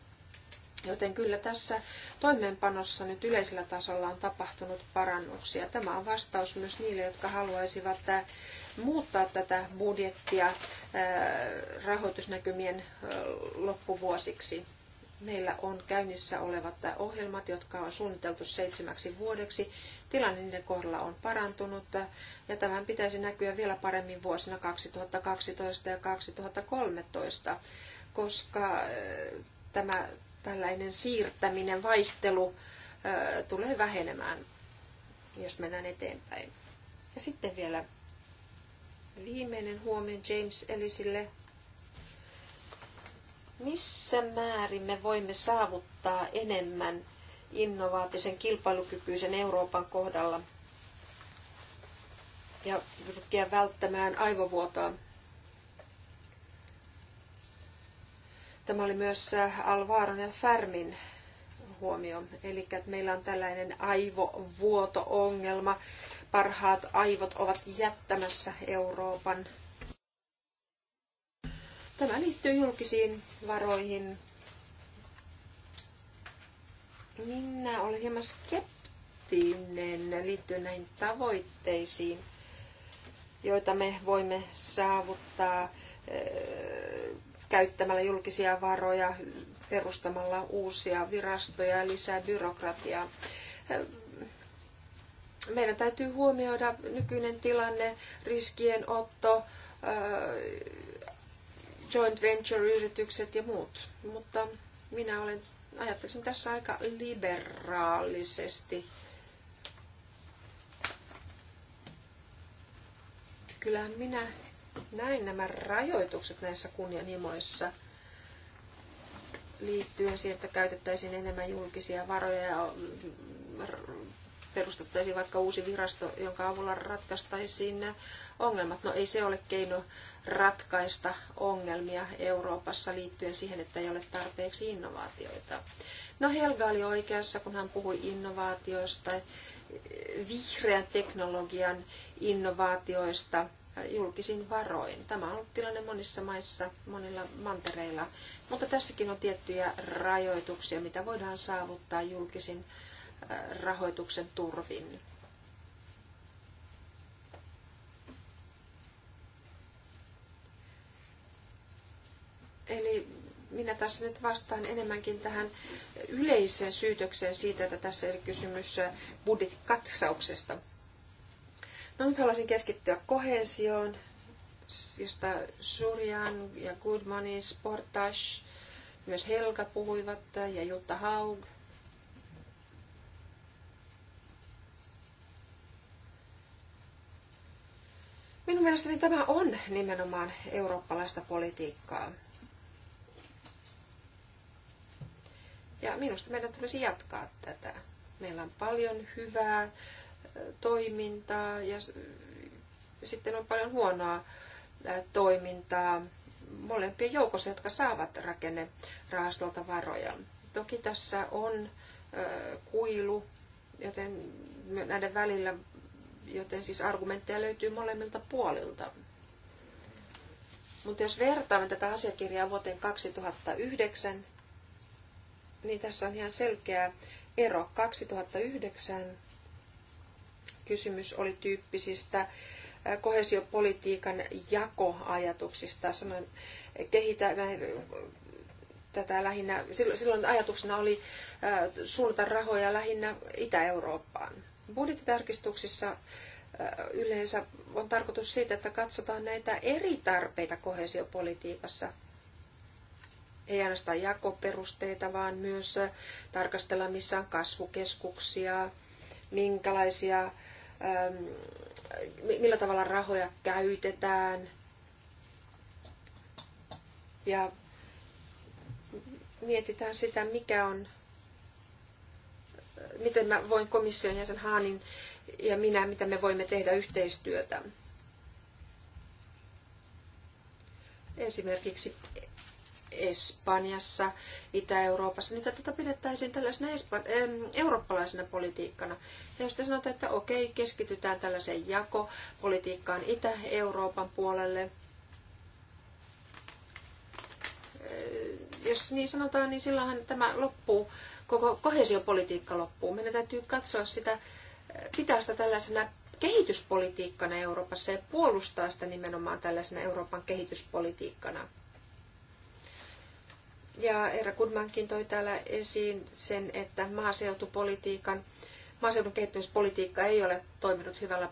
Joten kyllä tässä toimeenpanossa nyt yleisellä tasolla on tapahtunut parannuksia. Tämä on vastaus myös niille, jotka haluaisivat äh, muuttaa tätä budjettia äh, rahoitusnäkymien äh, loppuvuosiksi. Meillä on käynnissä olevat ohjelmat, jotka on suunniteltu seitsemäksi vuodeksi. Tilanne niiden kohdalla on parantunut ja tämän pitäisi näkyä vielä paremmin vuosina 2012 ja 2013 koska äh, tämä tällainen siirtäminen, vaihtelu äh, tulee vähenemään, jos mennään eteenpäin. Ja sitten vielä viimeinen huomio James Ellisille. Missä määrin me voimme saavuttaa enemmän innovaatisen kilpailukykyisen Euroopan kohdalla ja pyrkiä välttämään aivovuotoa Tämä oli myös äh, Alvaron ja Färmin huomio. Eli että meillä on tällainen aivovuoto-ongelma. Parhaat aivot ovat jättämässä Euroopan. Tämä liittyy julkisiin varoihin. Minä olen hieman skeptinen liittyen näihin tavoitteisiin, joita me voimme saavuttaa äh, käyttämällä julkisia varoja, perustamalla uusia virastoja ja lisää byrokratiaa. Meidän täytyy huomioida nykyinen tilanne, riskienotto, äh, joint venture-yritykset ja muut. Mutta minä olen, ajattelisin tässä aika liberaalisesti. Kyllä minä näin nämä rajoitukset näissä kunnianhimoissa liittyen siihen, että käytettäisiin enemmän julkisia varoja ja perustettaisiin vaikka uusi virasto, jonka avulla ratkaistaisiin nämä ongelmat. No ei se ole keino ratkaista ongelmia Euroopassa liittyen siihen, että ei ole tarpeeksi innovaatioita. No Helga oli oikeassa, kun hän puhui innovaatioista, vihreän teknologian innovaatioista – julkisin varoin. Tämä on ollut tilanne monissa maissa, monilla mantereilla, mutta tässäkin on tiettyjä rajoituksia, mitä voidaan saavuttaa julkisin äh, rahoituksen turvin. Eli minä tässä nyt vastaan enemmänkin tähän yleiseen syytökseen siitä, että tässä ei ole kysymys budjettikatsauksesta. No nyt haluaisin keskittyä kohesioon, josta Surjan ja Goodmanin, Sportage, myös Helga puhuivat ja Jutta Haug. Minun mielestäni tämä on nimenomaan eurooppalaista politiikkaa. Ja minusta meidän tulisi jatkaa tätä. Meillä on paljon hyvää toimintaa ja sitten on paljon huonoa toimintaa molempien joukossa, jotka saavat rakennerahastolta varoja. Toki tässä on kuilu joten näiden välillä, joten siis argumentteja löytyy molemmilta puolilta. Mutta jos vertaamme tätä asiakirjaa vuoteen 2009, niin tässä on ihan selkeä ero. 2009 kysymys oli tyyppisistä kohesiopolitiikan jakoajatuksista. Sanoin, mä, tätä lähinnä, silloin ajatuksena oli suunnata rahoja lähinnä Itä-Eurooppaan. Budjettitarkistuksissa yleensä on tarkoitus siitä, että katsotaan näitä eri tarpeita kohesiopolitiikassa. Ei ainoastaan jakoperusteita, vaan myös tarkastella, missä on kasvukeskuksia, minkälaisia millä tavalla rahoja käytetään. Ja mietitään sitä, mikä on, miten mä voin komission jäsen Haanin ja minä, mitä me voimme tehdä yhteistyötä. Esimerkiksi Espanjassa, Itä-Euroopassa, niin tätä pidettäisiin tällaisena espa- eurooppalaisena politiikkana. Ja jos te sanotaan, että okei, keskitytään tällaiseen jakopolitiikkaan Itä-Euroopan puolelle, jos niin sanotaan, niin silloinhan tämä loppuu, koko kohesiopolitiikka loppuu. Meidän täytyy katsoa sitä, pitää sitä tällaisena kehityspolitiikkana Euroopassa ja puolustaa sitä nimenomaan tällaisena Euroopan kehityspolitiikkana. Ja Erra Kudmankin toi täällä esiin sen, että maaseutupolitiikan, maaseudun kehittämispolitiikka ei ole toiminut hyvällä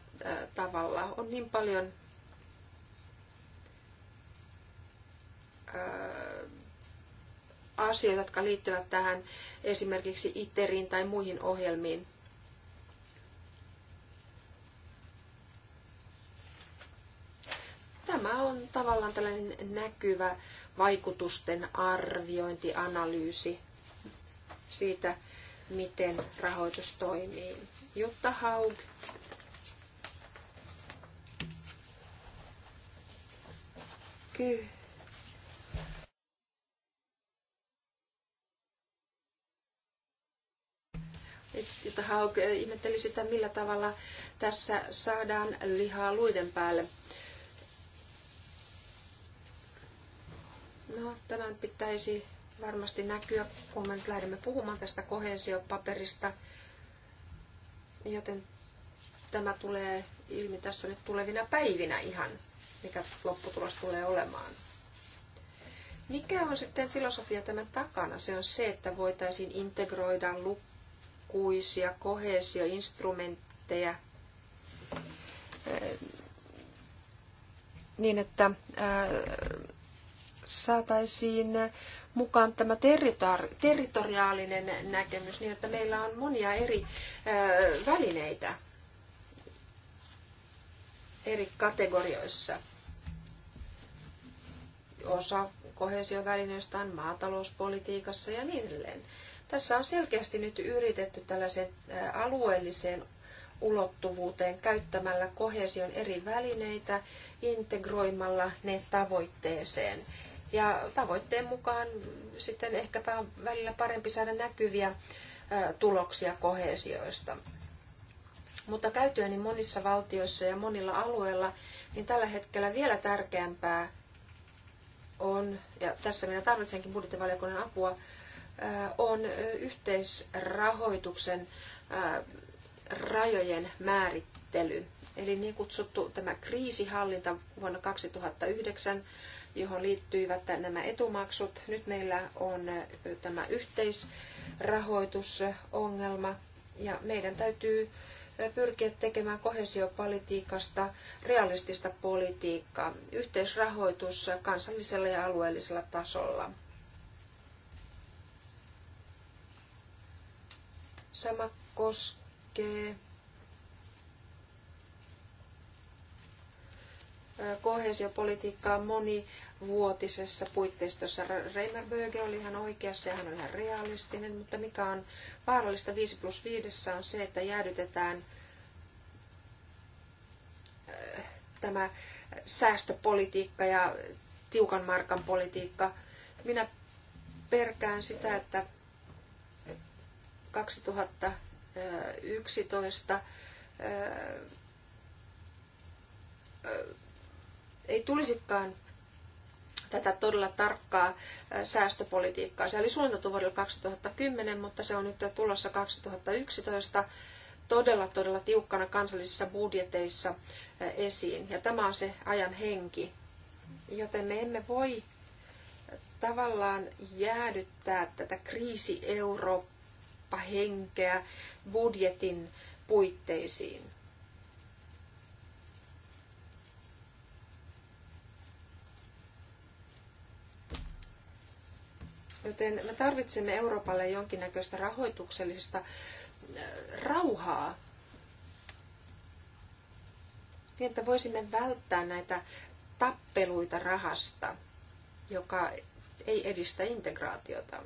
tavalla. On niin paljon asioita, jotka liittyvät tähän esimerkiksi ITERiin tai muihin ohjelmiin. Tämä on tavallaan tällainen näkyvä vaikutusten arviointi, analyysi siitä, miten rahoitus toimii. Jutta Haug. Kyllä. Jutta Haug, eh, ihmetteli sitä, millä tavalla tässä saadaan lihaa luiden päälle. No, tämän pitäisi varmasti näkyä, kun me nyt lähdemme puhumaan tästä kohesiopaperista, joten tämä tulee ilmi tässä nyt tulevina päivinä ihan, mikä lopputulos tulee olemaan. Mikä on sitten filosofia tämän takana? Se on se, että voitaisiin integroida lukuisia kohesioinstrumentteja eh, niin, että eh, saataisiin mukaan tämä territoriaalinen näkemys niin, että meillä on monia eri välineitä eri kategorioissa. Osa kohesiovälineistä on maatalouspolitiikassa ja niin edelleen. Tässä on selkeästi nyt yritetty tällaiseen alueelliseen ulottuvuuteen käyttämällä kohesion eri välineitä, integroimalla ne tavoitteeseen. Ja tavoitteen mukaan sitten ehkäpä on välillä parempi saada näkyviä tuloksia kohesioista. Mutta käytyäni monissa valtioissa ja monilla alueilla, niin tällä hetkellä vielä tärkeämpää on, ja tässä minä tarvitsenkin budjettivaliokunnan apua, on yhteisrahoituksen rajojen määrittely. Eli niin kutsuttu tämä kriisihallinta vuonna 2009 johon liittyivät nämä etumaksut. Nyt meillä on tämä yhteisrahoitusongelma ja meidän täytyy pyrkiä tekemään kohesiopolitiikasta realistista politiikkaa, yhteisrahoitus kansallisella ja alueellisella tasolla. Sama koskee kohesiopolitiikkaa monivuotisessa puitteistossa. Reimer Böge oli ihan oikeassa ja hän on ihan realistinen, mutta mikä on vaarallista 5 plus 5 on se, että jäädytetään äh, tämä säästöpolitiikka ja tiukan markan politiikka. Minä perkään sitä, että 2011 ei tulisikaan tätä todella tarkkaa säästöpolitiikkaa. Se oli suunniteltu vuodelle 2010, mutta se on nyt tulossa 2011 todella, todella tiukkana kansallisissa budjeteissa esiin. Ja tämä on se ajan henki. Joten me emme voi tavallaan jäädyttää tätä kriisi Eurooppa-henkeä budjetin puitteisiin. Joten me tarvitsemme Euroopalle jonkinnäköistä rahoituksellista äh, rauhaa, niin että voisimme välttää näitä tappeluita rahasta, joka ei edistä integraatiota.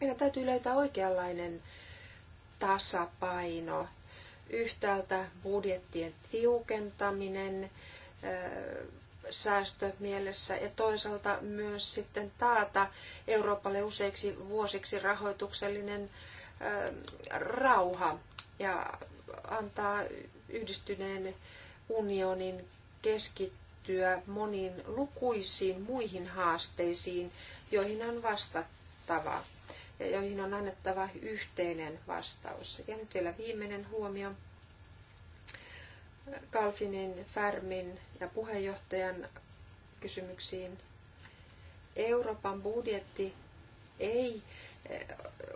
Meidän täytyy löytää oikeanlainen tasapaino. Yhtäältä budjettien tiukentaminen, äh, säästömielessä ja toisaalta myös sitten taata Euroopalle useiksi vuosiksi rahoituksellinen ähm, rauha ja antaa yhdistyneen unionin keskittyä moniin lukuisiin muihin haasteisiin, joihin on vastattava ja joihin on annettava yhteinen vastaus. Ja nyt vielä viimeinen huomio. Kalfinin, Färmin ja puheenjohtajan kysymyksiin. Euroopan budjetti ei eh,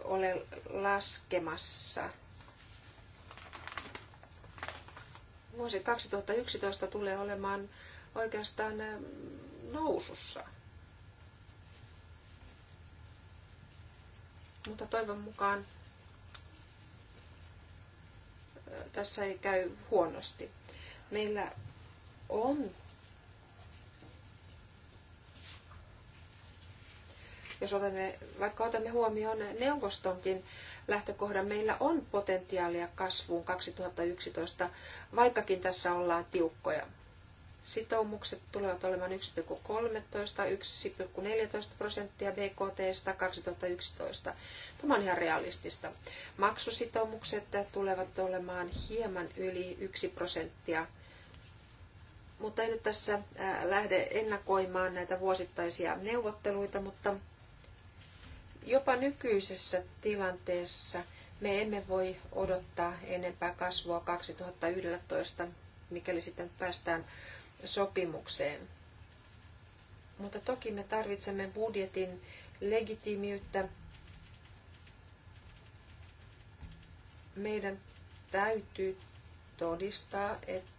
ole laskemassa. Vuosi 2011 tulee olemaan oikeastaan eh, nousussa. Mutta toivon mukaan eh, tässä ei käy huonosti. Meillä on, jos otamme, vaikka otamme huomioon neuvostonkin lähtökohdan, meillä on potentiaalia kasvuun 2011, vaikkakin tässä ollaan tiukkoja. Sitoumukset tulevat olemaan 1,13-1,14 prosenttia BKT 2011. Tämä on ihan realistista. Maksusitoumukset tulevat olemaan hieman yli 1 prosenttia mutta en nyt tässä lähde ennakoimaan näitä vuosittaisia neuvotteluita, mutta jopa nykyisessä tilanteessa me emme voi odottaa enempää kasvua 2011, mikäli sitten päästään sopimukseen. Mutta toki me tarvitsemme budjetin legitiimiyttä. Meidän täytyy todistaa, että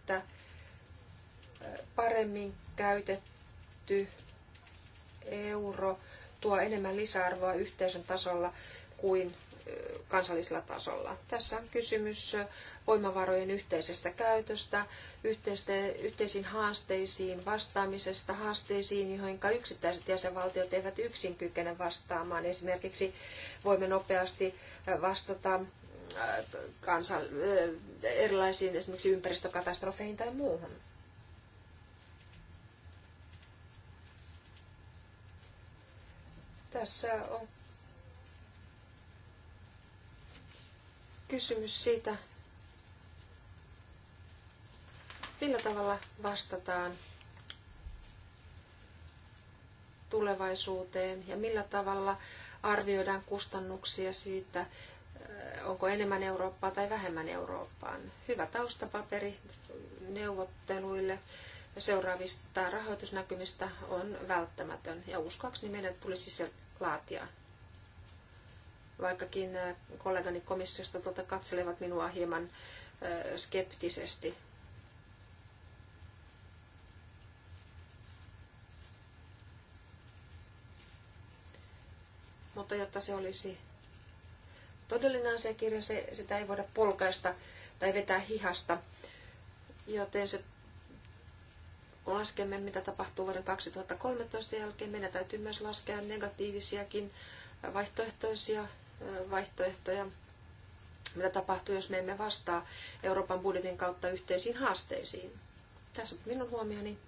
paremmin käytetty euro tuo enemmän lisäarvoa yhteisön tasolla kuin kansallisella tasolla. Tässä on kysymys voimavarojen yhteisestä käytöstä, yhteisiin haasteisiin vastaamisesta, haasteisiin, joihin yksittäiset jäsenvaltiot eivät yksin kykene vastaamaan. Esimerkiksi voimme nopeasti vastata kansan, erilaisiin esimerkiksi ympäristökatastrofeihin tai muuhun. Tässä on kysymys siitä, millä tavalla vastataan tulevaisuuteen ja millä tavalla arvioidaan kustannuksia siitä, äh, onko enemmän Eurooppaa tai vähemmän Eurooppaa. Hyvä taustapaperi neuvotteluille seuraavista rahoitusnäkymistä on välttämätön ja uskoakseni meidän tulisi se laatia. Vaikkakin äh, kollegani komissiosta tuota katselevat minua hieman äh, skeptisesti. Mutta jotta se olisi todellinen asiakirja, se, sitä ei voida polkaista tai vetää hihasta, joten se laskemme, mitä tapahtuu vuoden 2013 jälkeen, meidän täytyy myös laskea negatiivisiakin vaihtoehtoisia vaihtoehtoja, mitä tapahtuu, jos me emme vastaa Euroopan budjetin kautta yhteisiin haasteisiin. Tässä minun huomioni.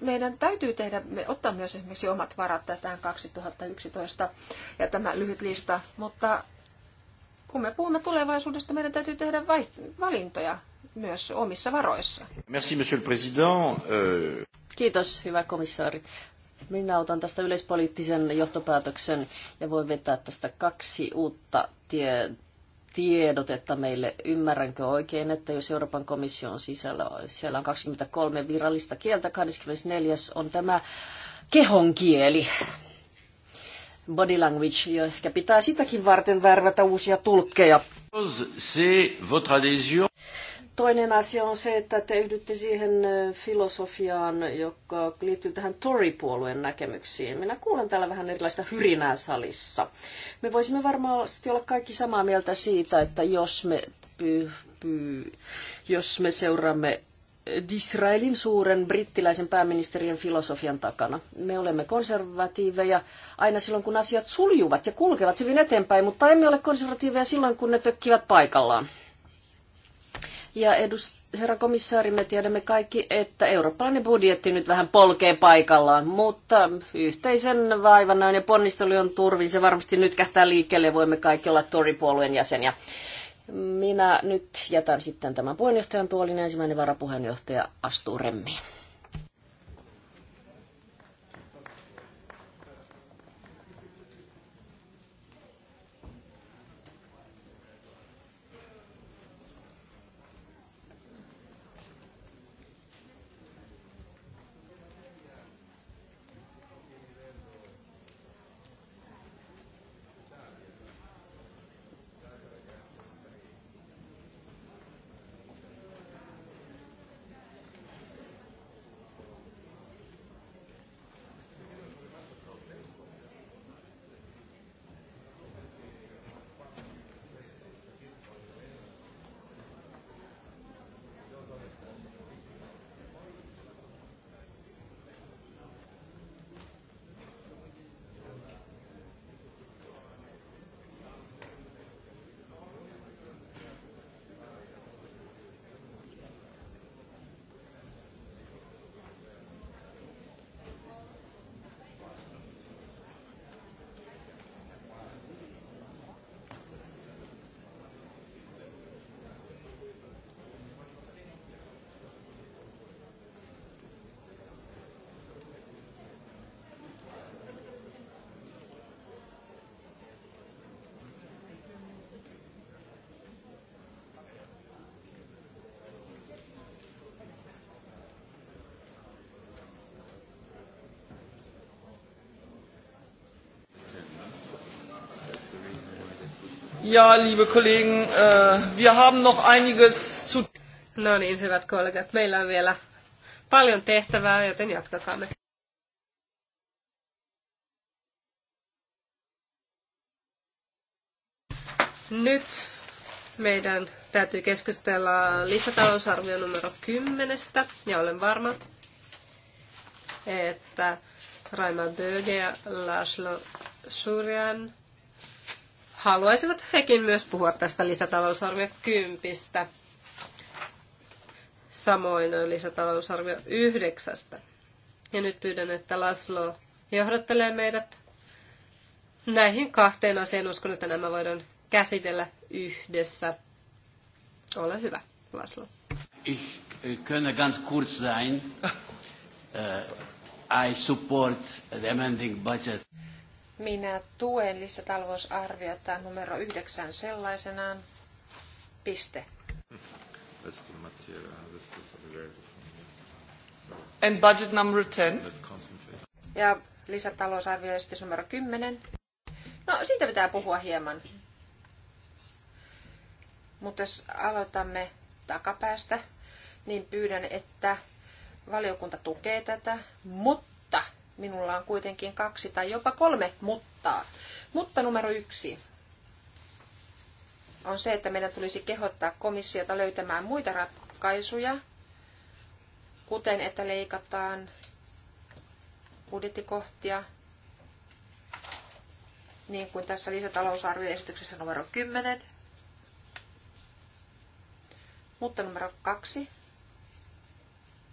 meidän täytyy tehdä, me ottaa myös esimerkiksi omat varat tähän 2011 ja tämä lyhyt lista, mutta kun me puhumme tulevaisuudesta, meidän täytyy tehdä valintoja myös omissa varoissa. Merci, monsieur le président. Euh, Kiitos, hyvä komissaari. Minä otan tästä yleispoliittisen johtopäätöksen ja voin vetää tästä kaksi uutta tietoa tiedotetta meille. Ymmärränkö oikein, että jos Euroopan komission sisällä siellä on 23 virallista kieltä, 24 on tämä kehonkieli, body language, ja ehkä pitää sitäkin varten värvätä uusia tulkkeja. Toinen asia on se, että te yhdytte siihen filosofiaan, joka liittyy tähän Tory-puolueen näkemyksiin. Minä kuulen täällä vähän erilaista hyrinää salissa. Me voisimme varmasti olla kaikki samaa mieltä siitä, että jos me, py, py, jos me seuraamme Disraelin suuren brittiläisen pääministerien filosofian takana. Me olemme konservatiiveja aina silloin, kun asiat suljuvat ja kulkevat hyvin eteenpäin, mutta emme ole konservatiiveja silloin, kun ne tökkivät paikallaan. Ja edust- herra komissaari, me tiedämme kaikki, että eurooppalainen budjetti nyt vähän polkee paikallaan, mutta yhteisen vaivan ja ponnistelujen turvin se varmasti nyt kähtää liikkeelle ja voimme kaikki olla Tori-puolueen jäseniä. Minä nyt jätän sitten tämän puheenjohtajan tuolin ensimmäinen varapuheenjohtaja astuu remmiin. Ja, liebe Kollegen, äh, wir haben noch einiges zu... No niin, hyvät kollegat, meillä on vielä paljon tehtävää, joten jatkakaamme. Nyt meidän täytyy keskustella lisätalousarvio numero 10, ja olen varma, että Raima Böge ja Laszlo Surjan haluaisivat hekin myös puhua tästä lisätalousarvio 10. Samoin lisätalousarvio 9. Ja nyt pyydän, että Laslo johdattelee meidät näihin kahteen asiaan. Uskon, että nämä voidaan käsitellä yhdessä. Ole hyvä, Laslo. Ich äh, könne ganz kurz sein. Äh, I support the amending budget. Minä tuen lisätalousarviota numero yhdeksän sellaisenaan. Piste. And budget number 10. Ja lisätalousarvioesitys numero 10. No, siitä pitää puhua hieman. Mutta jos aloitamme takapäästä, niin pyydän, että valiokunta tukee tätä, mutta Minulla on kuitenkin kaksi tai jopa kolme muttaa. Mutta numero yksi on se, että meidän tulisi kehottaa komissiota löytämään muita ratkaisuja, kuten että leikataan budjettikohtia, niin kuin tässä lisätalousarvioesityksessä numero 10. Mutta numero kaksi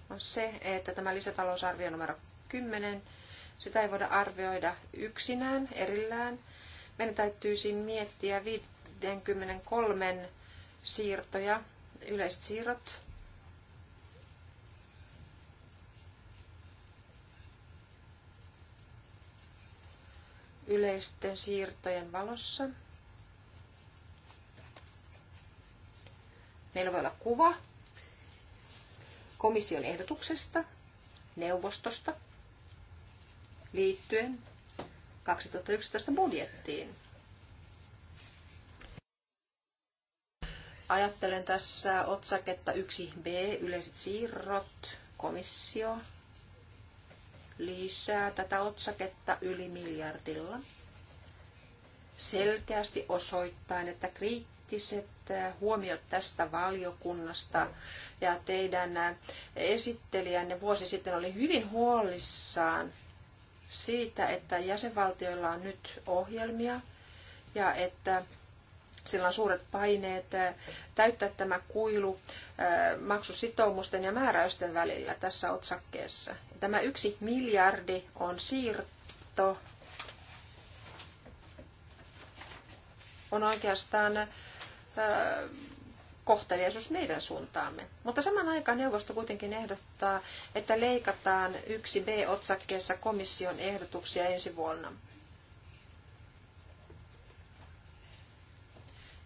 on se, että tämä lisätalousarvio numero 10 sitä ei voida arvioida yksinään, erillään. Meidän täytyisi miettiä 53 siirtoja, yleiset siirrot, yleisten siirtojen valossa. Meillä voi olla kuva komission ehdotuksesta, neuvostosta, liittyen 2011 budjettiin. Ajattelen tässä otsaketta 1b, yleiset siirrot, komissio lisää tätä otsaketta yli miljardilla. Selkeästi osoittain, että kriittiset huomiot tästä valiokunnasta ja teidän esittelijänne vuosi sitten oli hyvin huolissaan siitä, että jäsenvaltioilla on nyt ohjelmia ja että sillä on suuret paineet eh, täyttää tämä kuilu eh, maksusitoumusten ja määräysten välillä tässä otsakkeessa. Tämä yksi miljardi on siirto, on oikeastaan eh, kohteliaisuus meidän suuntaamme. Mutta saman aikaan neuvosto kuitenkin ehdottaa, että leikataan yksi B-otsakkeessa komission ehdotuksia ensi vuonna.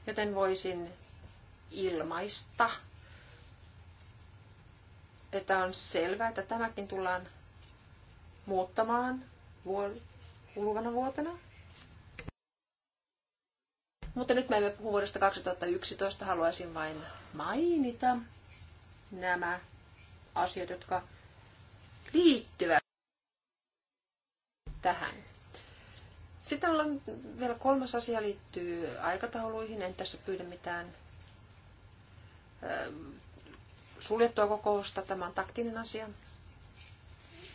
Joten voisin ilmaista, että on selvää, että tämäkin tullaan muuttamaan vuol- kuluvana vuotena – mutta nyt me emme puhu vuodesta 2011. Haluaisin vain mainita nämä asiat, jotka liittyvät tähän. Sitten on vielä kolmas asia liittyy aikatauluihin. En tässä pyydä mitään suljettua kokousta. Tämä on taktinen asia.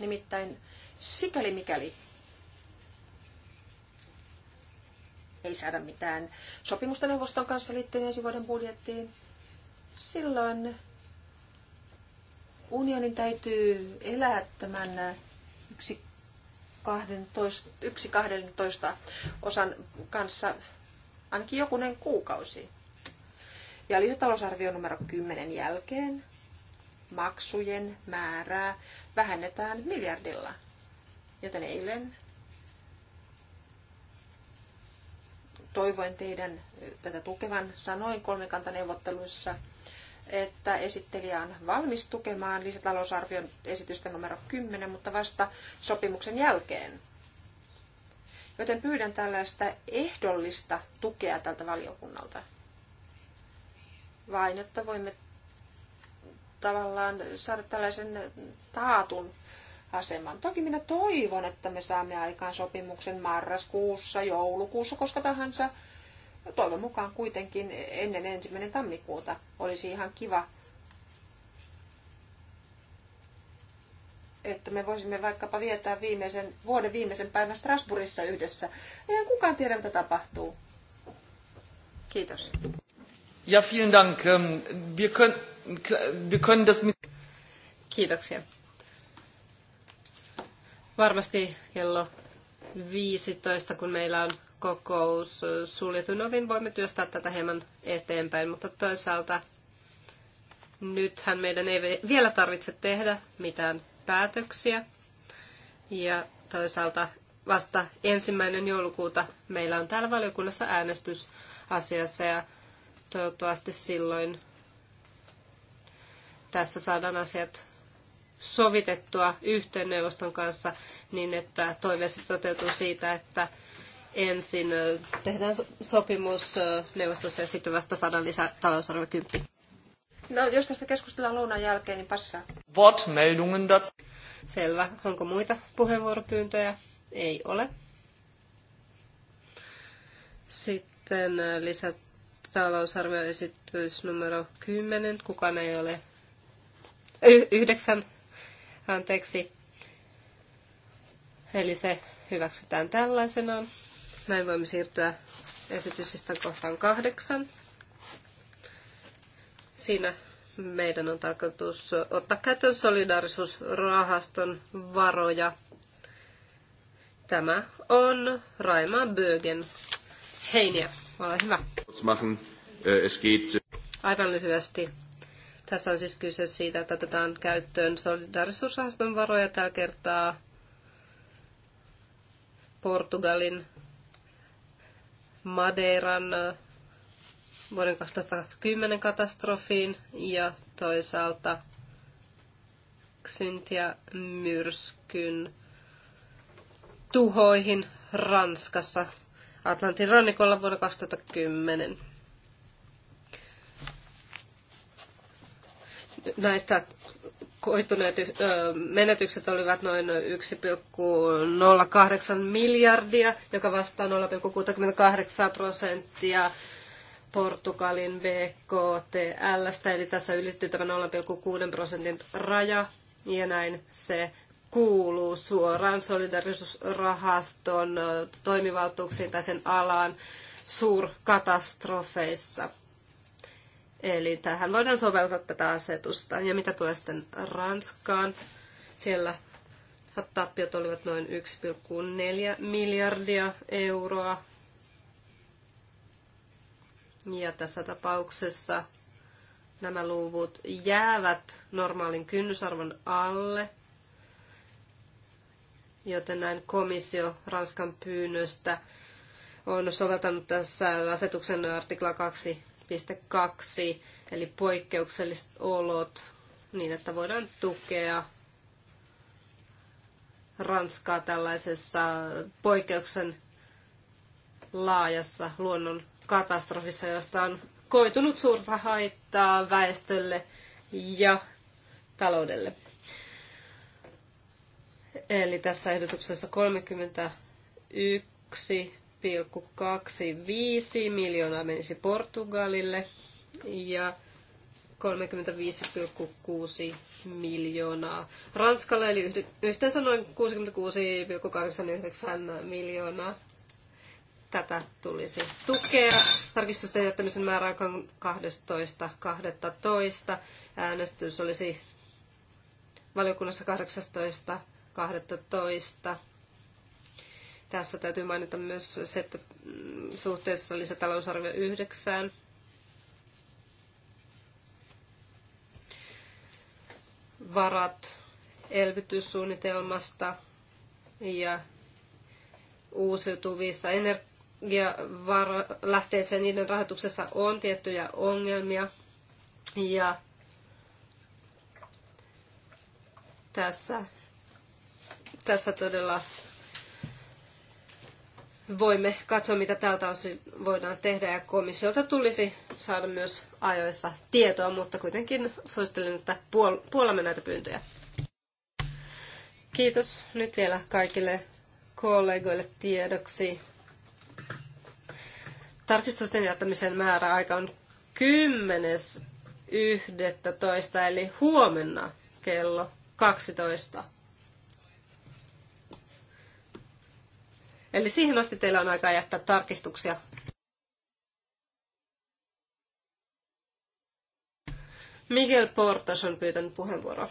Nimittäin sikäli mikäli ei saada mitään sopimusta neuvoston kanssa liittyen ensi vuoden budjettiin, silloin unionin täytyy elää tämän yksi 12, yksi 12 osan kanssa ainakin jokunen kuukausi. Ja lisätalousarvio numero 10 jälkeen maksujen määrää vähennetään miljardilla. Joten eilen toivoin teidän tätä tukevan sanoin kolmikantaneuvotteluissa, että esittelijä on valmis tukemaan lisätalousarvion esitystä numero 10, mutta vasta sopimuksen jälkeen. Joten pyydän tällaista ehdollista tukea tältä valiokunnalta. Vain, jotta voimme tavallaan saada tällaisen taatun aseman. Toki minä toivon, että me saamme aikaan sopimuksen marraskuussa, joulukuussa, koska tahansa. Toivon mukaan kuitenkin ennen ensimmäinen tammikuuta olisi ihan kiva, että me voisimme vaikkapa viettää viimeisen, vuoden viimeisen päivän Strasbourgissa yhdessä. Eihän kukaan tiedä, mitä tapahtuu. Kiitos. Ja, vielen Dank. Ähm, wir können, wir können das mit... Kiitoksia. Varmasti kello 15, kun meillä on kokous suljetun ovin, voimme työstää tätä hieman eteenpäin, mutta toisaalta nythän meidän ei vielä tarvitse tehdä mitään päätöksiä. Ja toisaalta vasta ensimmäinen joulukuuta meillä on täällä valiokunnassa äänestys asiassa ja toivottavasti silloin tässä saadaan asiat sovitettua yhteen neuvoston kanssa niin, että toiveesi toteutuu siitä, että ensin tehdään sopimus neuvostossa ja sitten vasta saadaan lisää talousarvio 10. No, jos tästä keskustellaan lounan jälkeen, niin passaa. meldungen dat. Selvä. Onko muita puheenvuoropyyntöjä? Ei ole. Sitten lisätalousarvioesitys numero 10. Kukaan ei ole. Y- yhdeksän, anteeksi. Eli se hyväksytään tällaisena. Näin voimme siirtyä esityslistan kohtaan kahdeksan. Siinä meidän on tarkoitus ottaa käyttöön solidarisuusrahaston varoja. Tämä on Raima Bögen. Heiniä, ole hyvä. Äh, Aivan lyhyesti tässä on siis kyse siitä, että otetaan käyttöön solidarisuusrahaston varoja tällä kertaa Portugalin Madeiran äh, vuoden 2010 katastrofiin ja toisaalta Xyntia myrskyn tuhoihin Ranskassa Atlantin rannikolla vuonna 2010. näistä koituneet menetykset olivat noin 1,08 miljardia, joka vastaa 0,68 prosenttia Portugalin BKTLstä, eli tässä ylittyi tämä 0,6 prosentin raja, ja näin se kuuluu suoraan solidarisuusrahaston toimivaltuuksiin tai sen alaan suurkatastrofeissa. Eli tähän voidaan soveltaa tätä asetusta. Ja mitä tulee sitten Ranskaan, siellä tappiot olivat noin 1,4 miljardia euroa. Ja tässä tapauksessa nämä luvut jäävät normaalin kynnysarvon alle, joten näin komissio Ranskan pyynnöstä on soveltanut tässä asetuksen artikla 2 2, eli poikkeukselliset olot, niin että voidaan tukea Ranskaa tällaisessa poikkeuksen laajassa luonnon katastrofissa, josta on koitunut suurta haittaa väestölle ja taloudelle. Eli tässä ehdotuksessa 31 1,25 miljoonaa menisi Portugalille ja 35,6 miljoonaa Ranskalle, eli yhteensä noin 66,89 miljoonaa. Tätä tulisi tukea. Tarkistusten jättämisen määrä on 12.12. Äänestys olisi valiokunnassa 18.12. Tässä täytyy mainita myös se, että mm, suhteessa lisätalousarvio yhdeksään. varat elvytyssuunnitelmasta ja uusiutuvissa energialähteissä niiden rahoituksessa on tiettyjä ongelmia. Ja tässä, tässä todella voimme katsoa, mitä tältä osin voidaan tehdä. Ja komissiolta tulisi saada myös ajoissa tietoa, mutta kuitenkin suosittelen, että puol- puolamme näitä pyyntöjä. Kiitos nyt vielä kaikille kollegoille tiedoksi. Tarkistusten jättämisen määräaika on 10.11. eli huomenna kello 12. Eli siihen asti teillä on aikaa jättää tarkistuksia. Miguel Portas on pyytänyt puheenvuoroa.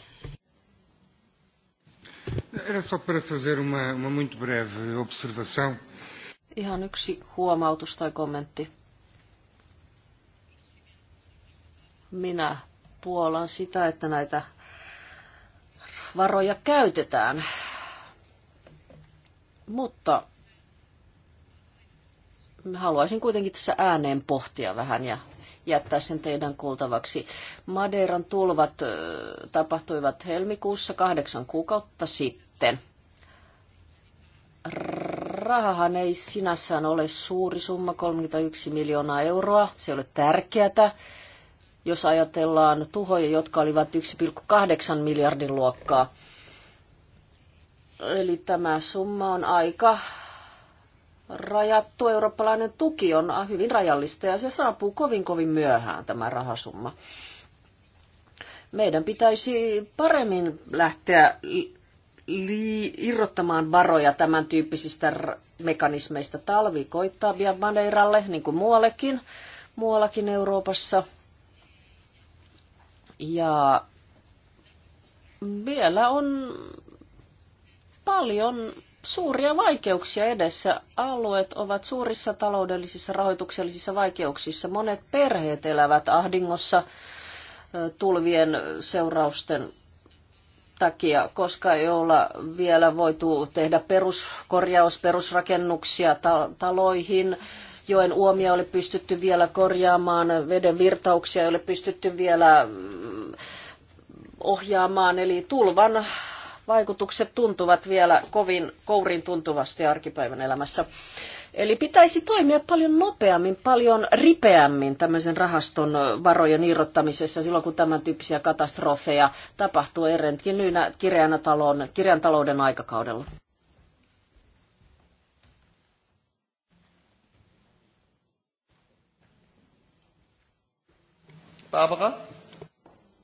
Era só para fazer uma, uma muito breve observação. Ihan yksi huomautus tai kommentti. Minä puolan sitä, että näitä varoja käytetään. Mutta haluaisin kuitenkin tässä ääneen pohtia vähän ja jättää sen teidän kuultavaksi. Madeiran tulvat tapahtuivat helmikuussa kahdeksan kuukautta sitten. Rahahan ei sinässään ole suuri summa, 31 miljoonaa euroa. Se ei ole tärkeätä, jos ajatellaan tuhoja, jotka olivat 1,8 miljardin luokkaa. Eli tämä summa on aika rajattu eurooppalainen tuki on hyvin rajallista ja se saapuu kovin kovin myöhään tämä rahasumma. Meidän pitäisi paremmin lähteä li- irrottamaan varoja tämän tyyppisistä mekanismeista. Talvi koittaa vielä Madeiralle, niin kuin muuallekin, muuallakin Euroopassa. Ja vielä on paljon suuria vaikeuksia edessä. Alueet ovat suurissa taloudellisissa rahoituksellisissa vaikeuksissa. Monet perheet elävät ahdingossa tulvien seurausten takia, koska ei olla vielä voitu tehdä peruskorjaus, perusrakennuksia taloihin. Joen uomia oli pystytty vielä korjaamaan, veden virtauksia ei ole pystytty vielä mm, ohjaamaan, eli tulvan vaikutukset tuntuvat vielä kovin kourin tuntuvasti arkipäivän elämässä. Eli pitäisi toimia paljon nopeammin, paljon ripeämmin tämmöisen rahaston varojen irrottamisessa silloin, kun tämän tyyppisiä katastrofeja tapahtuu erenkin nyynä kirjan talouden aikakaudella. Barbara?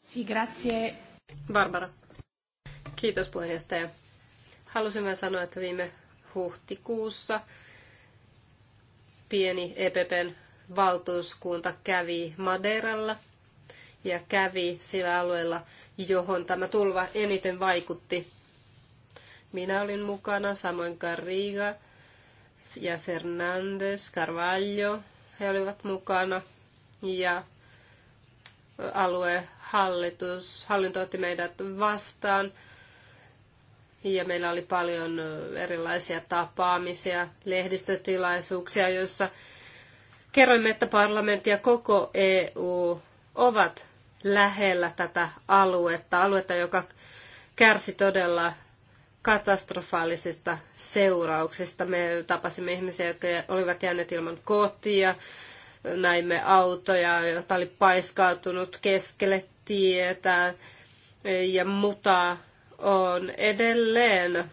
Sì, grazie. Barbara. Kiitos puheenjohtaja. Halusin vain sanoa, että viime huhtikuussa pieni EPPn valtuuskunta kävi Madeiralla ja kävi sillä alueella, johon tämä tulva eniten vaikutti. Minä olin mukana, samoin Carriga ja Fernandes, Carvalho, he olivat mukana ja aluehallitus, hallinto otti meidät vastaan – ja meillä oli paljon erilaisia tapaamisia, lehdistötilaisuuksia, joissa kerroimme, että parlamentti ja koko EU ovat lähellä tätä aluetta, aluetta, joka kärsi todella katastrofaalisista seurauksista. Me tapasimme ihmisiä, jotka olivat jääneet ilman kotia, näimme autoja, joita oli paiskautunut keskelle tietä ja mutaa on edelleen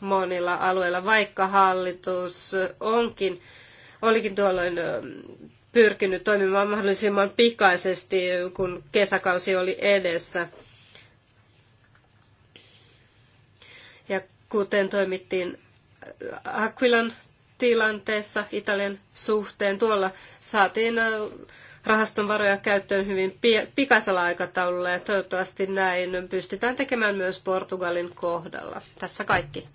monilla alueilla, vaikka hallitus onkin, olikin tuolloin pyrkinyt toimimaan mahdollisimman pikaisesti, kun kesäkausi oli edessä. Ja kuten toimittiin Aquilan tilanteessa Italian suhteen, tuolla saatiin rahaston varoja käyttöön hyvin pikaisella aikataululla ja toivottavasti näin pystytään tekemään myös Portugalin kohdalla. Tässä kaikki.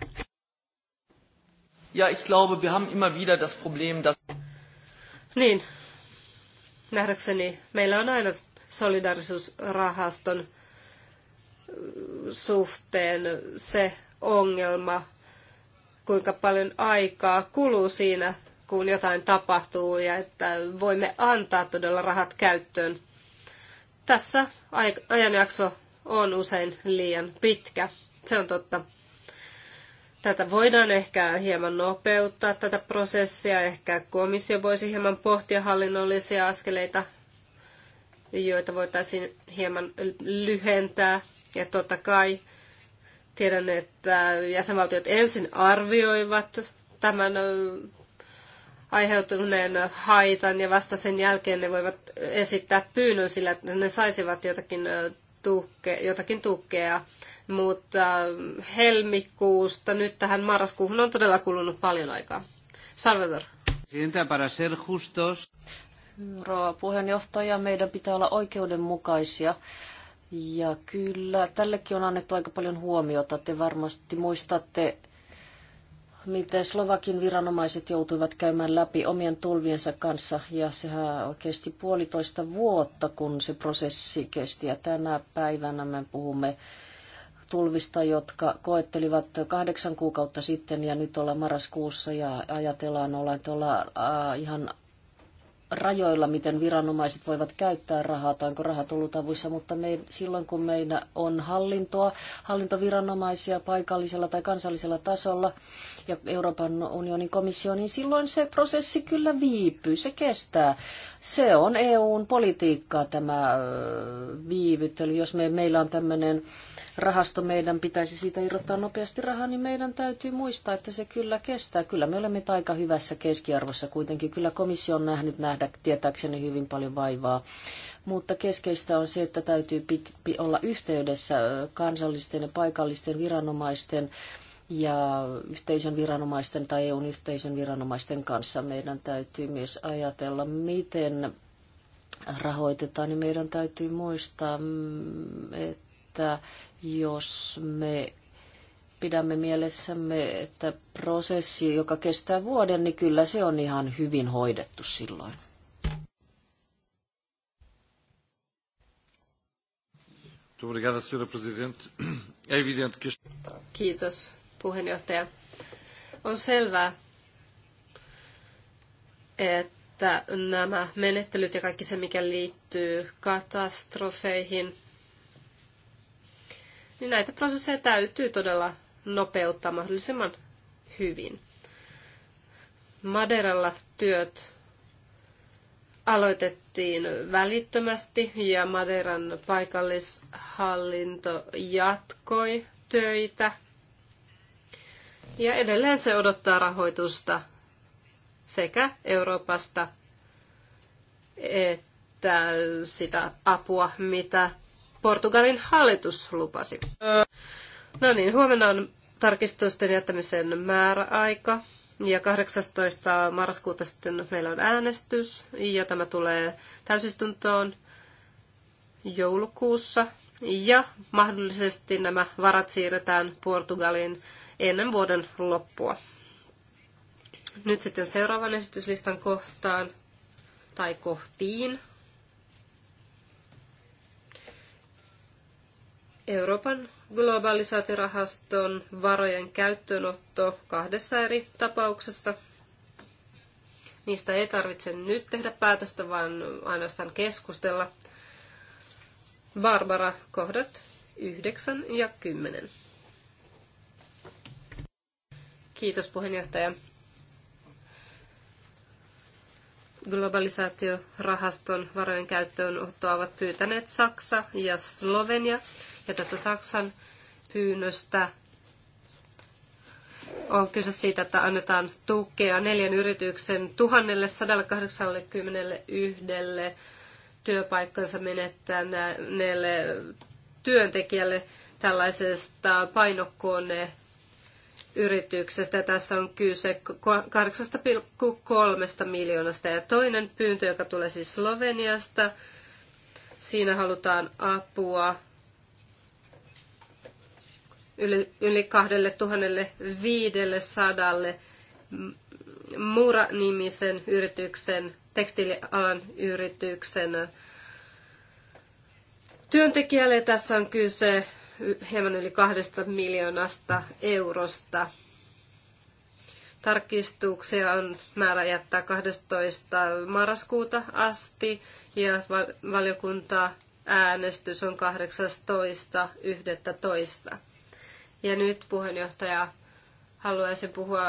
Ja, ich glaube, wir haben immer wieder das Problem, dass... Niin, nähdäkseni meillä on aina solidarisuusrahaston äh, suhteen se ongelma, kuinka paljon aikaa kuluu siinä, kun jotain tapahtuu ja että voimme antaa todella rahat käyttöön. Tässä ajanjakso on usein liian pitkä. Se on totta. Tätä voidaan ehkä hieman nopeuttaa, tätä prosessia. Ehkä komissio voisi hieman pohtia hallinnollisia askeleita, joita voitaisiin hieman lyhentää. Ja totta kai tiedän, että jäsenvaltiot ensin arvioivat tämän aiheutuneen haitan ja vasta sen jälkeen ne voivat esittää pyynnön sillä, että ne saisivat jotakin, tukke, jotakin tukea. Mutta helmikuusta nyt tähän marraskuuhun on todella kulunut paljon aikaa. Salvador. Para ser justos. Rouva puheenjohtaja, meidän pitää olla oikeudenmukaisia. Ja kyllä, tällekin on annettu aika paljon huomiota. Te varmasti muistatte miten Slovakin viranomaiset joutuivat käymään läpi omien tulviensa kanssa. Ja sehän kesti puolitoista vuotta, kun se prosessi kesti. Ja tänä päivänä me puhumme tulvista, jotka koettelivat kahdeksan kuukautta sitten ja nyt ollaan marraskuussa ja ajatellaan olla, tuolla ihan rajoilla, miten viranomaiset voivat käyttää rahaa tai onko rahat ollut avuissa, mutta me, silloin kun meillä on hallintoa, hallintoviranomaisia paikallisella tai kansallisella tasolla, ja Euroopan unionin komissio, niin silloin se prosessi kyllä viipyy, se kestää. Se on EUn politiikkaa tämä viivyttely. Jos me, meillä on tämmöinen rahasto, meidän pitäisi siitä irrottaa nopeasti rahaa, niin meidän täytyy muistaa, että se kyllä kestää. Kyllä me olemme aika hyvässä keskiarvossa kuitenkin. Kyllä komissio on nähnyt nähdä tietääkseni hyvin paljon vaivaa mutta keskeistä on se, että täytyy olla yhteydessä kansallisten ja paikallisten viranomaisten ja yhteisön viranomaisten tai EUn yhteisön viranomaisten kanssa. Meidän täytyy myös ajatella, miten rahoitetaan, niin meidän täytyy muistaa, mm, että jos me pidämme mielessämme, että prosessi, joka kestää vuoden, niin kyllä se on ihan hyvin hoidettu silloin. Kiitos puheenjohtaja. On selvää, että nämä menettelyt ja kaikki se, mikä liittyy katastrofeihin, niin näitä prosesseja täytyy todella nopeuttaa mahdollisimman hyvin. Maderalla työt aloitettiin välittömästi ja Maderan paikallishallinto jatkoi töitä ja edelleen se odottaa rahoitusta sekä Euroopasta että sitä apua, mitä Portugalin hallitus lupasi. No niin, huomenna on tarkistusten jättämisen määräaika. Ja 18. marraskuuta sitten meillä on äänestys ja tämä tulee täysistuntoon joulukuussa. Ja mahdollisesti nämä varat siirretään Portugalin ennen vuoden loppua. Nyt sitten seuraavan esityslistan kohtaan tai kohtiin. Euroopan globalisaatiorahaston varojen käyttöönotto kahdessa eri tapauksessa. Niistä ei tarvitse nyt tehdä päätöstä, vaan ainoastaan keskustella. Barbara, kohdat 9 ja 10. Kiitos puheenjohtaja. Globalisaatiorahaston varojen käyttöönottoa ovat pyytäneet Saksa ja Slovenia. Ja tästä Saksan pyynnöstä on kyse siitä, että annetaan tukea neljän yrityksen 1181 työpaikkansa menettäneelle työntekijälle tällaisesta painokone yrityksestä. Tässä on kyse 8,3 miljoonasta. Ja toinen pyyntö, joka tulee siis Sloveniasta, siinä halutaan apua yli, yli 2500 Mura-nimisen yrityksen, tekstiilialan yrityksen työntekijälle. Tässä on kyse hieman yli kahdesta miljoonasta eurosta. Tarkistuksia on määrä jättää 12. marraskuuta asti ja valiokunta äänestys on 18.11. Ja nyt puheenjohtaja haluaisin puhua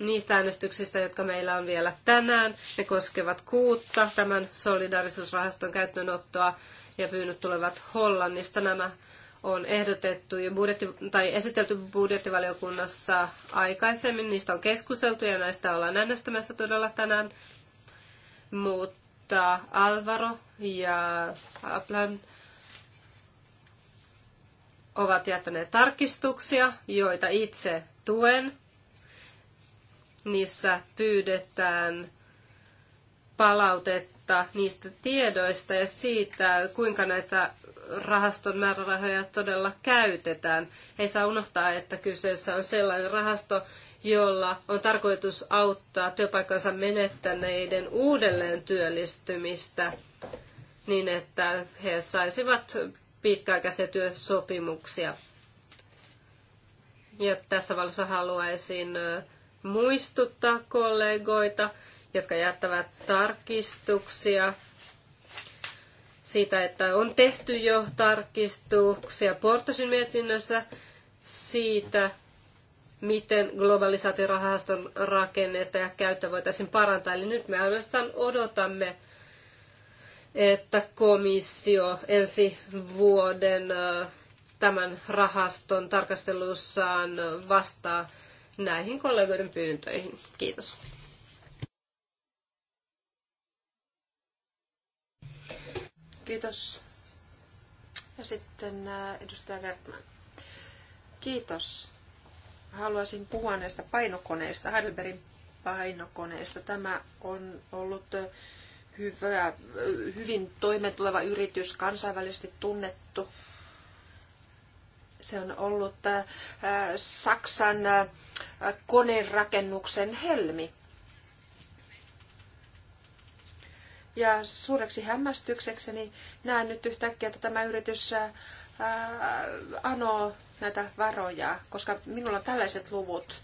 niistä äänestyksistä, jotka meillä on vielä tänään. Ne koskevat kuutta, tämän solidarisuusrahaston käyttöönottoa ja pyynnöt tulevat Hollannista. Nämä on ehdotettu ja budjetti, tai esitelty budjettivaliokunnassa aikaisemmin. Niistä on keskusteltu ja näistä ollaan äänestämässä todella tänään. Mutta Alvaro ja Aplan ovat jättäneet tarkistuksia, joita itse tuen. Niissä pyydetään palautet varmuutta niistä tiedoista ja siitä, kuinka näitä rahaston määrärahoja todella käytetään. Ei saa unohtaa, että kyseessä on sellainen rahasto, jolla on tarkoitus auttaa työpaikkansa menettäneiden uudelleen työllistymistä niin, että he saisivat pitkäaikaisia työsopimuksia. Ja tässä valossa haluaisin muistuttaa kollegoita jotka jättävät tarkistuksia siitä, että on tehty jo tarkistuksia Portosin mietinnössä siitä, miten globalisaatiorahaston rakennetta ja käyttöä voitaisiin parantaa. Eli nyt me ainoastaan odotamme, että komissio ensi vuoden tämän rahaston tarkastelussaan vastaa näihin kollegoiden pyyntöihin. Kiitos. Kiitos. Ja sitten äh, edustaja Wertman. Kiitos. Haluaisin puhua näistä painokoneista, Heidelbergin painokoneista. Tämä on ollut äh, hyvä, äh, hyvin toimetuleva yritys, kansainvälisesti tunnettu. Se on ollut Saksan konerakennuksen helmi. Ja suureksi hämmästyksekseni näen nyt yhtäkkiä, että tämä yritys anoo näitä varoja, koska minulla on tällaiset luvut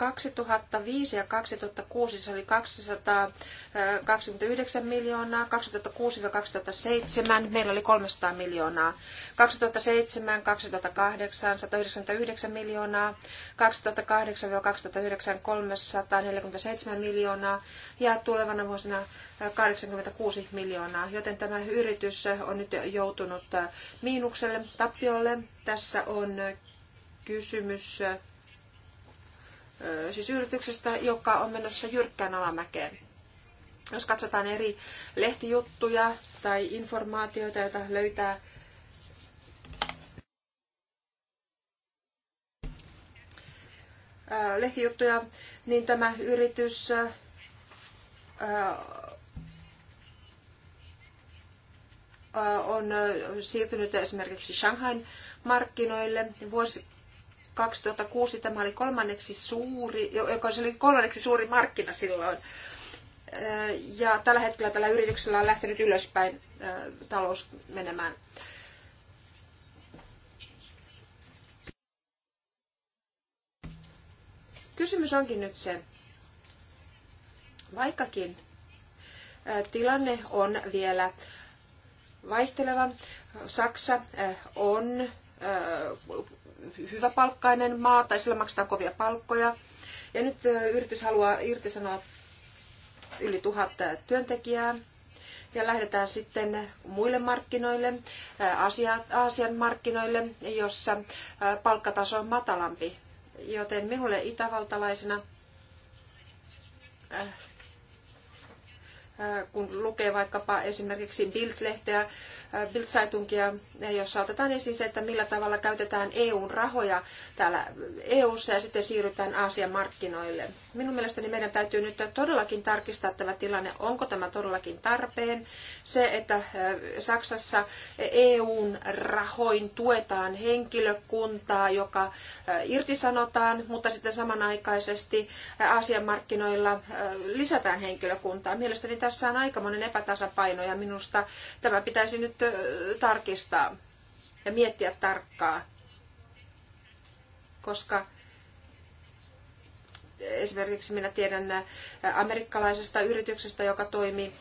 2005 ja 2006 se oli 229 miljoonaa, 2006-2007 meillä oli 300 miljoonaa, 2007-2008 199 miljoonaa, 2008-2009 347 miljoonaa ja tulevana vuosina 86 miljoonaa, joten tämä yritys on nyt joutunut miinukselle, tappiolle. Tässä on kysymys siis yrityksestä, joka on menossa jyrkkään alamäkeen. Jos katsotaan eri lehtijuttuja tai informaatioita, joita löytää lehtijuttuja, niin tämä yritys on siirtynyt esimerkiksi Shanghain markkinoille. Vuosi 2006 tämä oli kolmanneksi suuri, joka oli kolmanneksi suuri markkina silloin. Ja tällä hetkellä tällä yrityksellä on lähtenyt ylöspäin talous menemään. Kysymys onkin nyt se, vaikkakin tilanne on vielä vaihteleva, Saksa on hyväpalkkainen maa tai sillä maksetaan kovia palkkoja. Ja nyt yritys haluaa irtisanoa yli tuhat työntekijää ja lähdetään sitten muille markkinoille, Aasian markkinoille, jossa palkkataso on matalampi. Joten minulle itävaltalaisena, kun lukee vaikkapa esimerkiksi Bild-lehteä, Bildsaitunkia, jossa otetaan esiin se, että millä tavalla käytetään EUn rahoja täällä EUssa ja sitten siirrytään Aasian markkinoille. Minun mielestäni meidän täytyy nyt todellakin tarkistaa tämä tilanne, onko tämä todellakin tarpeen. Se, että Saksassa EUn rahoin tuetaan henkilökuntaa, joka irtisanotaan, mutta sitten samanaikaisesti Aasian markkinoilla lisätään henkilökuntaa. Mielestäni tässä on aikamoinen epätasapaino ja minusta tämä pitäisi nyt tarkistaa ja miettiä tarkkaa, Koska esimerkiksi minä tiedän amerikkalaisesta yrityksestä, joka toimii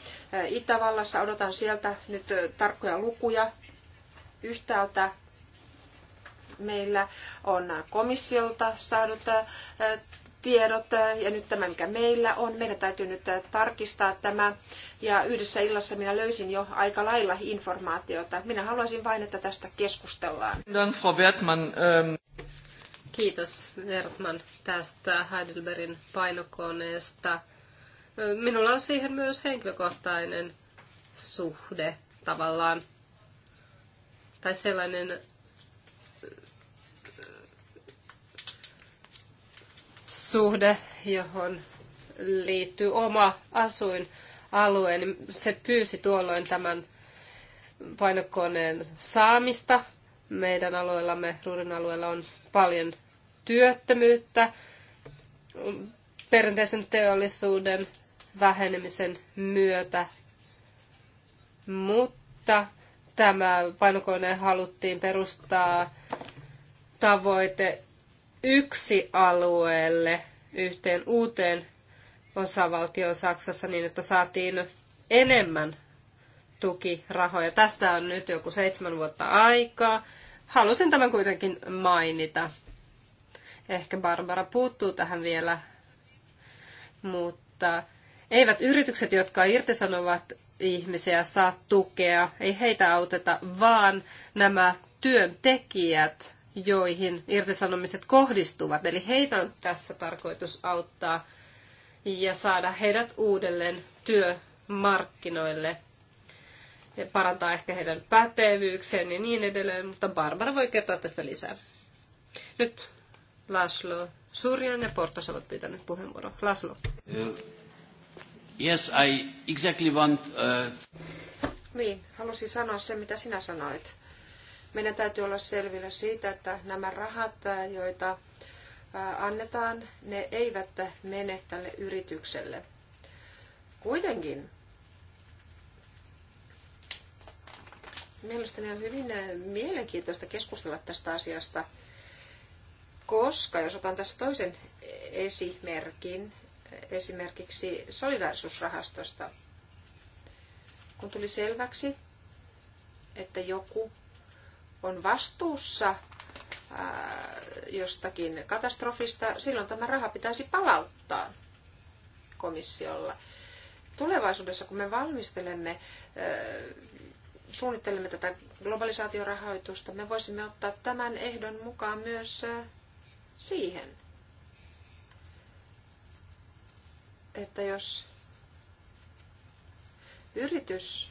Itävallassa. Odotan sieltä nyt tarkkoja lukuja. Yhtäältä meillä on komissiolta saadut tiedot eh, ja nyt tämä, mikä meillä on. Meidän täytyy nyt eh, tarkistaa tämä ja yhdessä illassa minä löysin jo aika lailla informaatiota. Minä haluaisin vain, että tästä keskustellaan. Ähm, Kiitos Wertman tästä Heidelbergin painokoneesta. Minulla on siihen myös henkilökohtainen suhde tavallaan. Tai sellainen suhde, johon liittyy oma asuinalue, niin se pyysi tuolloin tämän painokoneen saamista. Meidän alueellamme, Ruudun alueella on paljon työttömyyttä perinteisen teollisuuden vähenemisen myötä, mutta tämä painokone haluttiin perustaa tavoite yksi alueelle yhteen uuteen osavaltioon Saksassa niin, että saatiin enemmän tukirahoja. Tästä on nyt joku seitsemän vuotta aikaa. Halusin tämän kuitenkin mainita. Ehkä Barbara puuttuu tähän vielä, mutta eivät yritykset, jotka irtisanovat ihmisiä, saa tukea, ei heitä auteta, vaan nämä työntekijät joihin irtisanomiset kohdistuvat. Eli heitä on tässä tarkoitus auttaa ja saada heidät uudelleen työmarkkinoille ja parantaa ehkä heidän pätevyykseen ja niin edelleen, mutta Barbara voi kertoa tästä lisää. Nyt Laszlo Surjan ja Portos ovat pyytäneet puheenvuoron. Laszlo. Yes, I exactly want... Uh... Niin, halusin sanoa sen, mitä sinä sanoit. Meidän täytyy olla selvillä siitä, että nämä rahat, joita annetaan, ne eivät mene tälle yritykselle. Kuitenkin mielestäni on hyvin mielenkiintoista keskustella tästä asiasta, koska jos otan tässä toisen esimerkin, esimerkiksi solidaarisuusrahastosta, kun tuli selväksi, että joku on vastuussa jostakin katastrofista, silloin tämä raha pitäisi palauttaa komissiolla. Tulevaisuudessa, kun me valmistelemme, suunnittelemme tätä globalisaatiorahoitusta, me voisimme ottaa tämän ehdon mukaan myös siihen, että jos yritys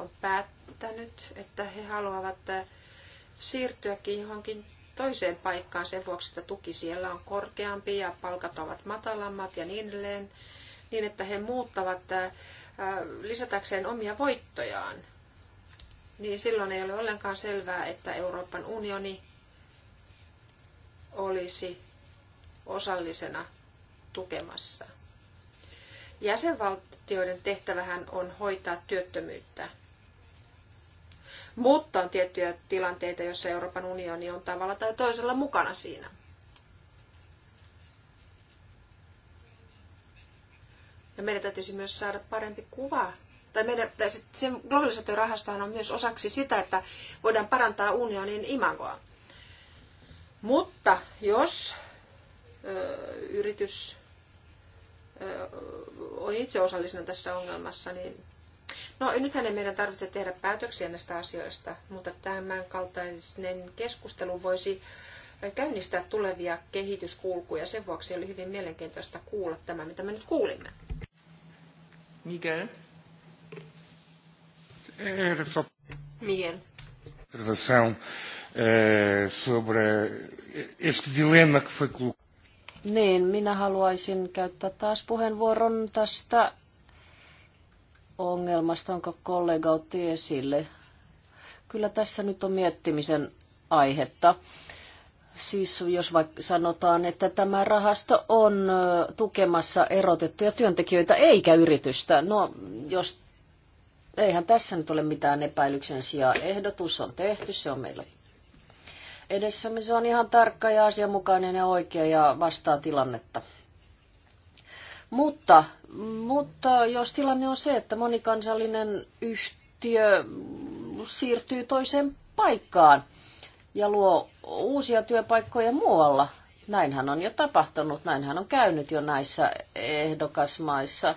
on päättänyt, että he haluavat äh, siirtyäkin johonkin toiseen paikkaan sen vuoksi, että tuki siellä on korkeampi ja palkat ovat matalammat ja niin edelleen, niin että he muuttavat äh, äh, lisätäkseen omia voittojaan, niin silloin ei ole ollenkaan selvää, että Euroopan unioni olisi osallisena tukemassa. Jäsenvaltioiden tehtävähän on hoitaa työttömyyttä mutta on tiettyjä tilanteita, joissa Euroopan unioni on tavalla tai toisella mukana siinä. Ja meidän täytyisi myös saada parempi kuva. Tai meidän, tai se globalisaatiorahastahan on myös osaksi sitä, että voidaan parantaa unionin imagoa. Mutta jos ö, yritys ö, on itse osallisena tässä ongelmassa, niin No nythän ei meidän tarvitse tehdä päätöksiä näistä asioista, mutta tämän kaltainen keskustelu voisi käynnistää tulevia kehityskulkuja. Sen vuoksi oli hyvin mielenkiintoista kuulla tämä, mitä me nyt kuulimme. Miguel. Miguel. Eh, sobre este dilema que foi Niin, minä haluaisin käyttää taas puheenvuoron tästä ongelmasta, onko kollega otti esille. Kyllä tässä nyt on miettimisen aihetta. Siis jos vaikka sanotaan, että tämä rahasto on tukemassa erotettuja työntekijöitä eikä yritystä. No, jos eihän tässä nyt ole mitään epäilyksen sijaa. Ehdotus on tehty, se on meillä edessämme. Se on ihan tarkka ja asianmukainen ja oikea ja vastaa tilannetta. Mutta, mutta jos tilanne on se, että monikansallinen yhtiö siirtyy toiseen paikkaan ja luo uusia työpaikkoja muualla, näinhän on jo tapahtunut, näinhän on käynyt jo näissä ehdokasmaissa.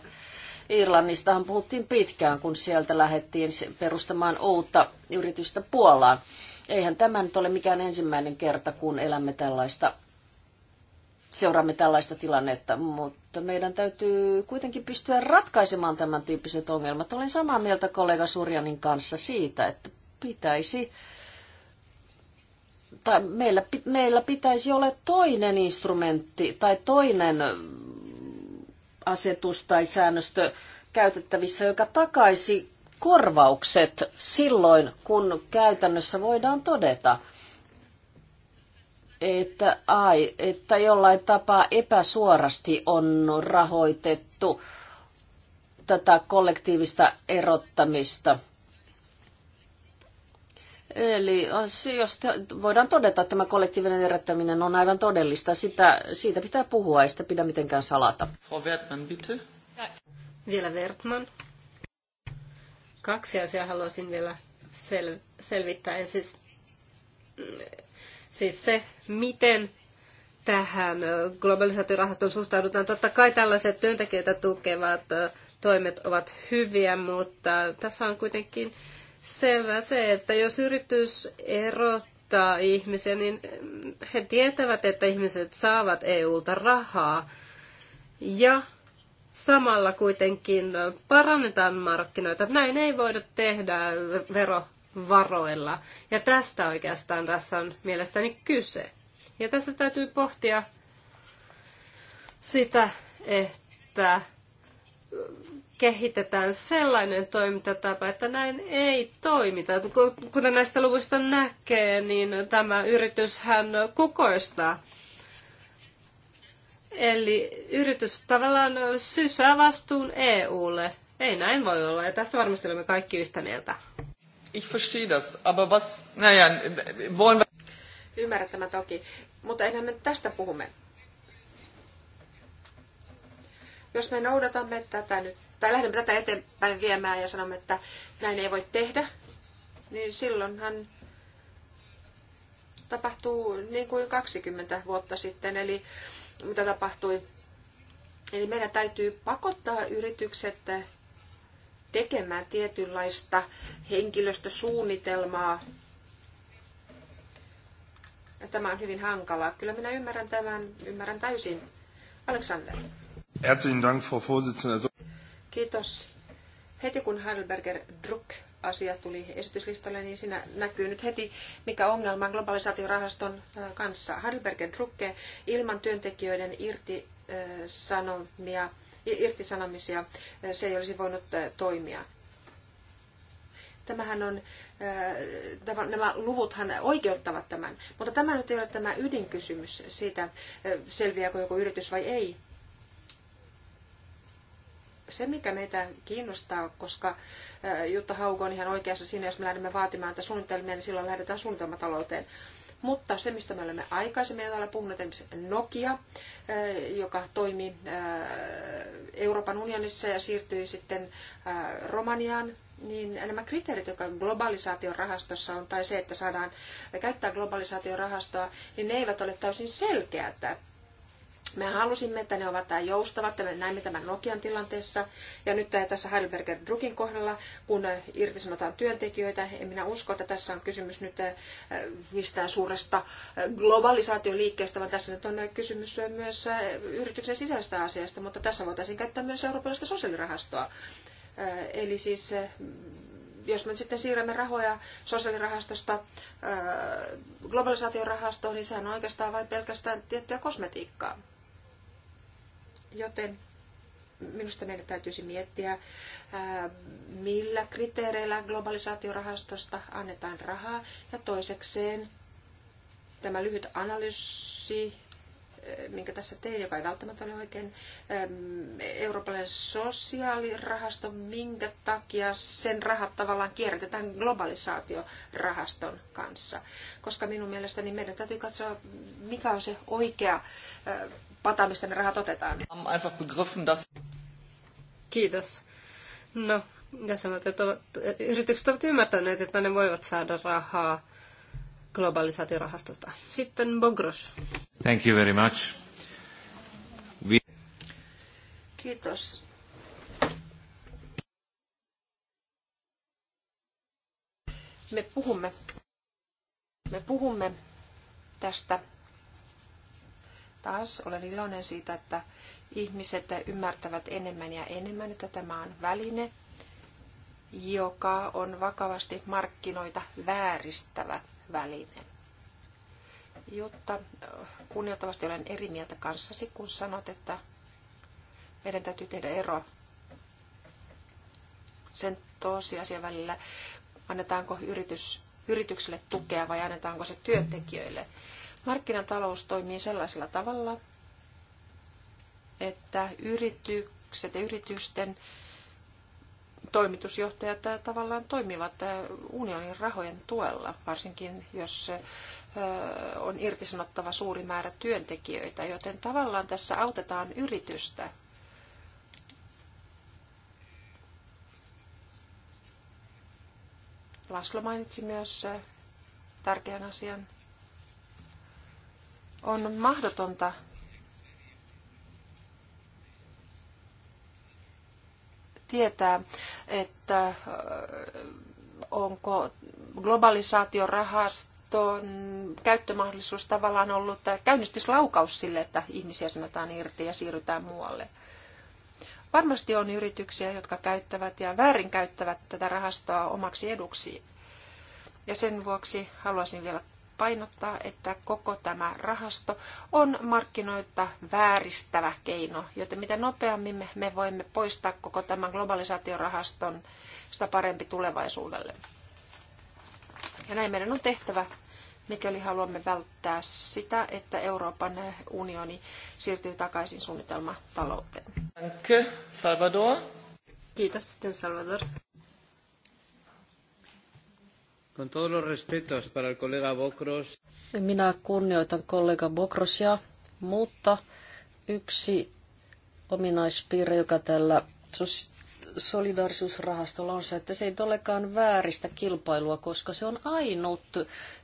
Irlannistahan puhuttiin pitkään, kun sieltä lähdettiin perustamaan uutta yritystä Puolaan. Eihän tämä nyt ole mikään ensimmäinen kerta, kun elämme tällaista seuraamme tällaista tilannetta, mutta meidän täytyy kuitenkin pystyä ratkaisemaan tämän tyyppiset ongelmat. Olen samaa mieltä kollega Surjanin kanssa siitä, että pitäisi tai meillä, meillä pitäisi olla toinen instrumentti tai toinen asetus tai säännöstö käytettävissä, joka takaisi korvaukset silloin, kun käytännössä voidaan todeta – että, ai, että jollain tapaa epäsuorasti on rahoitettu tätä kollektiivista erottamista. Eli jos te, voidaan todeta, että tämä kollektiivinen erottaminen on aivan todellista. Sitä, siitä pitää puhua, ei sitä pidä mitenkään salata. Frau Wertmann, bitte. Vielä Wertmann. Kaksi asiaa haluaisin vielä sel- selvittää. Ensin, Siis se, miten tähän globalisaatiorahastoon suhtaudutaan. Totta kai tällaiset työntekijöitä tukevat toimet ovat hyviä, mutta tässä on kuitenkin selvä se, että jos yritys erottaa ihmisiä, niin mm, he tietävät, että ihmiset saavat EUlta rahaa ja samalla kuitenkin parannetaan markkinoita. Näin ei voida tehdä vero varoilla. Ja tästä oikeastaan tässä on mielestäni kyse. Ja tässä täytyy pohtia sitä, että kehitetään sellainen toimintatapa, että näin ei toimita. Kuten näistä luvuista näkee, niin tämä yrityshän kukoistaa. Eli yritys tavallaan sysää vastuun EUlle. Ei näin voi olla, ja tästä varmasti olemme kaikki yhtä mieltä ich verstehe das, aber was, naja, wollen wir... Ymmärrän tämä toki, mutta eihän me tästä puhumme. Jos me noudatamme tätä nyt, tai lähdemme tätä eteenpäin viemään ja sanomme, että näin ei voi tehdä, niin silloinhan tapahtuu niin kuin 20 vuotta sitten, eli mitä tapahtui. Eli meidän täytyy pakottaa yritykset tekemään tietynlaista henkilöstösuunnitelmaa. Ja tämä on hyvin hankalaa. Kyllä minä ymmärrän tämän, ymmärrän täysin. Alexander. Dank, Frau Kiitos. Heti kun Heidelberger Druck asia tuli esityslistalle, niin siinä näkyy nyt heti, mikä ongelma globalisaatiorahaston äh, kanssa. Heidelberger Drucke ilman työntekijöiden irti sanomia irtisanomisia, se ei olisi voinut toimia. Tämähän on, nämä luvuthan oikeuttavat tämän, mutta tämä nyt ei ole tämä ydinkysymys siitä, selviääkö joku yritys vai ei. Se, mikä meitä kiinnostaa, koska Jutta Hauko on ihan oikeassa siinä, jos me lähdemme vaatimaan tätä suunnitelmia, niin silloin lähdetään suunnitelmatalouteen. Mutta se, mistä me olemme aikaisemmin täällä puhuneet, esimerkiksi Nokia, eh, joka toimi eh, Euroopan unionissa ja siirtyi sitten eh, Romaniaan, niin nämä kriteerit, jotka globalisaation rahastossa on, tai se, että saadaan käyttää globalisaation rahastoa, niin ne eivät ole täysin selkeät. Me halusimme, että ne ovat joustavat, että me näimme tämän Nokian tilanteessa. Ja nyt tässä Heidelberger Drukin kohdalla, kun irtisanotaan työntekijöitä, en minä usko, että tässä on kysymys nyt äh, mistään suuresta äh, globalisaatioliikkeestä, vaan tässä nyt on äh, kysymys myös yrityksen sisäisestä asiasta, mutta tässä voitaisiin käyttää myös eurooppalaista sosiaalirahastoa. Eli siis jos me sitten siirrämme rahoja sosiaalirahastosta globalisaatiorahastoon, niin sehän on oikeastaan vain pelkästään tiettyä kosmetiikkaa. Joten minusta meidän täytyisi miettiä, millä kriteereillä globalisaatiorahastosta annetaan rahaa. Ja toisekseen tämä lyhyt analyysi, minkä tässä tein, joka ei välttämättä ole oikein, eurooppalainen sosiaalirahasto, minkä takia sen rahat tavallaan kierrätetään globalisaatiorahaston kanssa. Koska minun mielestäni meidän täytyy katsoa, mikä on se oikea pata, mistä ne rahat otetaan. Kiitos. No, jäsenet, että ovat, yritykset ovat ymmärtäneet, että ne voivat saada rahaa globalisaatiorahastosta. Sitten Bogros. Thank you very much. We... Kiitos. Me puhumme, me puhumme tästä taas olen iloinen siitä, että ihmiset ymmärtävät enemmän ja enemmän, että tämä on väline, joka on vakavasti markkinoita vääristävä väline. Jotta kunnioittavasti olen eri mieltä kanssasi, kun sanot, että meidän täytyy tehdä ero sen tosiasian välillä, annetaanko yritys, yritykselle tukea vai annetaanko se työntekijöille. Markkinatalous toimii sellaisella tavalla, että yritykset ja yritysten toimitusjohtajat tavallaan toimivat äh, unionin rahojen tuella, varsinkin jos äh, on irtisanottava suuri määrä työntekijöitä, joten tavallaan tässä autetaan yritystä. Laslo mainitsi myös äh, tärkeän asian, on mahdotonta tietää, että äh, onko globalisaatiorahaston käyttömahdollisuus tavallaan ollut käynnistyslaukaus sille, että ihmisiä sanotaan irti ja siirrytään muualle. Varmasti on yrityksiä, jotka käyttävät ja väärinkäyttävät tätä rahastoa omaksi eduksi. Ja sen vuoksi haluaisin vielä painottaa, että koko tämä rahasto on markkinoita vääristävä keino, joten mitä nopeammin me voimme poistaa koko tämän globalisaatiorahaston, sitä parempi tulevaisuudelle. Ja näin meidän on tehtävä, mikäli haluamme välttää sitä, että Euroopan unioni siirtyy takaisin suunnitelmatalouteen. Salvador. Kiitos sitten Salvador. Con todos los respetos para el colega Bokros. Minä kunnioitan kollega Bokrosia, mutta yksi ominaispiirre, joka tällä solidarisuusrahastolla on se, että se ei olekaan vääristä kilpailua, koska se on ainut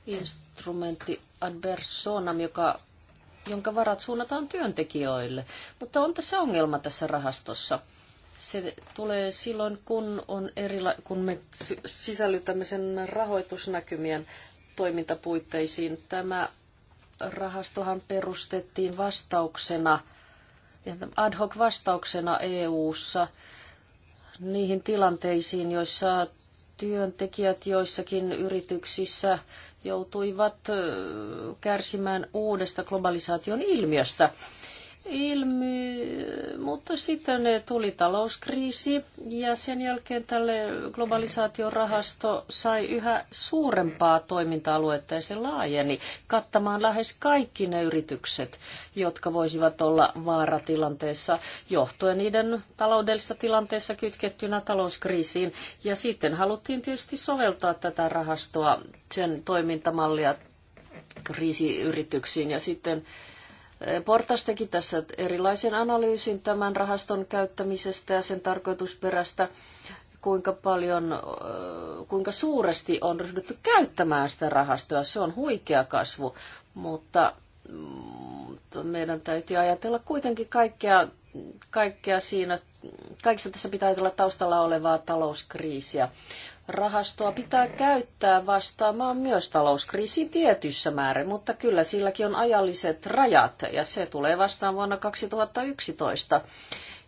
instrumentti ad personam, joka, jonka varat suunnataan työntekijöille. Mutta on tässä ongelma tässä rahastossa. Se tulee silloin, kun, on erila- kun me sisällytämme sen rahoitusnäkymien toimintapuitteisiin. Tämä rahastohan perustettiin vastauksena, ad hoc vastauksena EU-ssa niihin tilanteisiin, joissa työntekijät joissakin yrityksissä joutuivat kärsimään uudesta globalisaation ilmiöstä ilmi, mutta sitten tuli talouskriisi ja sen jälkeen tälle globalisaatiorahasto sai yhä suurempaa toiminta-aluetta ja se laajeni kattamaan lähes kaikki ne yritykset, jotka voisivat olla vaaratilanteessa johtuen niiden taloudellista tilanteessa kytkettynä talouskriisiin. Ja sitten haluttiin tietysti soveltaa tätä rahastoa, sen toimintamallia kriisiyrityksiin ja sitten Portas teki tässä erilaisen analyysin tämän rahaston käyttämisestä ja sen tarkoitusperästä, kuinka paljon, kuinka suuresti on ryhdytty käyttämään sitä rahastoa. Se on huikea kasvu, mutta mm, meidän täytyy ajatella kuitenkin kaikkea, kaikkea siinä, kaikessa tässä pitää ajatella taustalla olevaa talouskriisiä rahastoa pitää käyttää vastaamaan myös talouskriisiin tietyssä määrin, mutta kyllä silläkin on ajalliset rajat ja se tulee vastaan vuonna 2011.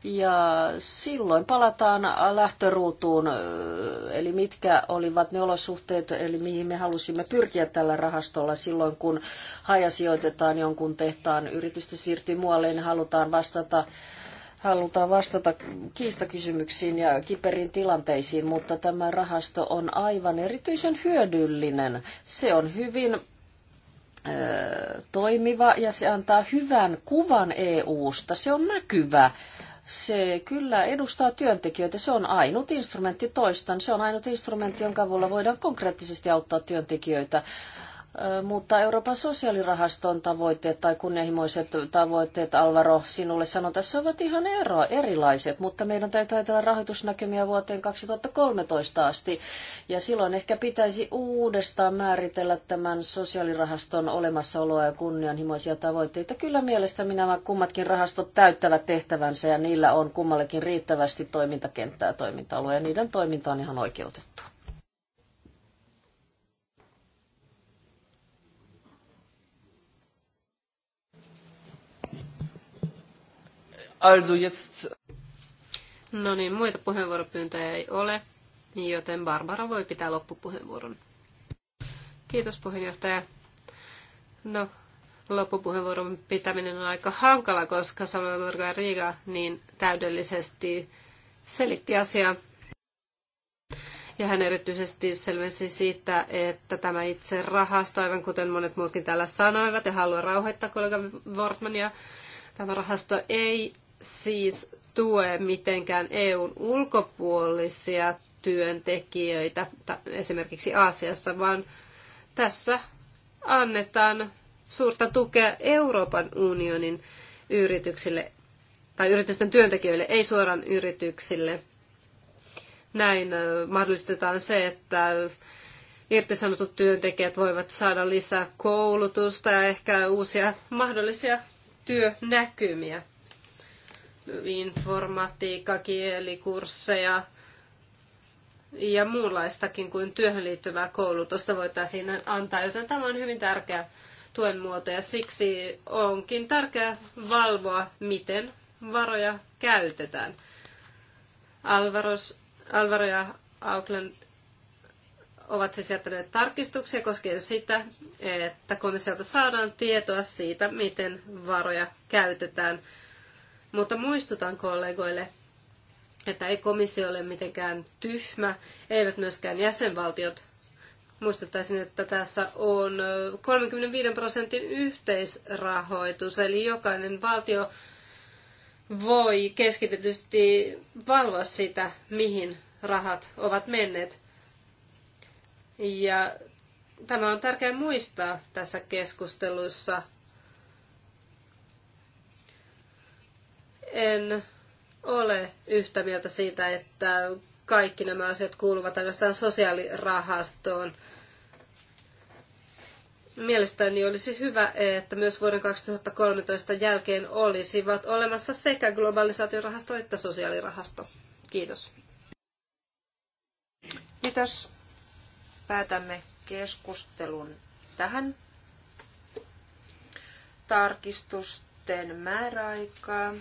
Ja silloin palataan lähtöruutuun, eli mitkä olivat ne olosuhteet, eli mihin me halusimme pyrkiä tällä rahastolla silloin, kun hajasijoitetaan jonkun tehtaan yritystä siirtyy muualle, niin halutaan vastata halutaan vastata kiistakysymyksiin ja kiperiin tilanteisiin, mutta tämä rahasto on aivan erityisen hyödyllinen. Se on hyvin toimiva ja se antaa hyvän kuvan EU-sta. Se on näkyvä. Se kyllä edustaa työntekijöitä. Se on ainut instrumentti, toistan, se on ainut instrumentti, jonka avulla voidaan konkreettisesti auttaa työntekijöitä muuttaa Euroopan sosiaalirahaston tavoitteet tai kunnianhimoiset tavoitteet, Alvaro, sinulle sanon, tässä ovat ihan ero, erilaiset, mutta meidän täytyy ajatella rahoitusnäkymiä vuoteen 2013 asti. Ja silloin ehkä pitäisi uudestaan määritellä tämän sosiaalirahaston olemassaoloa ja kunnianhimoisia tavoitteita. Kyllä mielestäni nämä kummatkin rahastot täyttävät tehtävänsä ja niillä on kummallakin riittävästi toimintakenttää toiminta-alue ja niiden toiminta on ihan oikeutettu. Also jetzt... No niin, muita puheenvuoropyyntöjä ei ole, joten Barbara voi pitää loppupuheenvuoron. Kiitos puheenjohtaja. No, loppupuheenvuoron pitäminen on aika hankala, koska Samuel Riga niin täydellisesti selitti asiaa. Ja hän erityisesti selvisi siitä, että tämä itse rahasto, aivan kuten monet muutkin täällä sanoivat, ja haluan rauhoittaa kollega Wortmania, tämä rahasto ei siis tue mitenkään EUn ulkopuolisia työntekijöitä esimerkiksi Aasiassa, vaan tässä annetaan suurta tukea Euroopan unionin yrityksille tai yritysten työntekijöille, ei suoraan yrityksille. Näin mahdollistetaan se, että irtisanotut työntekijät voivat saada lisää koulutusta ja ehkä uusia mahdollisia työnäkymiä informatiikka, kielikursseja ja muunlaistakin kuin työhön liittyvää koulutusta voitaisiin antaa, joten tämä on hyvin tärkeä tuen muoto ja siksi onkin tärkeää valvoa, miten varoja käytetään. Alvaros, Alvaro ja Auckland ovat siis jättäneet tarkistuksia koskien sitä, että komissiolta saadaan tietoa siitä, miten varoja käytetään mutta muistutan kollegoille, että ei komissio ole mitenkään tyhmä, eivät myöskään jäsenvaltiot. Muistuttaisin, että tässä on 35 prosentin yhteisrahoitus, eli jokainen valtio voi keskitetysti valvoa sitä, mihin rahat ovat menneet. Ja tämä on tärkeää muistaa tässä keskustelussa, en ole yhtä mieltä siitä, että kaikki nämä asiat kuuluvat ainoastaan sosiaalirahastoon. Mielestäni olisi hyvä, että myös vuoden 2013 jälkeen olisivat olemassa sekä globalisaatiorahasto että sosiaalirahasto. Kiitos. Kiitos. Päätämme keskustelun tähän. Tarkistusten määräaikaa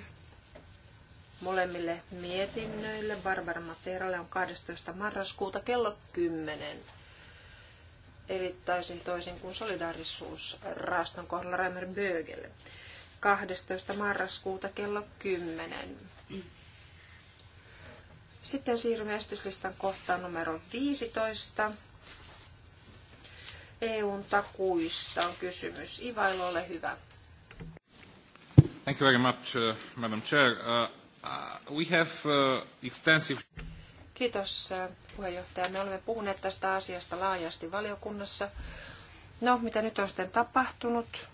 molemmille mietinnöille. Barbara Materalle on 12. marraskuuta kello 10. Eli taisin toisin kuin solidaarisuusrahaston kohdalla Reimer Bögelle. 12. marraskuuta kello 10. Sitten siirrymme esityslistan kohtaan numero 15. EUn takuista on kysymys. Ivailo, ole hyvä. Thank you very much, uh, Madam Chair. Uh, Uh, we have uh, extensive... Kiitos uh, puheenjohtaja. Me olemme puhuneet tästä asiasta laajasti valiokunnassa. No, mitä nyt on sitten tapahtunut?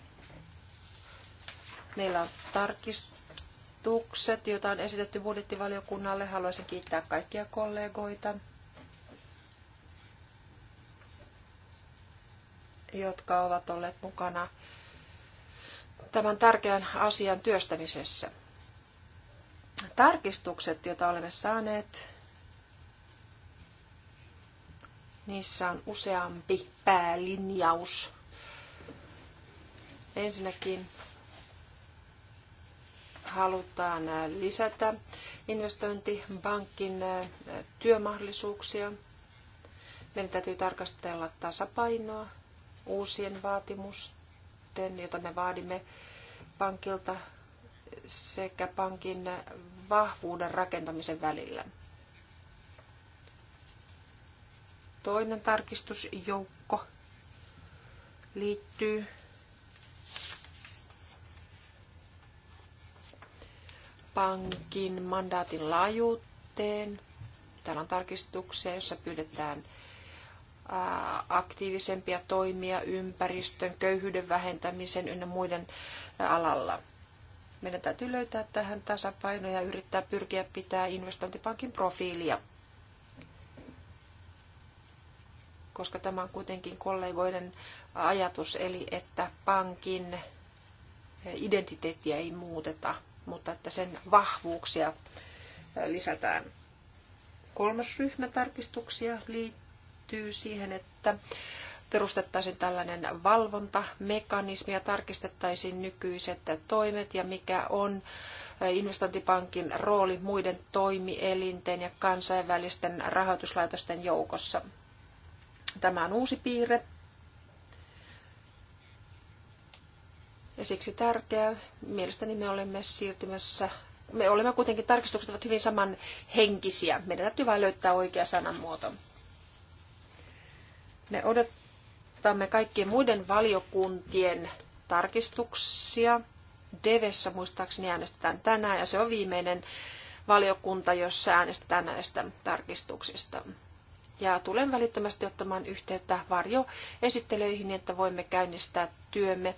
Meillä on tarkistukset, joita on esitetty budjettivaliokunnalle. Haluaisin kiittää kaikkia kollegoita, jotka ovat olleet mukana tämän tärkeän asian työstämisessä. Tarkistukset, joita olemme saaneet, niissä on useampi päälinjaus. Ensinnäkin halutaan äh, lisätä investointipankin äh, työmahdollisuuksia. Meidän täytyy tarkastella tasapainoa uusien vaatimusten, joita me vaadimme pankilta sekä pankin vahvuuden rakentamisen välillä. Toinen tarkistusjoukko liittyy pankin mandaatin laajuuteen. Täällä on tarkistuksia, jossa pyydetään aktiivisempia toimia ympäristön, köyhyyden vähentämisen ynnä muiden alalla. Meidän täytyy löytää tähän tasapaino ja yrittää pyrkiä pitää investointipankin profiilia. Koska tämä on kuitenkin kollegoiden ajatus, eli että pankin identiteettiä ei muuteta, mutta että sen vahvuuksia lisätään. Kolmas ryhmä tarkistuksia liittyy siihen, että perustettaisiin tällainen valvontamekanismi ja tarkistettaisiin nykyiset toimet ja mikä on eh, investointipankin rooli muiden toimielinten ja kansainvälisten rahoituslaitosten joukossa. Tämä on uusi piirre ja siksi tärkeää. Mielestäni me olemme siirtymässä me olemme kuitenkin, tarkistukset ovat hyvin samanhenkisiä. Meidän täytyy vain löytää oikea sanamuoto. Me odot, odotamme kaikkien muiden valiokuntien tarkistuksia. Devessä muistaakseni äänestetään tänään ja se on viimeinen valiokunta, jossa äänestetään näistä tarkistuksista. Ja tulen välittömästi ottamaan yhteyttä varjoesittelyihin, että voimme käynnistää työmme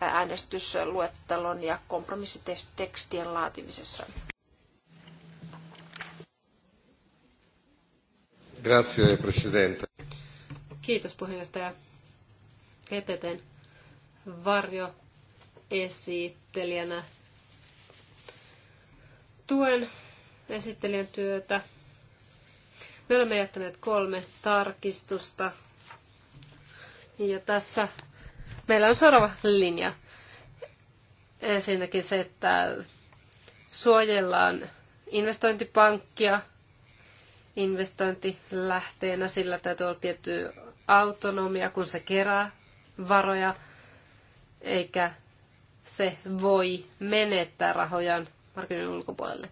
äänestysluettelon ja kompromissitekstien laatimisessa. Grazie, Presidente. Kiitos puheenjohtaja varjo varjoesittelijänä. Tuen esittelijän työtä. Me olemme jättäneet kolme tarkistusta. Ja tässä meillä on seuraava linja. Ensinnäkin se, että suojellaan investointipankkia investointilähteenä. Sillä täytyy olla tietty autonomia, kun se kerää varoja, eikä se voi menettää rahojaan markkinoiden ulkopuolelle.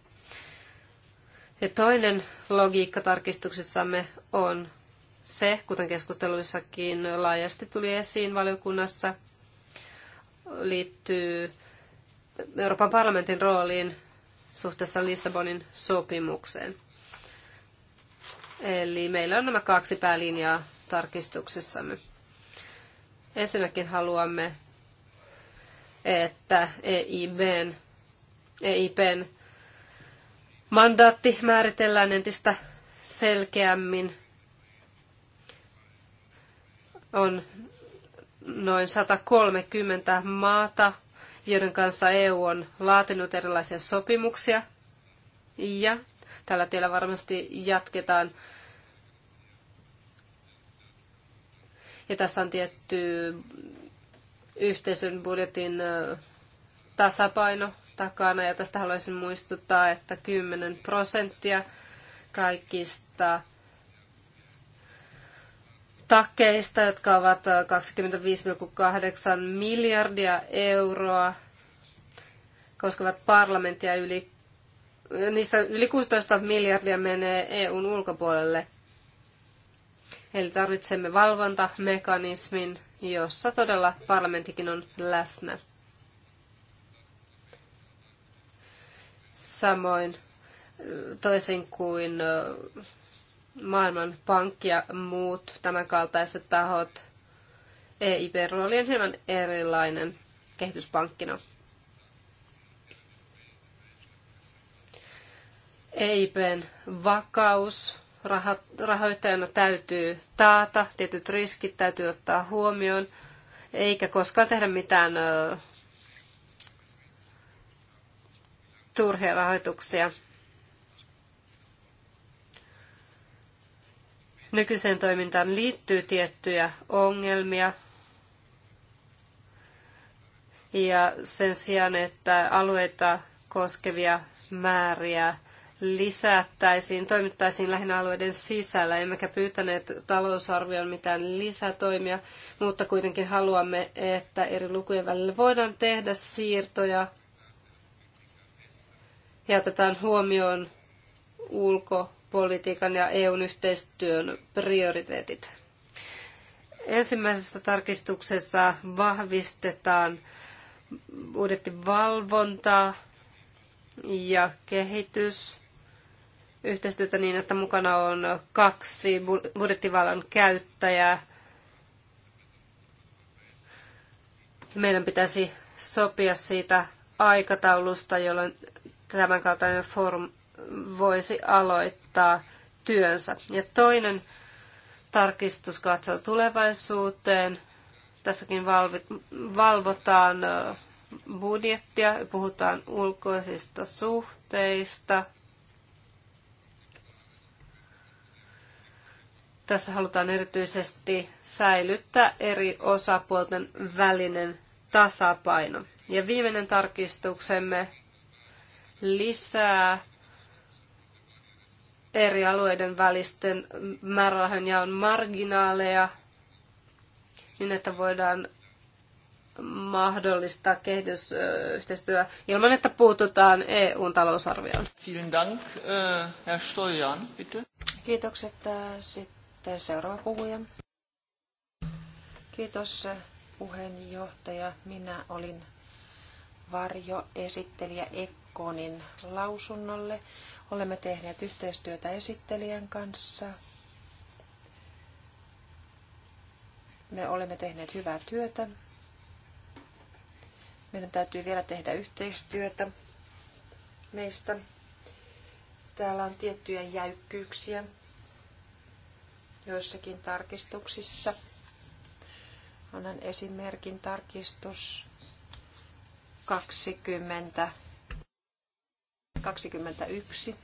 Ja toinen logiikka tarkistuksessamme on se, kuten keskusteluissakin laajasti tuli esiin valiokunnassa, liittyy Euroopan parlamentin rooliin suhteessa Lissabonin sopimukseen. Eli meillä on nämä kaksi päälinjaa tarkistuksessamme. Ensinnäkin haluamme, että EIBn, EIBn mandaatti määritellään entistä selkeämmin. On noin 130 maata, joiden kanssa EU on laatinut erilaisia sopimuksia. Ja tällä tiellä varmasti jatketaan Ja tässä on tietty yhteisön budjetin tasapaino takana. Ja tästä haluaisin muistuttaa, että 10 prosenttia kaikista takkeista, jotka ovat 25,8 miljardia euroa, koskevat parlamenttia yli, niistä yli 16 miljardia menee EUn ulkopuolelle. Eli tarvitsemme valvontamekanismin, jossa todella parlamenttikin on läsnä. Samoin toisin kuin maailman pankki ja muut tämänkaltaiset tahot, EIP-rooli on hieman erilainen kehityspankkina. EIPn vakaus rahoittajana täytyy taata, tietyt riskit täytyy ottaa huomioon, eikä koskaan tehdä mitään turhia rahoituksia. Nykyiseen toimintaan liittyy tiettyjä ongelmia. Ja sen sijaan, että alueita koskevia määriä lisättäisiin, toimittaisiin lähinnä alueiden sisällä. Emmekä pyytäneet talousarvioon mitään lisätoimia, mutta kuitenkin haluamme, että eri lukujen välillä voidaan tehdä siirtoja ja otetaan huomioon ulkopolitiikan ja EUn yhteistyön prioriteetit. Ensimmäisessä tarkistuksessa vahvistetaan budjettivalvontaa ja kehitys yhteistyötä niin, että mukana on kaksi budjettivallan käyttäjää. Meidän pitäisi sopia siitä aikataulusta, jolloin tämänkaltainen forum voisi aloittaa työnsä. Ja toinen tarkistus katsoo tulevaisuuteen. Tässäkin valvotaan budjettia, puhutaan ulkoisista suhteista – Tässä halutaan erityisesti säilyttää eri osapuolten välinen tasapaino. Ja viimeinen tarkistuksemme lisää eri alueiden välisten määrärahojen jaon marginaaleja niin, että voidaan mahdollistaa kehitysyhteistyö ilman, että puututaan EUn talousarvioon. Vielen Dank, äh, Herr Steuern bitte. Kiitokset. Äh, sitten seuraava puhuja. Kiitos puheenjohtaja. Minä olin varjoesittelijä Ekkonin lausunnolle. Olemme tehneet yhteistyötä esittelijän kanssa. Me olemme tehneet hyvää työtä. Meidän täytyy vielä tehdä yhteistyötä meistä. Täällä on tiettyjä jäykkyyksiä joissakin tarkistuksissa. Annan esimerkin tarkistus 20, 21,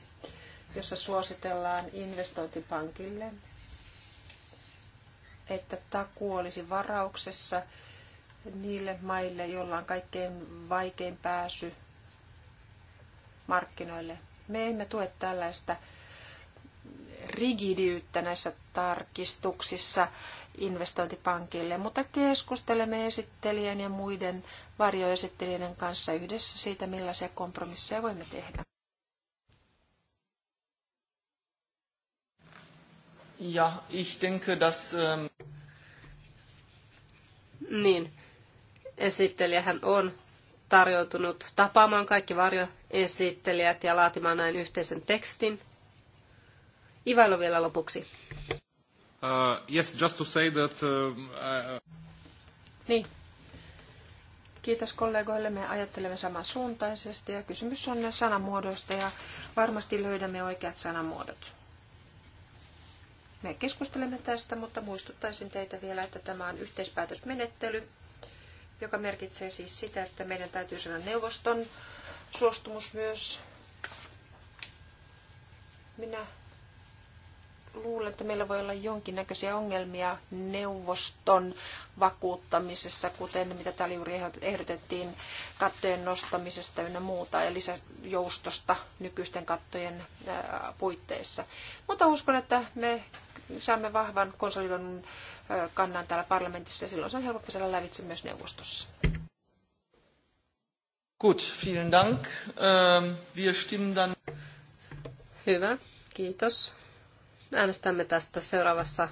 jossa suositellaan investointipankille, että taku olisi varauksessa niille maille, joilla on kaikkein vaikein pääsy markkinoille. Me emme tue tällaista rigidiyttä näissä tarkistuksissa investointipankille, mutta keskustelemme esittelijän ja muiden varjoesittelijän kanssa yhdessä siitä, millaisia kompromisseja voimme tehdä. Ja, ich denke, dass... Ähm... Niin, esittelijähän on tarjoutunut tapaamaan kaikki varjoesittelijät ja laatimaan näin yhteisen tekstin – Ivailo vielä lopuksi. Uh, yes, just to say that... Uh, I... Uh, niin. Kiitos kollegoille. Me ajattelemme samansuuntaisesti ja kysymys on sanamuodoista ja varmasti löydämme oikeat sanamuodot. Me keskustelemme tästä, mutta muistuttaisin teitä vielä, että tämä on yhteispäätösmenettely, joka merkitsee siis sitä, että meidän täytyy saada neuvoston suostumus myös. Minä luulen, että meillä voi olla jonkinnäköisiä ongelmia neuvoston vakuuttamisessa, kuten mitä täällä juuri ehdotettiin kattojen nostamisesta ynnä muuta ja lisäjoustosta nykyisten kattojen puitteissa. Mutta uskon, että me saamme vahvan konsolidoinnin kannan täällä parlamentissa ja silloin se on helpompi saada lävitse myös neuvostossa. Gut, vielen Dank. Ähm, wir stimmen dann. Hyvä, kiitos. Äänestämme tästä seuraavassa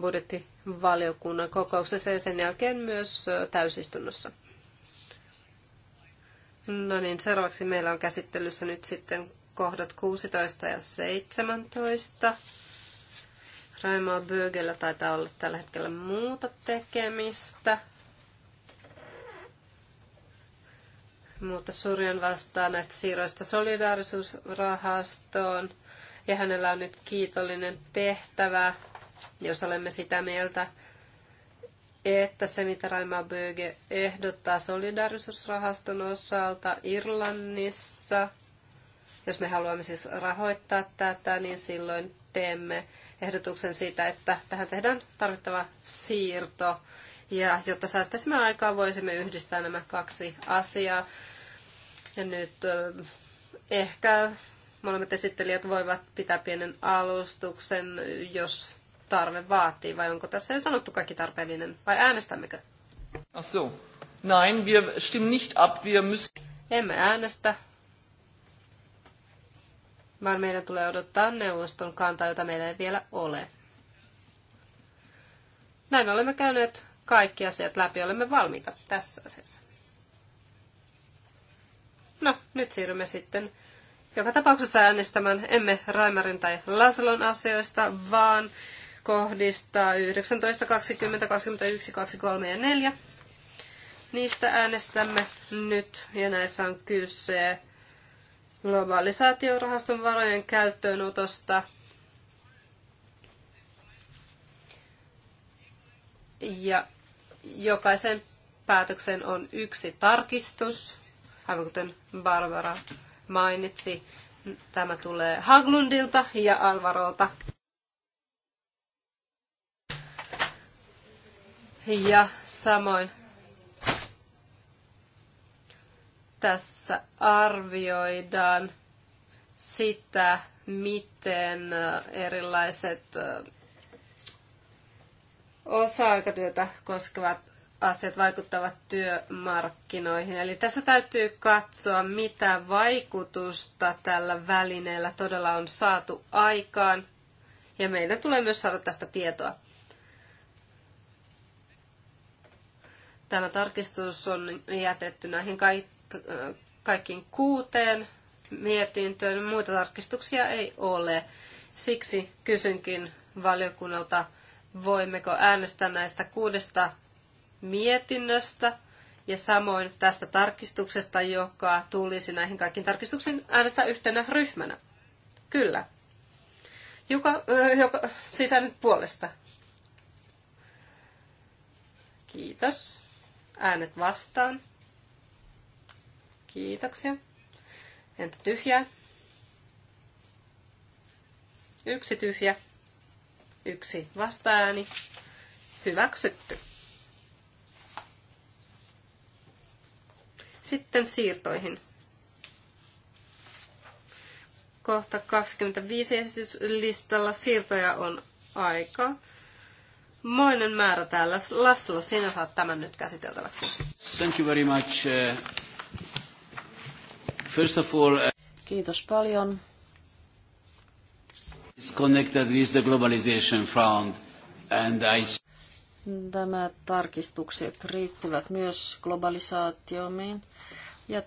budjettivaliokunnan kokouksessa ja sen jälkeen myös täysistunnossa. No niin, seuraavaksi meillä on käsittelyssä nyt sitten kohdat 16 ja 17. Raimaa Bögellä taitaa olla tällä hetkellä muuta tekemistä. Mutta Surjan vastaa näistä siirroista solidaarisuusrahastoon. Ja hänellä on nyt kiitollinen tehtävä, jos olemme sitä mieltä, että se, mitä Raima Böge ehdottaa solidarisuusrahaston osalta Irlannissa, jos me haluamme siis rahoittaa tätä, niin silloin teemme ehdotuksen siitä, että tähän tehdään tarvittava siirto. Ja jotta säästäisimme aikaa, voisimme yhdistää nämä kaksi asiaa. Ja nyt ehkä molemmat esittelijät voivat pitää pienen alustuksen, jos tarve vaatii, vai onko tässä jo sanottu kaikki tarpeellinen, vai äänestämmekö? Ach so. Nein, wir stimmen nicht ab, wir müssen... Emme äänestä, vaan meidän tulee odottaa neuvoston kantaa, jota meillä ei vielä ole. Näin olemme käyneet kaikki asiat läpi, olemme valmiita tässä asiassa. No, nyt siirrymme sitten joka tapauksessa äänestämään emme Raimarin tai Laslon asioista, vaan kohdista 19, 20, 21, 23 ja 4. Niistä äänestämme nyt ja näissä on kyse globalisaatiorahaston varojen käyttöönotosta ja jokaisen päätöksen on yksi tarkistus, aivan kuten Barbara mainitsi. Tämä tulee Haglundilta ja Alvarolta. Ja samoin tässä arvioidaan sitä, miten erilaiset osa-aikatyötä koskevat asiat vaikuttavat työmarkkinoihin. Eli tässä täytyy katsoa, mitä vaikutusta tällä välineellä todella on saatu aikaan. Ja meidän tulee myös saada tästä tietoa. Tämä tarkistus on jätetty näihin kaikkiin kuuteen mietintöön. Muita tarkistuksia ei ole. Siksi kysynkin valiokunnalta, voimmeko äänestää näistä kuudesta mietinnöstä ja samoin tästä tarkistuksesta, joka tulisi näihin kaikkiin tarkistuksiin äänestää yhtenä ryhmänä. Kyllä. Joka, joka siis puolesta. Kiitos. Äänet vastaan. Kiitoksia. Entä tyhjää? Yksi tyhjä. Yksi vastaääni. Hyväksytty. Sitten siirtoihin. Kohta 25 esityslistalla siirtoja on aika. Moinen määrä täällä. Laslo, sinä saat tämän nyt käsiteltäväksi. Thank you very much. Uh, first of all, uh, Kiitos paljon. It's connected with the globalization fund and I... Nämä tarkistukset riittyvät myös globalisaatiomiin ja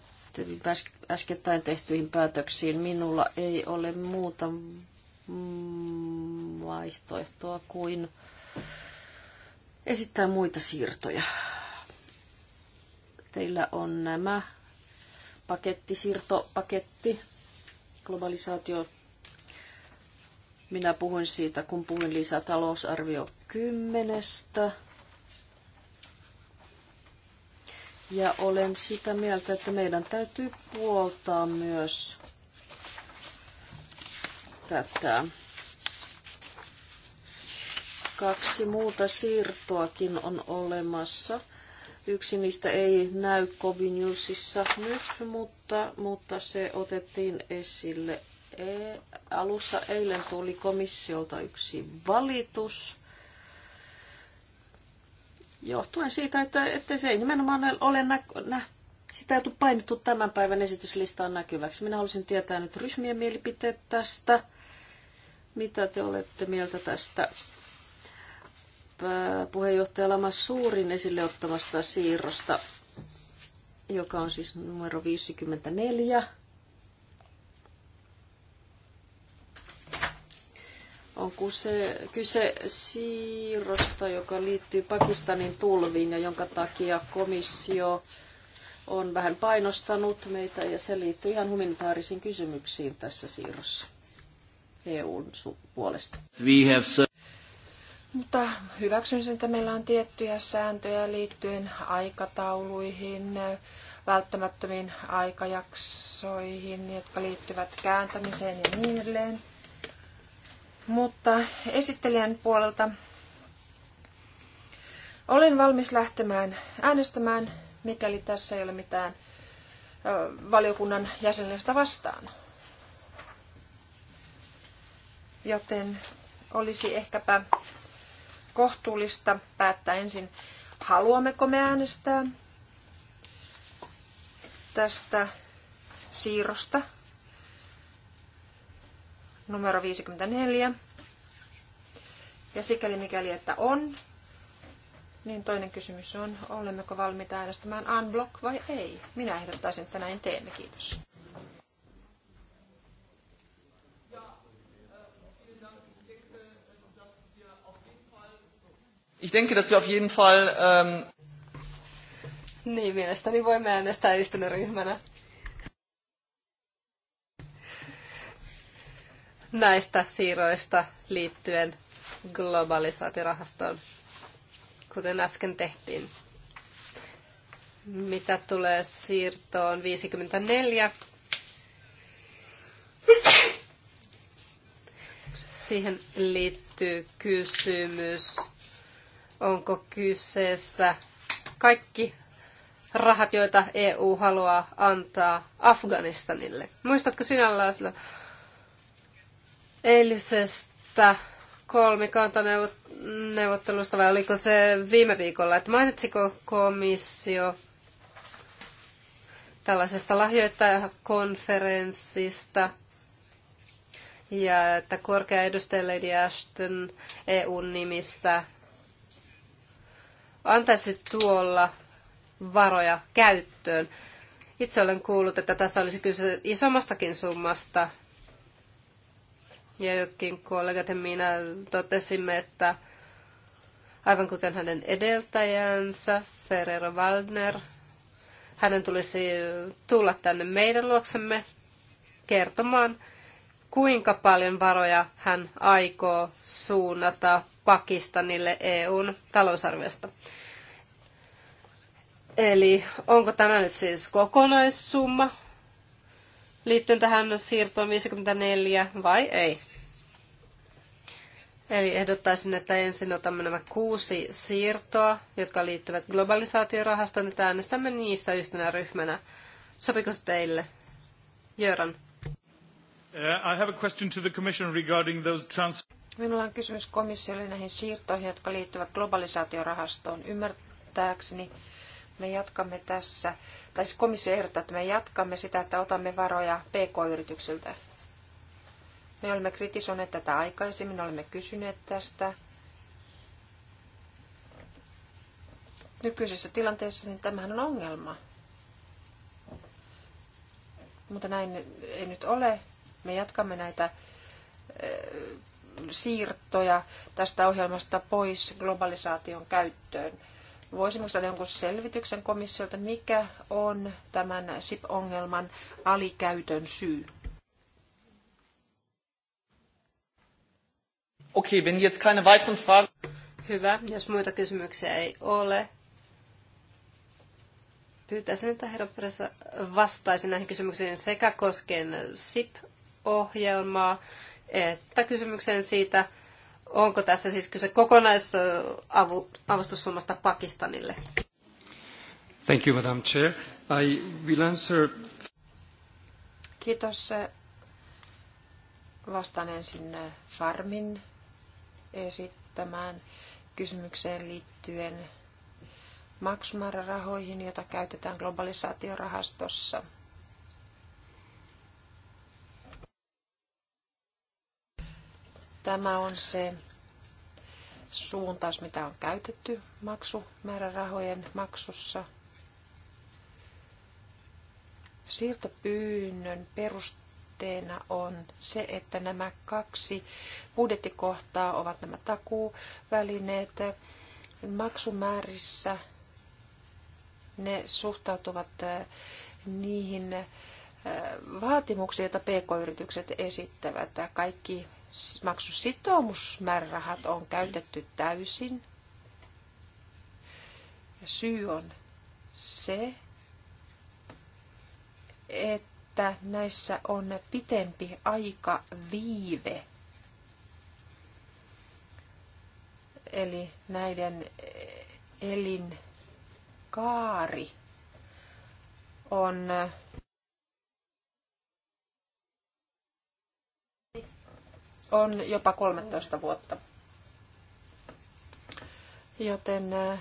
äskettäin tehtyihin päätöksiin. Minulla ei ole muuta mm, vaihtoehtoa kuin esittää muita siirtoja. Teillä on nämä pakettisiirtopaketti, globalisaatio minä puhuin siitä, kun puhuin lisätalousarvio kymmenestä. Ja olen sitä mieltä, että meidän täytyy puoltaa myös tätä kaksi muuta siirtoakin on olemassa. Yksi niistä ei näy Kovinjusissa nyt, mutta, mutta se otettiin esille E, alussa eilen tuli komissiolta yksi valitus johtuen siitä, että, että se ei nimenomaan ole nä, nä, sitä ei ole painettu tämän päivän esityslistaan näkyväksi. Minä haluaisin tietää nyt ryhmien mielipiteet tästä. Mitä te olette mieltä tästä puheenjohtaja Lamas suurin esille ottamasta siirrosta, joka on siis numero 54? on kyse, kyse siirrosta, joka liittyy Pakistanin tulviin ja jonka takia komissio on vähän painostanut meitä ja se liittyy ihan humanitaarisiin kysymyksiin tässä siirrossa EUn puolesta. We have... Mutta hyväksyn sen, että meillä on tiettyjä sääntöjä liittyen aikatauluihin, välttämättömiin aikajaksoihin, jotka liittyvät kääntämiseen ja niin edelleen. Mutta esittelijän puolelta olen valmis lähtemään äänestämään, mikäli tässä ei ole mitään valiokunnan jäsenestä vastaan. Joten olisi ehkäpä kohtuullista päättää ensin, haluammeko me äänestää tästä siirrosta numero 54. Ja sikäli mikäli, että on, niin toinen kysymys on, olemmeko valmiita äänestämään unblock vai ei? Minä ehdottaisin, että näin teemme. Kiitos. Ich denke, dass wir auf jeden Fall... Ähm niin, mielestäni voimme äänestää istunnon ryhmänä. näistä siirroista liittyen globalisaatirahastoon, kuten äsken tehtiin. Mitä tulee siirtoon 54, siihen liittyy kysymys, onko kyseessä kaikki rahat, joita EU haluaa antaa Afganistanille. Muistatko sinä, Laslo, eilisestä kolmikantaneuvottelusta vai oliko se viime viikolla, että mainitsiko komissio tällaisesta lahjoittajakonferenssista ja että korkea edustaja Lady Ashton EUn nimissä antaisi tuolla varoja käyttöön. Itse olen kuullut, että tässä olisi kyse isommastakin summasta, ja jotkin kollegat ja minä totesimme, että aivan kuten hänen edeltäjänsä Ferrero Waldner, hänen tulisi tulla tänne meidän luoksemme kertomaan, kuinka paljon varoja hän aikoo suunnata Pakistanille EUn talousarviosta. Eli onko tämä nyt siis kokonaissumma liittyen tähän siirtoon 54 vai ei. Eli ehdottaisin, että ensin otamme nämä kuusi siirtoa, jotka liittyvät globalisaatiorahastoon, että äänestämme niistä yhtenä ryhmänä. Sopiko se teille? Jöran. Uh, I have a question to the commission regarding those trans- Minulla on kysymys komissiolle näihin siirtoihin, jotka liittyvät globalisaatiorahastoon. Ymmärtääkseni me jatkamme tässä tai siis komissio ehdottaa, että me jatkamme sitä, että otamme varoja PK-yrityksiltä. Me olemme kritisoineet tätä aikaisemmin, olemme kysyneet tästä. Nykyisessä tilanteessa niin tämähän on ongelma. Mutta näin ei nyt ole. Me jatkamme näitä siirtoja tästä ohjelmasta pois globalisaation käyttöön. Voisimmeko saada jonkun selvityksen komissiolta, mikä on tämän SIP-ongelman alikäytön syy? Okei, okay, wenn jetzt keine weiteren Fragen... Hyvä, jos muita kysymyksiä ei ole. Pyytäisin, että herra Peressä vastaisi näihin kysymyksiin sekä koskien SIP-ohjelmaa, että kysymykseen siitä, Onko tässä siis kyse kokonaisavustussummasta Pakistanille? Thank you, Madam Chair. I will answer... Kiitos. Vastaan ensin Farmin esittämään kysymykseen liittyen maksumäärärahoihin, joita käytetään globalisaatiorahastossa – Tämä on se suuntaus, mitä on käytetty maksumäärärahojen maksussa. Siirtopyynnön perusteena on se, että nämä kaksi budjettikohtaa ovat nämä takuuvälineet. Maksumäärissä ne suhtautuvat äh, niihin äh, vaatimuksiin, joita pk-yritykset esittävät. Kaikki maksusitoumusmäärärahat on käytetty täysin. Ja syy on se, että näissä on pitempi aika viive. Eli näiden elinkaari on on jopa 13 vuotta. Joten äh,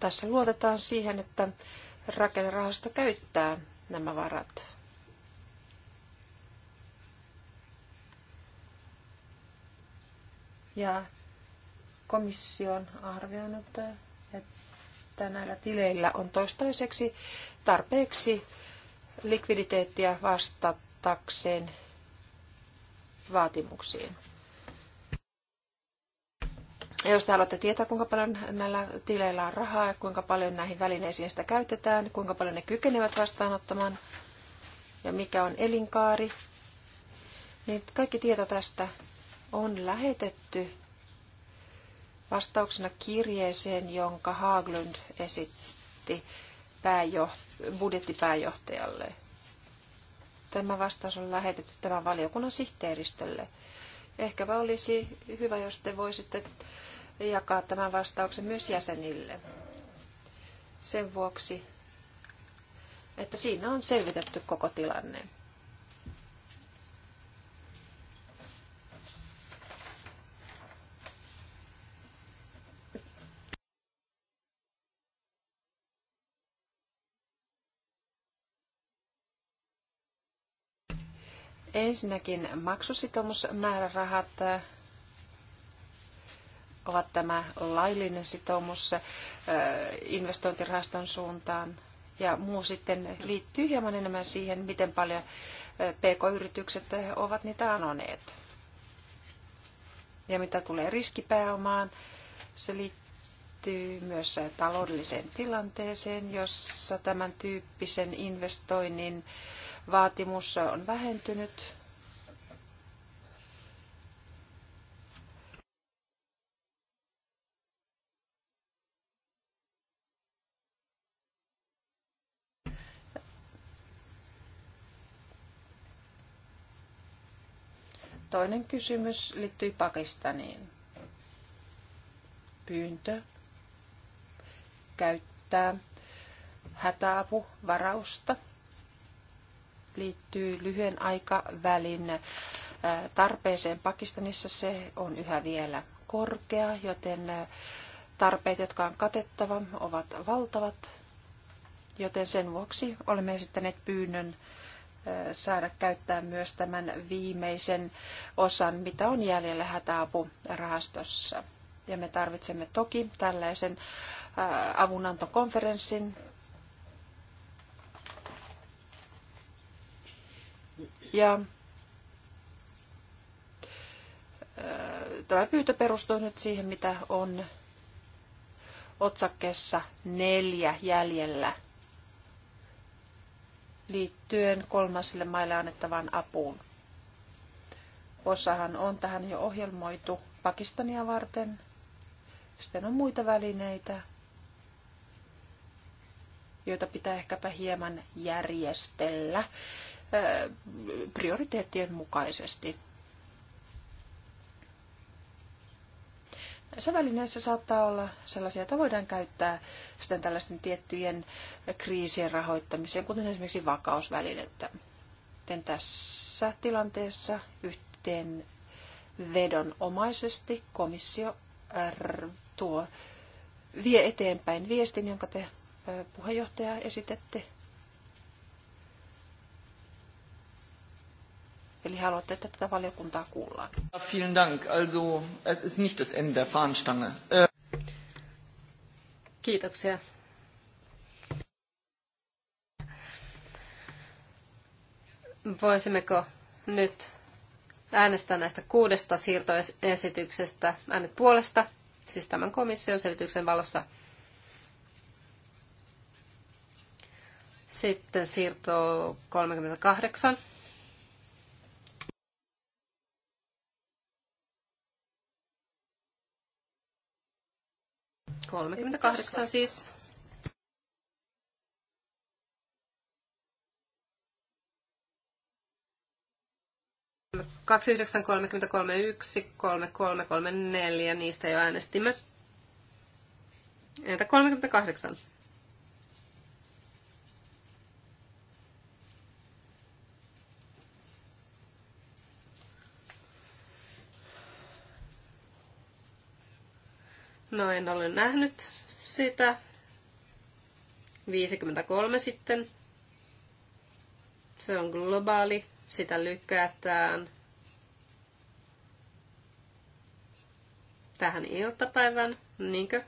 tässä luotetaan siihen, että rakennerahasto käyttää nämä varat. Ja komissio on arvioinut, äh, että näillä tileillä on toistaiseksi tarpeeksi likviditeettiä vastatakseen vaatimuksiin. Ja jos te haluatte tietää, kuinka paljon näillä tileillä on rahaa ja kuinka paljon näihin välineisiin sitä käytetään, kuinka paljon ne kykenevät vastaanottamaan ja mikä on elinkaari, niin kaikki tieto tästä on lähetetty vastauksena kirjeeseen, jonka Haglund esitti pääjoht- budjettipääjohtajalle. Tämä vastaus on lähetetty tämän valiokunnan sihteeristölle. Ehkäpä olisi hyvä, jos te voisitte jakaa tämän vastauksen myös jäsenille. Sen vuoksi, että siinä on selvitetty koko tilanne. Ensinnäkin maksusitoumusmäärärahat äh, ovat tämä laillinen sitoumus äh, investointirahaston suuntaan ja muu sitten liittyy hieman enemmän siihen, miten paljon äh, PK-yritykset ovat niitä anoneet. Ja mitä tulee riskipääomaan, se liittyy myös taloudelliseen tilanteeseen, jossa tämän tyyppisen investoinnin äh, vaatimus on vähentynyt. Toinen kysymys liittyy Pakistaniin. Pyyntö käyttää hätäapuvarausta liittyy lyhyen aikavälin tarpeeseen Pakistanissa. Se on yhä vielä korkea, joten tarpeet, jotka on katettava, ovat valtavat. Joten sen vuoksi olemme esittäneet pyynnön saada käyttää myös tämän viimeisen osan, mitä on jäljellä hätäapurahastossa. Ja me tarvitsemme toki tällaisen avunantokonferenssin, Ja tämä pyyntö perustuu nyt siihen, mitä on otsakkeessa neljä jäljellä liittyen kolmasille maille annettavaan apuun. Osahan on tähän jo ohjelmoitu Pakistania varten. Sitten on muita välineitä, joita pitää ehkäpä hieman järjestellä prioriteettien mukaisesti. Näissä välineissä saattaa olla sellaisia, joita voidaan käyttää sitten tällaisten tiettyjen kriisien rahoittamiseen, kuten esimerkiksi vakausvälinettä. Sitten tässä tilanteessa yhteen vedonomaisesti komissio tuo, vie eteenpäin viestin, jonka te puheenjohtaja esitette Eli haluatte, että tätä valiokuntaa kuullaan. Vielen dank. Also, es ist nicht das Ende der Fahnenstange. Äh. Kiitoksia. Voisimmeko nyt äänestää näistä kuudesta siirtoesityksestä äänet puolesta, siis tämän komission selityksen valossa. Sitten siirto 38 38 siis. Kaksi yhdeksän, kolmekymmentä, kolme yksi, kolme kolme, kolme neljä, niistä jo äänestimme. Entä 38? No en ole nähnyt sitä. 53 sitten. Se on globaali. Sitä lykätään tähän iltapäivän, niinkö?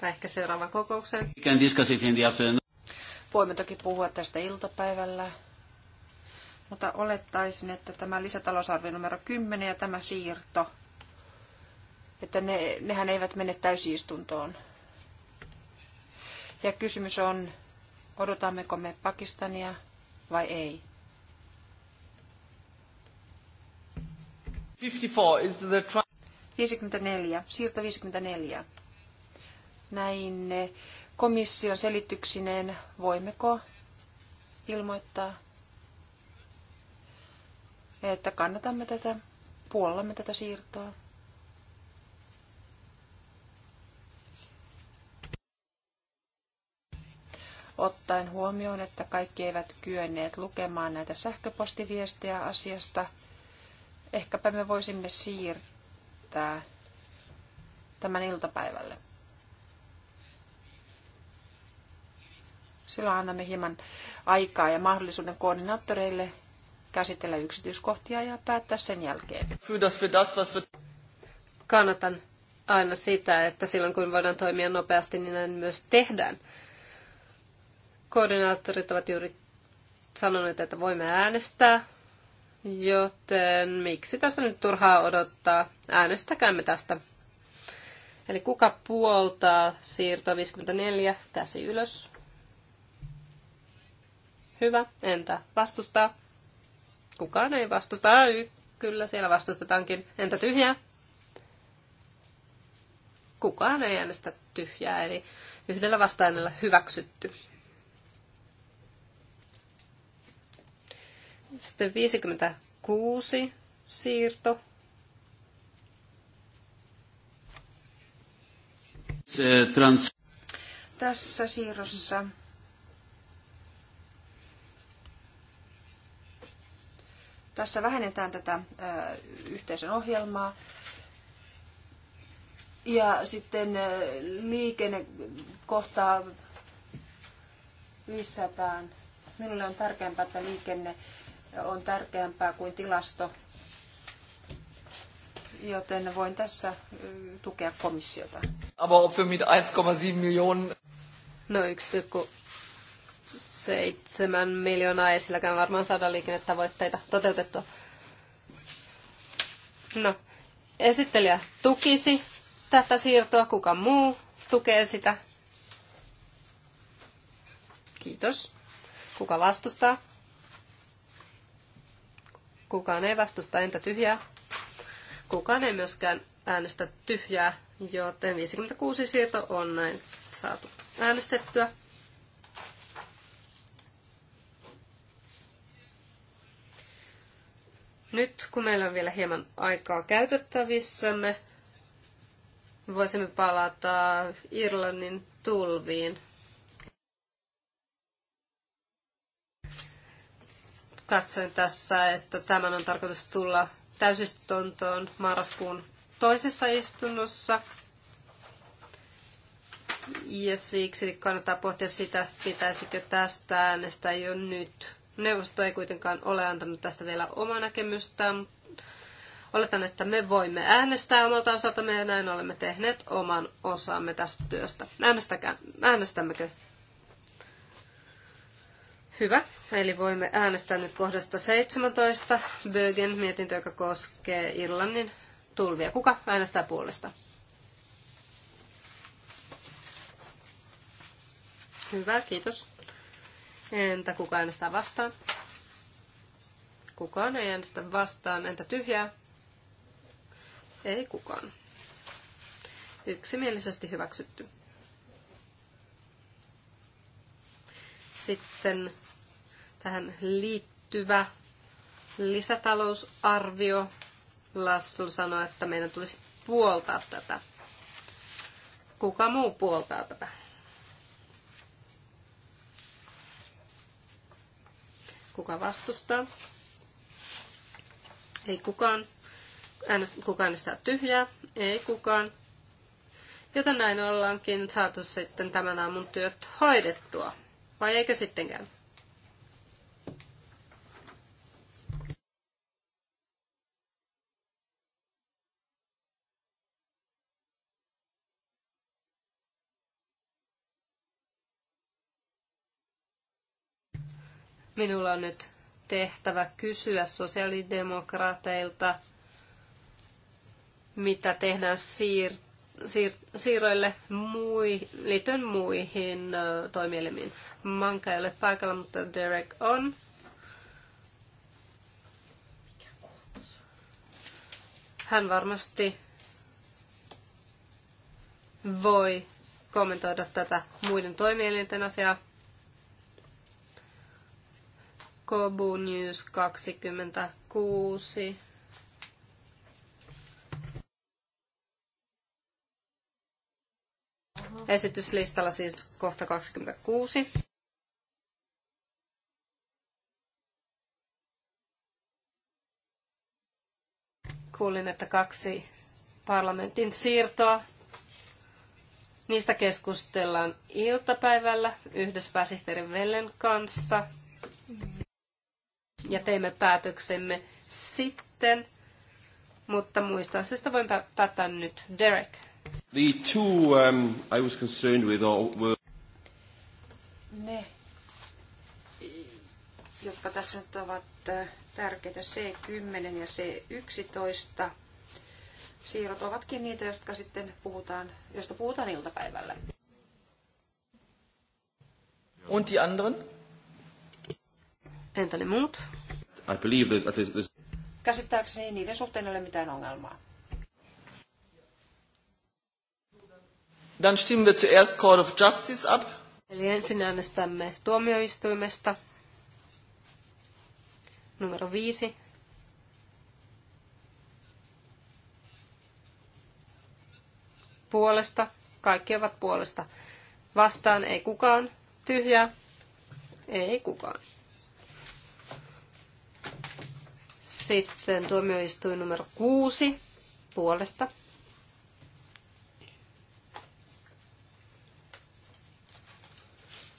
Tai ehkä seuraavan kokoukseen. Voimme toki puhua tästä iltapäivällä. Mutta olettaisin, että tämä lisätalousarvio numero 10 ja tämä siirto, että ne, nehän eivät mene täysistuntoon. Ja kysymys on, odotammeko me Pakistania vai ei? 54, siirto 54. Näin eh, komission selityksineen voimmeko ilmoittaa että kannatamme tätä, puollamme tätä siirtoa. Ottaen huomioon, että kaikki eivät kyenneet lukemaan näitä sähköpostiviestejä asiasta, ehkäpä me voisimme siirtää tämän iltapäivälle. Silloin annamme hieman aikaa ja mahdollisuuden koordinaattoreille käsitellä yksityiskohtia ja päättää sen jälkeen. Kannatan aina sitä, että silloin kun voidaan toimia nopeasti, niin näin myös tehdään. Koordinaattorit ovat juuri sanoneet, että voimme äänestää, joten miksi tässä nyt turhaa odottaa? Äänestäkäämme tästä. Eli kuka puoltaa siirtoa 54, käsi ylös. Hyvä, entä vastustaa? Kukaan ei vastusta. Ai, kyllä siellä vastustetaankin. Entä tyhjää? Kukaan ei äänestä tyhjää, eli yhdellä vastaajalla hyväksytty. Sitten 56 siirto. Trans- Tässä siirrossa Tässä vähennetään tätä yhteisön ohjelmaa. Ja sitten liikenne kohtaa lisätään. Minulle on tärkeämpää, että liikenne on tärkeämpää kuin tilasto, joten voin tässä tukea komissiota. Aber ob für mit 1,7 Millionen... No seitsemän miljoonaa ei silläkään varmaan saada liikennetavoitteita toteutettua. No, esittelijä tukisi tätä siirtoa, kuka muu tukee sitä? Kiitos. Kuka vastustaa? Kukaan ei vastusta, entä tyhjää? Kukaan ei myöskään äänestä tyhjää, joten 56 siirto on näin saatu äänestettyä. Nyt kun meillä on vielä hieman aikaa käytettävissämme, voisimme palata Irlannin tulviin. Katsoin tässä, että tämän on tarkoitus tulla täysistuntoon marraskuun toisessa istunnossa. Ja siksi kannattaa pohtia sitä, pitäisikö tästä äänestää jo nyt. Neuvosto ei kuitenkaan ole antanut tästä vielä omaa näkemystään. Oletan, että me voimme äänestää omalta osaltamme ja näin olemme tehneet oman osamme tästä työstä. Äänestäkää, äänestämmekö? Hyvä. Eli voimme äänestää nyt kohdasta 17 Bögen mietintö, joka koskee Irlannin tulvia. Kuka äänestää puolesta? Hyvä, kiitos. Entä kuka äänestää vastaan? Kukaan ei äänestä vastaan. Entä tyhjää? Ei kukaan. Yksimielisesti hyväksytty. Sitten tähän liittyvä lisätalousarvio. Laslu sanoi, että meidän tulisi puoltaa tätä. Kuka muu puoltaa tätä? Kuka vastustaa? Ei kukaan. Äänest, kuka äänestää tyhjää? Ei kukaan. Joten näin ollaankin saatu sitten tämän aamun työt hoidettua. Vai eikö sittenkään? Minulla on nyt tehtävä kysyä sosiaalidemokraateilta, mitä tehdään siir- siir- siirroille mui- liittyen muihin uh, toimielimiin. Manka ei ole paikalla, mutta Derek on. Hän varmasti voi kommentoida tätä muiden toimielinten asiaa. Kobu News 26. Esityslistalla siis kohta 26. Kuulin, että kaksi parlamentin siirtoa. Niistä keskustellaan iltapäivällä yhdessä pääsihteerin Vellen kanssa ja teemme päätöksemme sitten, mutta muista syystä voin päättää nyt. Derek. The two um, I was concerned with were... Ne, jotka tässä nyt ovat äh, tärkeitä, C10 ja C11 siirrot ovatkin niitä, jotka sitten puhutaan, josta puhutaan iltapäivällä. Und die anderen? Entä ne muut? I believe that this... this... Käsittääkseni niiden suhteen ei ole mitään ongelmaa. Dann stimmen wir zuerst Court of Justice ab. Eli ensin äänestämme tuomioistuimesta. Numero viisi. Puolesta. Kaikki ovat puolesta. Vastaan ei kukaan. Tyhjää. Ei kukaan. Sitten tuomioistuin numero kuusi puolesta.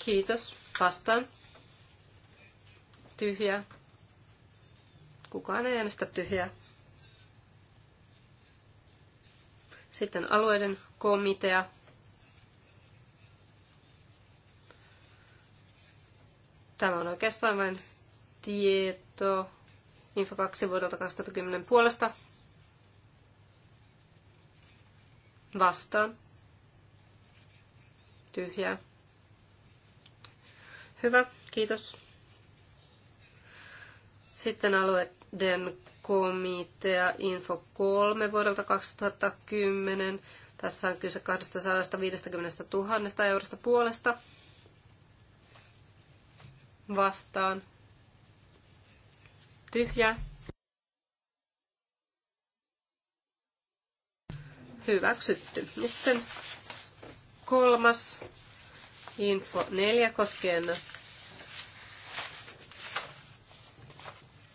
Kiitos. Vastaan. Tyhjä. Kukaan ei äänestä tyhjää. Sitten alueiden komitea. Tämä on oikeastaan vain tieto Info 2 vuodelta 2010 puolesta vastaan. Tyhjää. Hyvä, kiitos. Sitten alueiden komitea Info 3 vuodelta 2010. Tässä on kyse 250 000 eurosta puolesta vastaan tyhjä Hyväksytty. Ja sitten kolmas info neljä koskien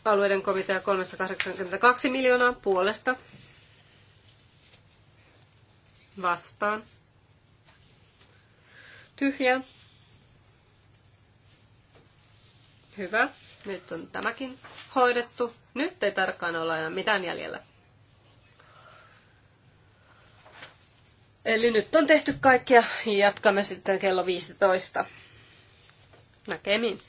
alueiden komitea 382 miljoonaa puolesta vastaan. Tyhjä. Hyvä. Nyt on tämäkin hoidettu. Nyt ei tarkkaan olla enää mitään jäljellä. Eli nyt on tehty kaikkia. Jatkamme sitten kello 15. Näkemiin.